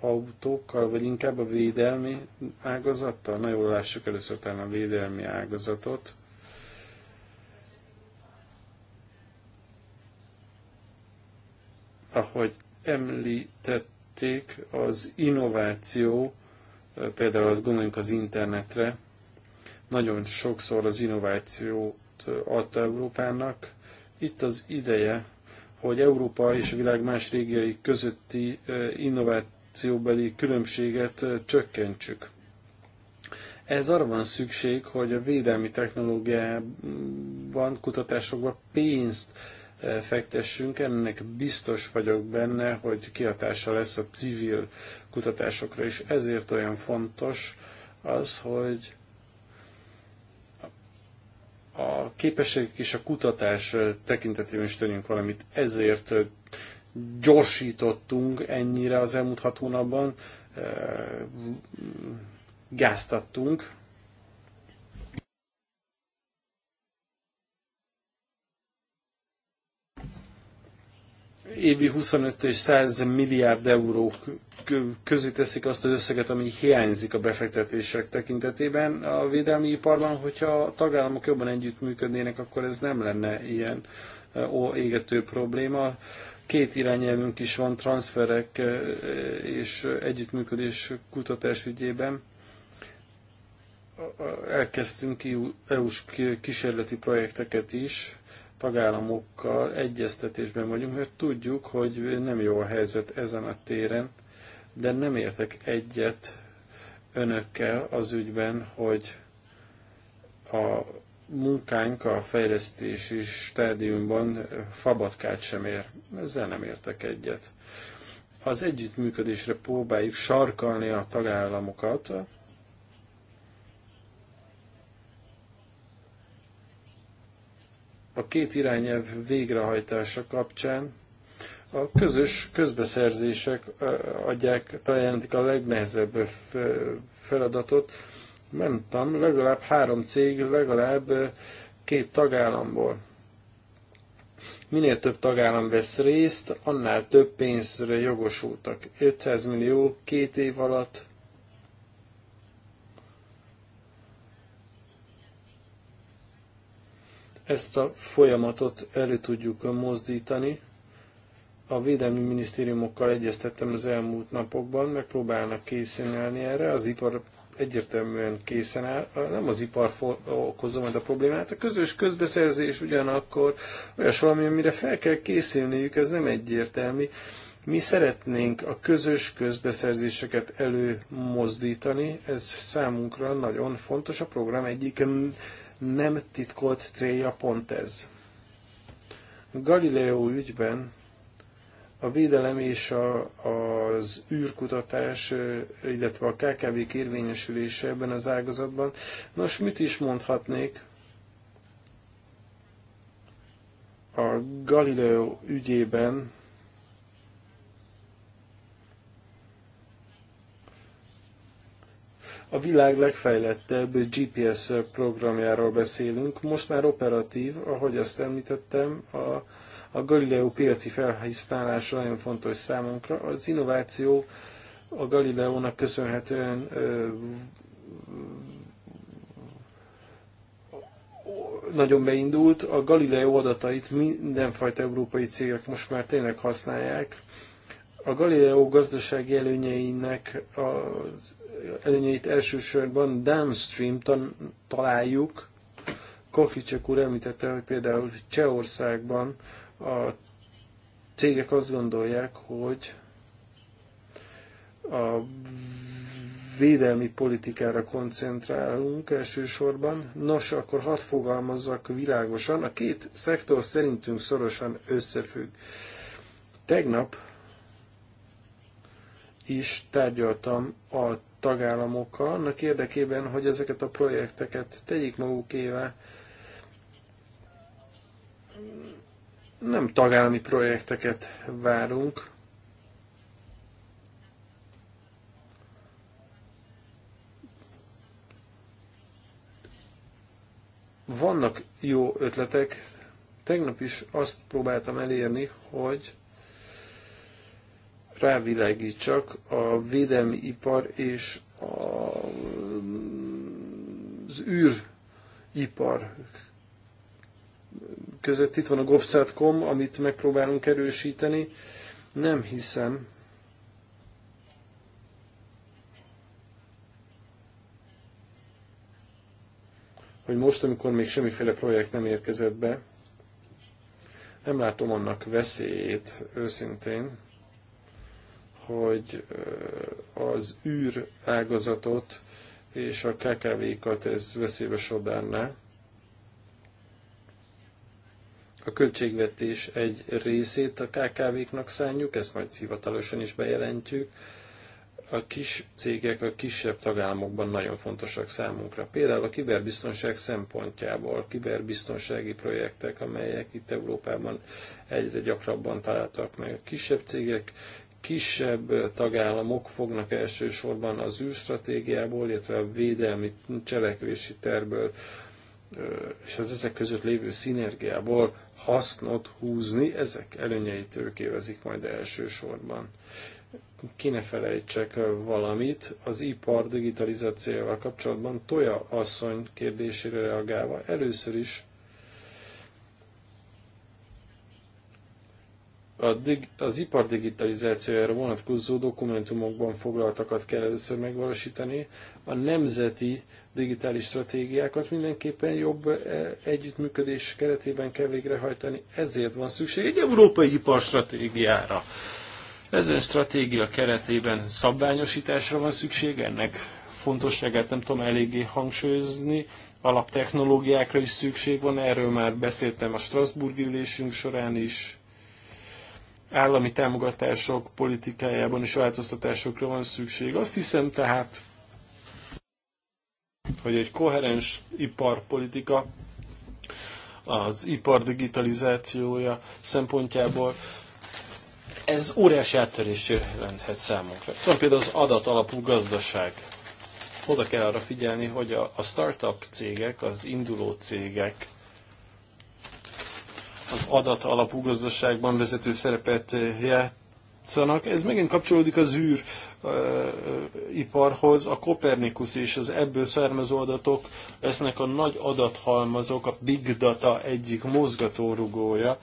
autókkal, vagy inkább a védelmi ágazattal? Na jól lássuk először talán a védelmi ágazatot. Ahogy említett, érték az innováció, például azt gondoljunk az internetre, nagyon sokszor az innovációt adta Európának. Itt az ideje, hogy Európa és a világ más régiai közötti innovációbeli különbséget csökkentsük. Ez arra van szükség, hogy a védelmi technológiában, kutatásokban pénzt fektessünk. Ennek biztos vagyok benne, hogy kihatása lesz a civil kutatásokra is. Ezért olyan fontos az, hogy a képességek és a kutatás tekintetében is tegyünk valamit. Ezért gyorsítottunk ennyire az elmúlt hat hónapban, gáztattunk, évi 25 és 100 milliárd euró közé teszik azt az összeget, ami hiányzik a befektetések tekintetében a védelmi iparban, hogyha a tagállamok jobban együttműködnének, akkor ez nem lenne ilyen égető probléma. Két irányelvünk is van transferek és együttműködés kutatás ügyében. Elkezdtünk EU-s kísérleti projekteket is, tagállamokkal egyeztetésben vagyunk, mert tudjuk, hogy nem jó a helyzet ezen a téren, de nem értek egyet önökkel az ügyben, hogy a munkánk a fejlesztési stádiumban fabatkát sem ér. Ezzel nem értek egyet. Az együttműködésre próbáljuk sarkalni a tagállamokat, a két irányelv végrehajtása kapcsán a közös közbeszerzések adják, talán a legnehezebb feladatot. Nem tudom, legalább három cég, legalább két tagállamból. Minél több tagállam vesz részt, annál több pénzre jogosultak. 500 millió két év alatt ezt a folyamatot elő tudjuk mozdítani. A védelmi minisztériumokkal egyeztettem az elmúlt napokban, megpróbálnak készen állni erre, az ipar egyértelműen készen áll, nem az ipar okozza majd a problémát, a közös közbeszerzés ugyanakkor olyas valami, amire fel kell készülniük, ez nem egyértelmű. Mi szeretnénk a közös közbeszerzéseket előmozdítani, ez számunkra nagyon fontos, a program egyik nem titkolt célja pont ez. Galileo ügyben a védelem és a, az űrkutatás, illetve a KKV-k érvényesülése ebben az ágazatban. Nos, mit is mondhatnék? A Galileo ügyében A világ legfejlettebb GPS programjáról beszélünk, most már operatív, ahogy azt említettem, a, a Galileo piaci felhasználása nagyon fontos számunkra. Az innováció a Galileónak köszönhetően ö, nagyon beindult, a Galileo adatait mindenfajta európai cégek most már tényleg használják. A Galileo gazdasági előnyeinek az előnyeit elsősorban downstream találjuk. Kofficsek úr említette, hogy például Csehországban a cégek azt gondolják, hogy a védelmi politikára koncentrálunk elsősorban. Nos, akkor hadd fogalmazzak világosan. A két szektor szerintünk szorosan összefügg. Tegnap is tárgyaltam a tagállamokkal, annak érdekében, hogy ezeket a projekteket tegyék magukével. Nem tagállami projekteket várunk, vannak jó ötletek. Tegnap is azt próbáltam elérni, hogy rávilágítsak a védelmi ipar és a, az űripar között. Itt van a GovSatcom, amit megpróbálunk erősíteni. Nem hiszem, hogy most, amikor még semmiféle projekt nem érkezett be, nem látom annak veszélyét őszintén hogy az űr ágazatot és a KKV-kat ez veszélybe sodárná. A költségvetés egy részét a KKV-knak szánjuk, ezt majd hivatalosan is bejelentjük. A kis cégek a kisebb tagállamokban nagyon fontosak számunkra. Például a kiberbiztonság szempontjából, a kiberbiztonsági projektek, amelyek itt Európában egyre gyakrabban találtak meg. A kisebb cégek kisebb tagállamok fognak elsősorban az űrstratégiából, illetve a védelmi cselekvési terből és az ezek között lévő szinergiából hasznot húzni, ezek előnyeit ők évezik majd elsősorban. Ki ne felejtsek valamit, az ipar digitalizációval kapcsolatban Toja asszony kérdésére reagálva először is a dig, az ipar digitalizációjára vonatkozó dokumentumokban foglaltakat kell először megvalósítani. A nemzeti digitális stratégiákat mindenképpen jobb e, együttműködés keretében kell végrehajtani. Ezért van szükség egy európai iparstratégiára. Ezen stratégia keretében szabványosításra van szükség, ennek fontosságát nem tudom eléggé hangsúlyozni, alaptechnológiákra is szükség van, erről már beszéltem a Strasbourg ülésünk során is, állami támogatások politikájában is változtatásokra van szükség. Azt hiszem tehát, hogy egy koherens iparpolitika az ipar digitalizációja szempontjából ez óriási áttörést jelenthet számunkra. Tudom például az adat alapú gazdaság. Oda kell arra figyelni, hogy a, a startup cégek, az induló cégek az adat alapú gazdaságban vezető szerepet játszanak. Ez megint kapcsolódik az űr iparhoz, a Kopernikus és az ebből származó adatok lesznek a nagy adathalmazok, a big data egyik mozgatórugója.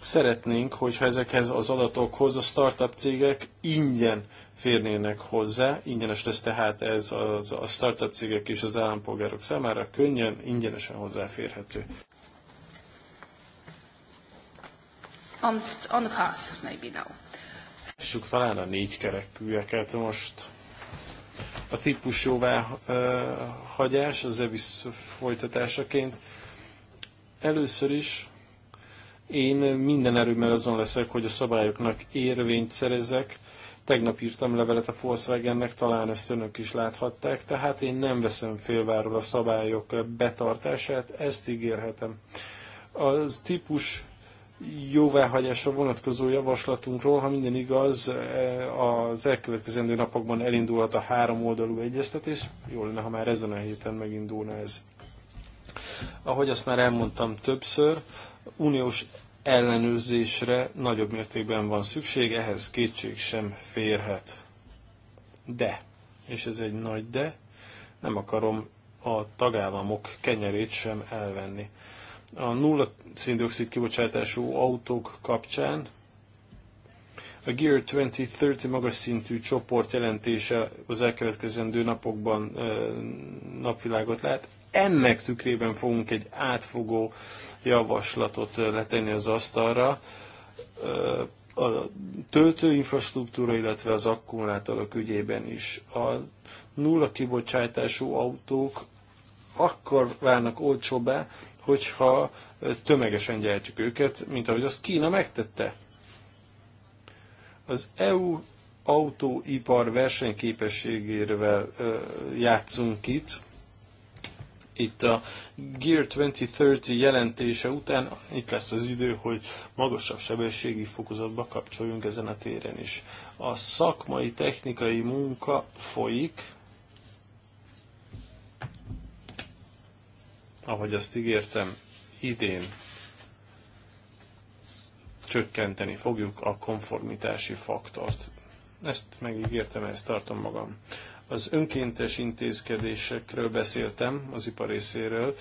Szeretnénk, hogyha ezekhez az adatokhoz a startup cégek ingyen férnének hozzá, ingyenes lesz tehát ez a startup cégek és az állampolgárok számára könnyen, ingyenesen hozzáférhető. on, on the cars, maybe now. Lássuk talán a négy kerekűeket most. A típus hagyás, az EBISZ folytatásaként. Először is én minden erőmmel azon leszek, hogy a szabályoknak érvényt szerezek. Tegnap írtam levelet a Volkswagennek, talán ezt önök is láthatták, tehát én nem veszem félváról a szabályok betartását, ezt ígérhetem. Az típus jóváhagyásra vonatkozó javaslatunkról, ha minden igaz, eh, az elkövetkezendő napokban elindulhat a három oldalú egyeztetés. Jó lenne, ha már ezen a héten megindulna ez. Ahogy azt már elmondtam többször, uniós ellenőrzésre nagyobb mértékben van szükség, ehhez kétség sem férhet. De, és ez egy nagy de, nem akarom a tagállamok kenyerét sem elvenni a nulla széndiokszid kibocsátású autók kapcsán a Gear 2030 magas szintű csoport jelentése az elkövetkezendő napokban napvilágot lát. Ennek tükrében fogunk egy átfogó javaslatot letenni az asztalra. A töltőinfrastruktúra, illetve az akkumulátorok ügyében is. A nulla kibocsátású autók akkor válnak olcsóbbá, hogyha tömegesen gyártjuk őket, mint ahogy az Kína megtette. Az EU autóipar versenyképességével játszunk itt. Itt a Gear 2030 jelentése után itt lesz az idő, hogy magasabb sebességi fokozatba kapcsoljunk ezen a téren is. A szakmai, technikai munka folyik, ahogy azt ígértem, idén csökkenteni fogjuk a konformitási faktort. Ezt megígértem, ezt tartom magam. Az önkéntes intézkedésekről beszéltem az ipar részéről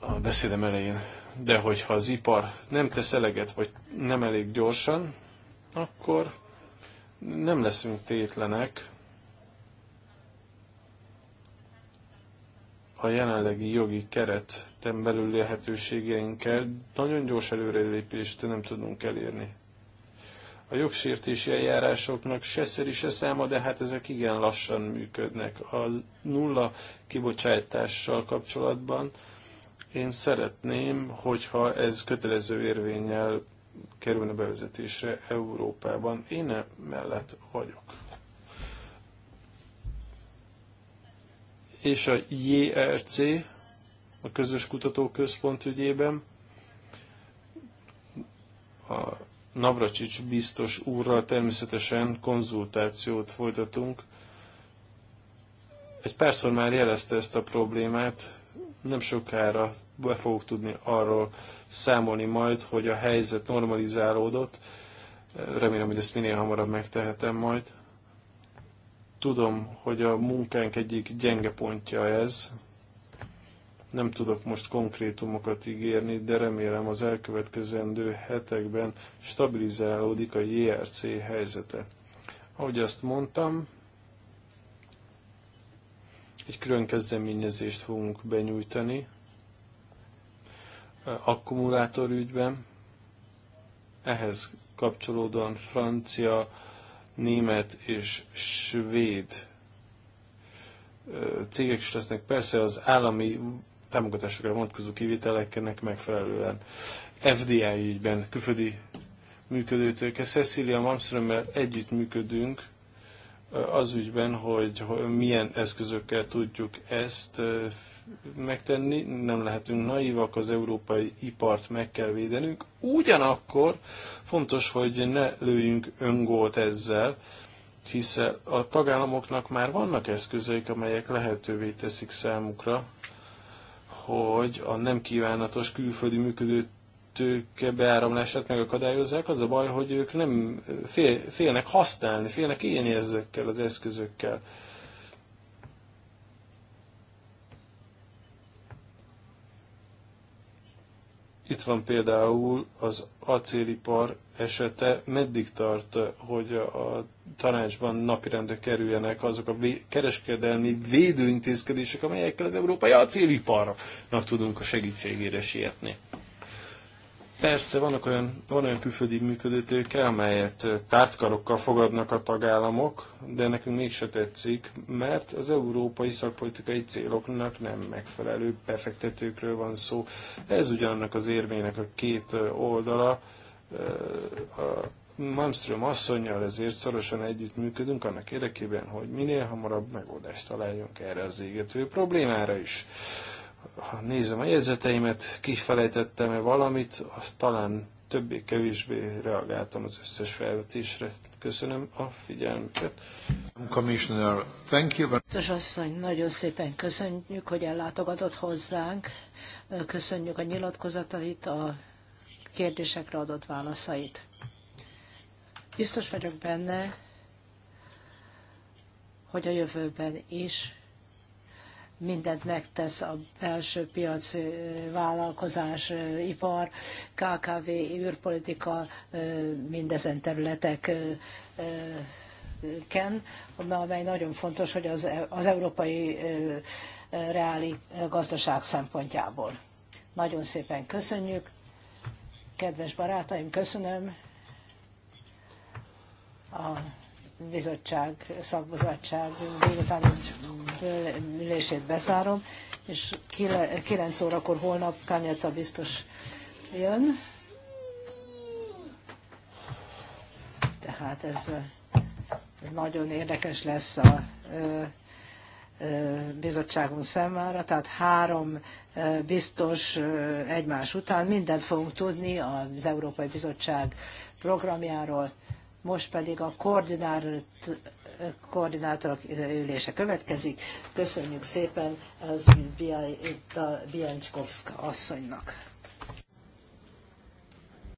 a beszédem elején, de hogyha az ipar nem tesz eleget, vagy nem elég gyorsan, akkor nem leszünk tétlenek, a jelenlegi jogi kereten belül lehetőségeinkkel nagyon gyors előrelépést nem tudunk elérni. A jogsértési eljárásoknak se szeri, se száma, de hát ezek igen lassan működnek. A nulla kibocsátással kapcsolatban én szeretném, hogyha ez kötelező érvényel kerülne bevezetésre Európában. Én mellett vagyok. és a JRC, a Közös Kutatóközpont ügyében. A Navracsics biztos úrral természetesen konzultációt folytatunk. Egy párszor már jelezte ezt a problémát, nem sokára be fogok tudni arról számolni majd, hogy a helyzet normalizálódott. Remélem, hogy ezt minél hamarabb megtehetem majd. Tudom, hogy a munkánk egyik gyenge pontja ez. Nem tudok most konkrétumokat ígérni, de remélem az elkövetkezendő hetekben stabilizálódik a JRC helyzete. Ahogy azt mondtam, egy külön kezdeményezést fogunk benyújtani eh, akkumulátor ügyben. Ehhez kapcsolódóan francia, német és svéd cégek is lesznek. Persze az állami támogatásokra vonatkozó kivételeknek megfelelően FDI ügyben külföldi működőtőke. Cecilia Malmströmmel működünk. az ügyben, hogy milyen eszközökkel tudjuk ezt megtenni, nem lehetünk naivak, az európai ipart meg kell védenünk. Ugyanakkor fontos, hogy ne lőjünk öngót ezzel, hiszen a tagállamoknak már vannak eszközeik, amelyek lehetővé teszik számukra, hogy a nem kívánatos külföldi működő tőke beáramlását megakadályozzák, az a baj, hogy ők nem fél, félnek használni, félnek élni ezekkel az eszközökkel. Itt van például az acélipar esete, meddig tart, hogy a tanácsban napirendre kerüljenek azok a kereskedelmi védőintézkedések, amelyekkel az európai acéliparnak tudunk a segítségére sietni. Persze vannak olyan, van olyan külföldi működőtőke, amelyet tártkarokkal fogadnak a tagállamok, de nekünk se tetszik, mert az európai szakpolitikai céloknak nem megfelelő befektetőkről van szó. Ez ugyanannak az érmének a két oldala. A Malmström asszonynal ezért szorosan együttműködünk annak érdekében, hogy minél hamarabb megoldást találjunk erre az égető problémára is nézem a jegyzeteimet, kifelejtettem-e valamit, talán többé-kevésbé reagáltam az összes felvetésre. Köszönöm a figyelmüket. Commissioner, thank you. Tos asszony, nagyon szépen köszönjük, hogy ellátogatott hozzánk. Köszönjük a nyilatkozatait, a kérdésekre adott válaszait. Biztos vagyok benne, hogy a jövőben is mindent megtesz a belső piac, vállalkozás, ipar, KKV, űrpolitika, mindezen területek ken, amely nagyon fontos, hogy az, az európai reáli gazdaság szempontjából. Nagyon szépen köszönjük. Kedves barátaim, köszönöm. A bizottság, szakbizottság délután ülését bezárom, és 9 órakor holnap Kányeta biztos jön. Tehát ez nagyon érdekes lesz a bizottságunk számára, tehát három biztos egymás után mindent fogunk tudni az Európai Bizottság programjáról, most pedig a koordinátorok ülése következik. Köszönjük szépen az Biancskovszka asszonynak.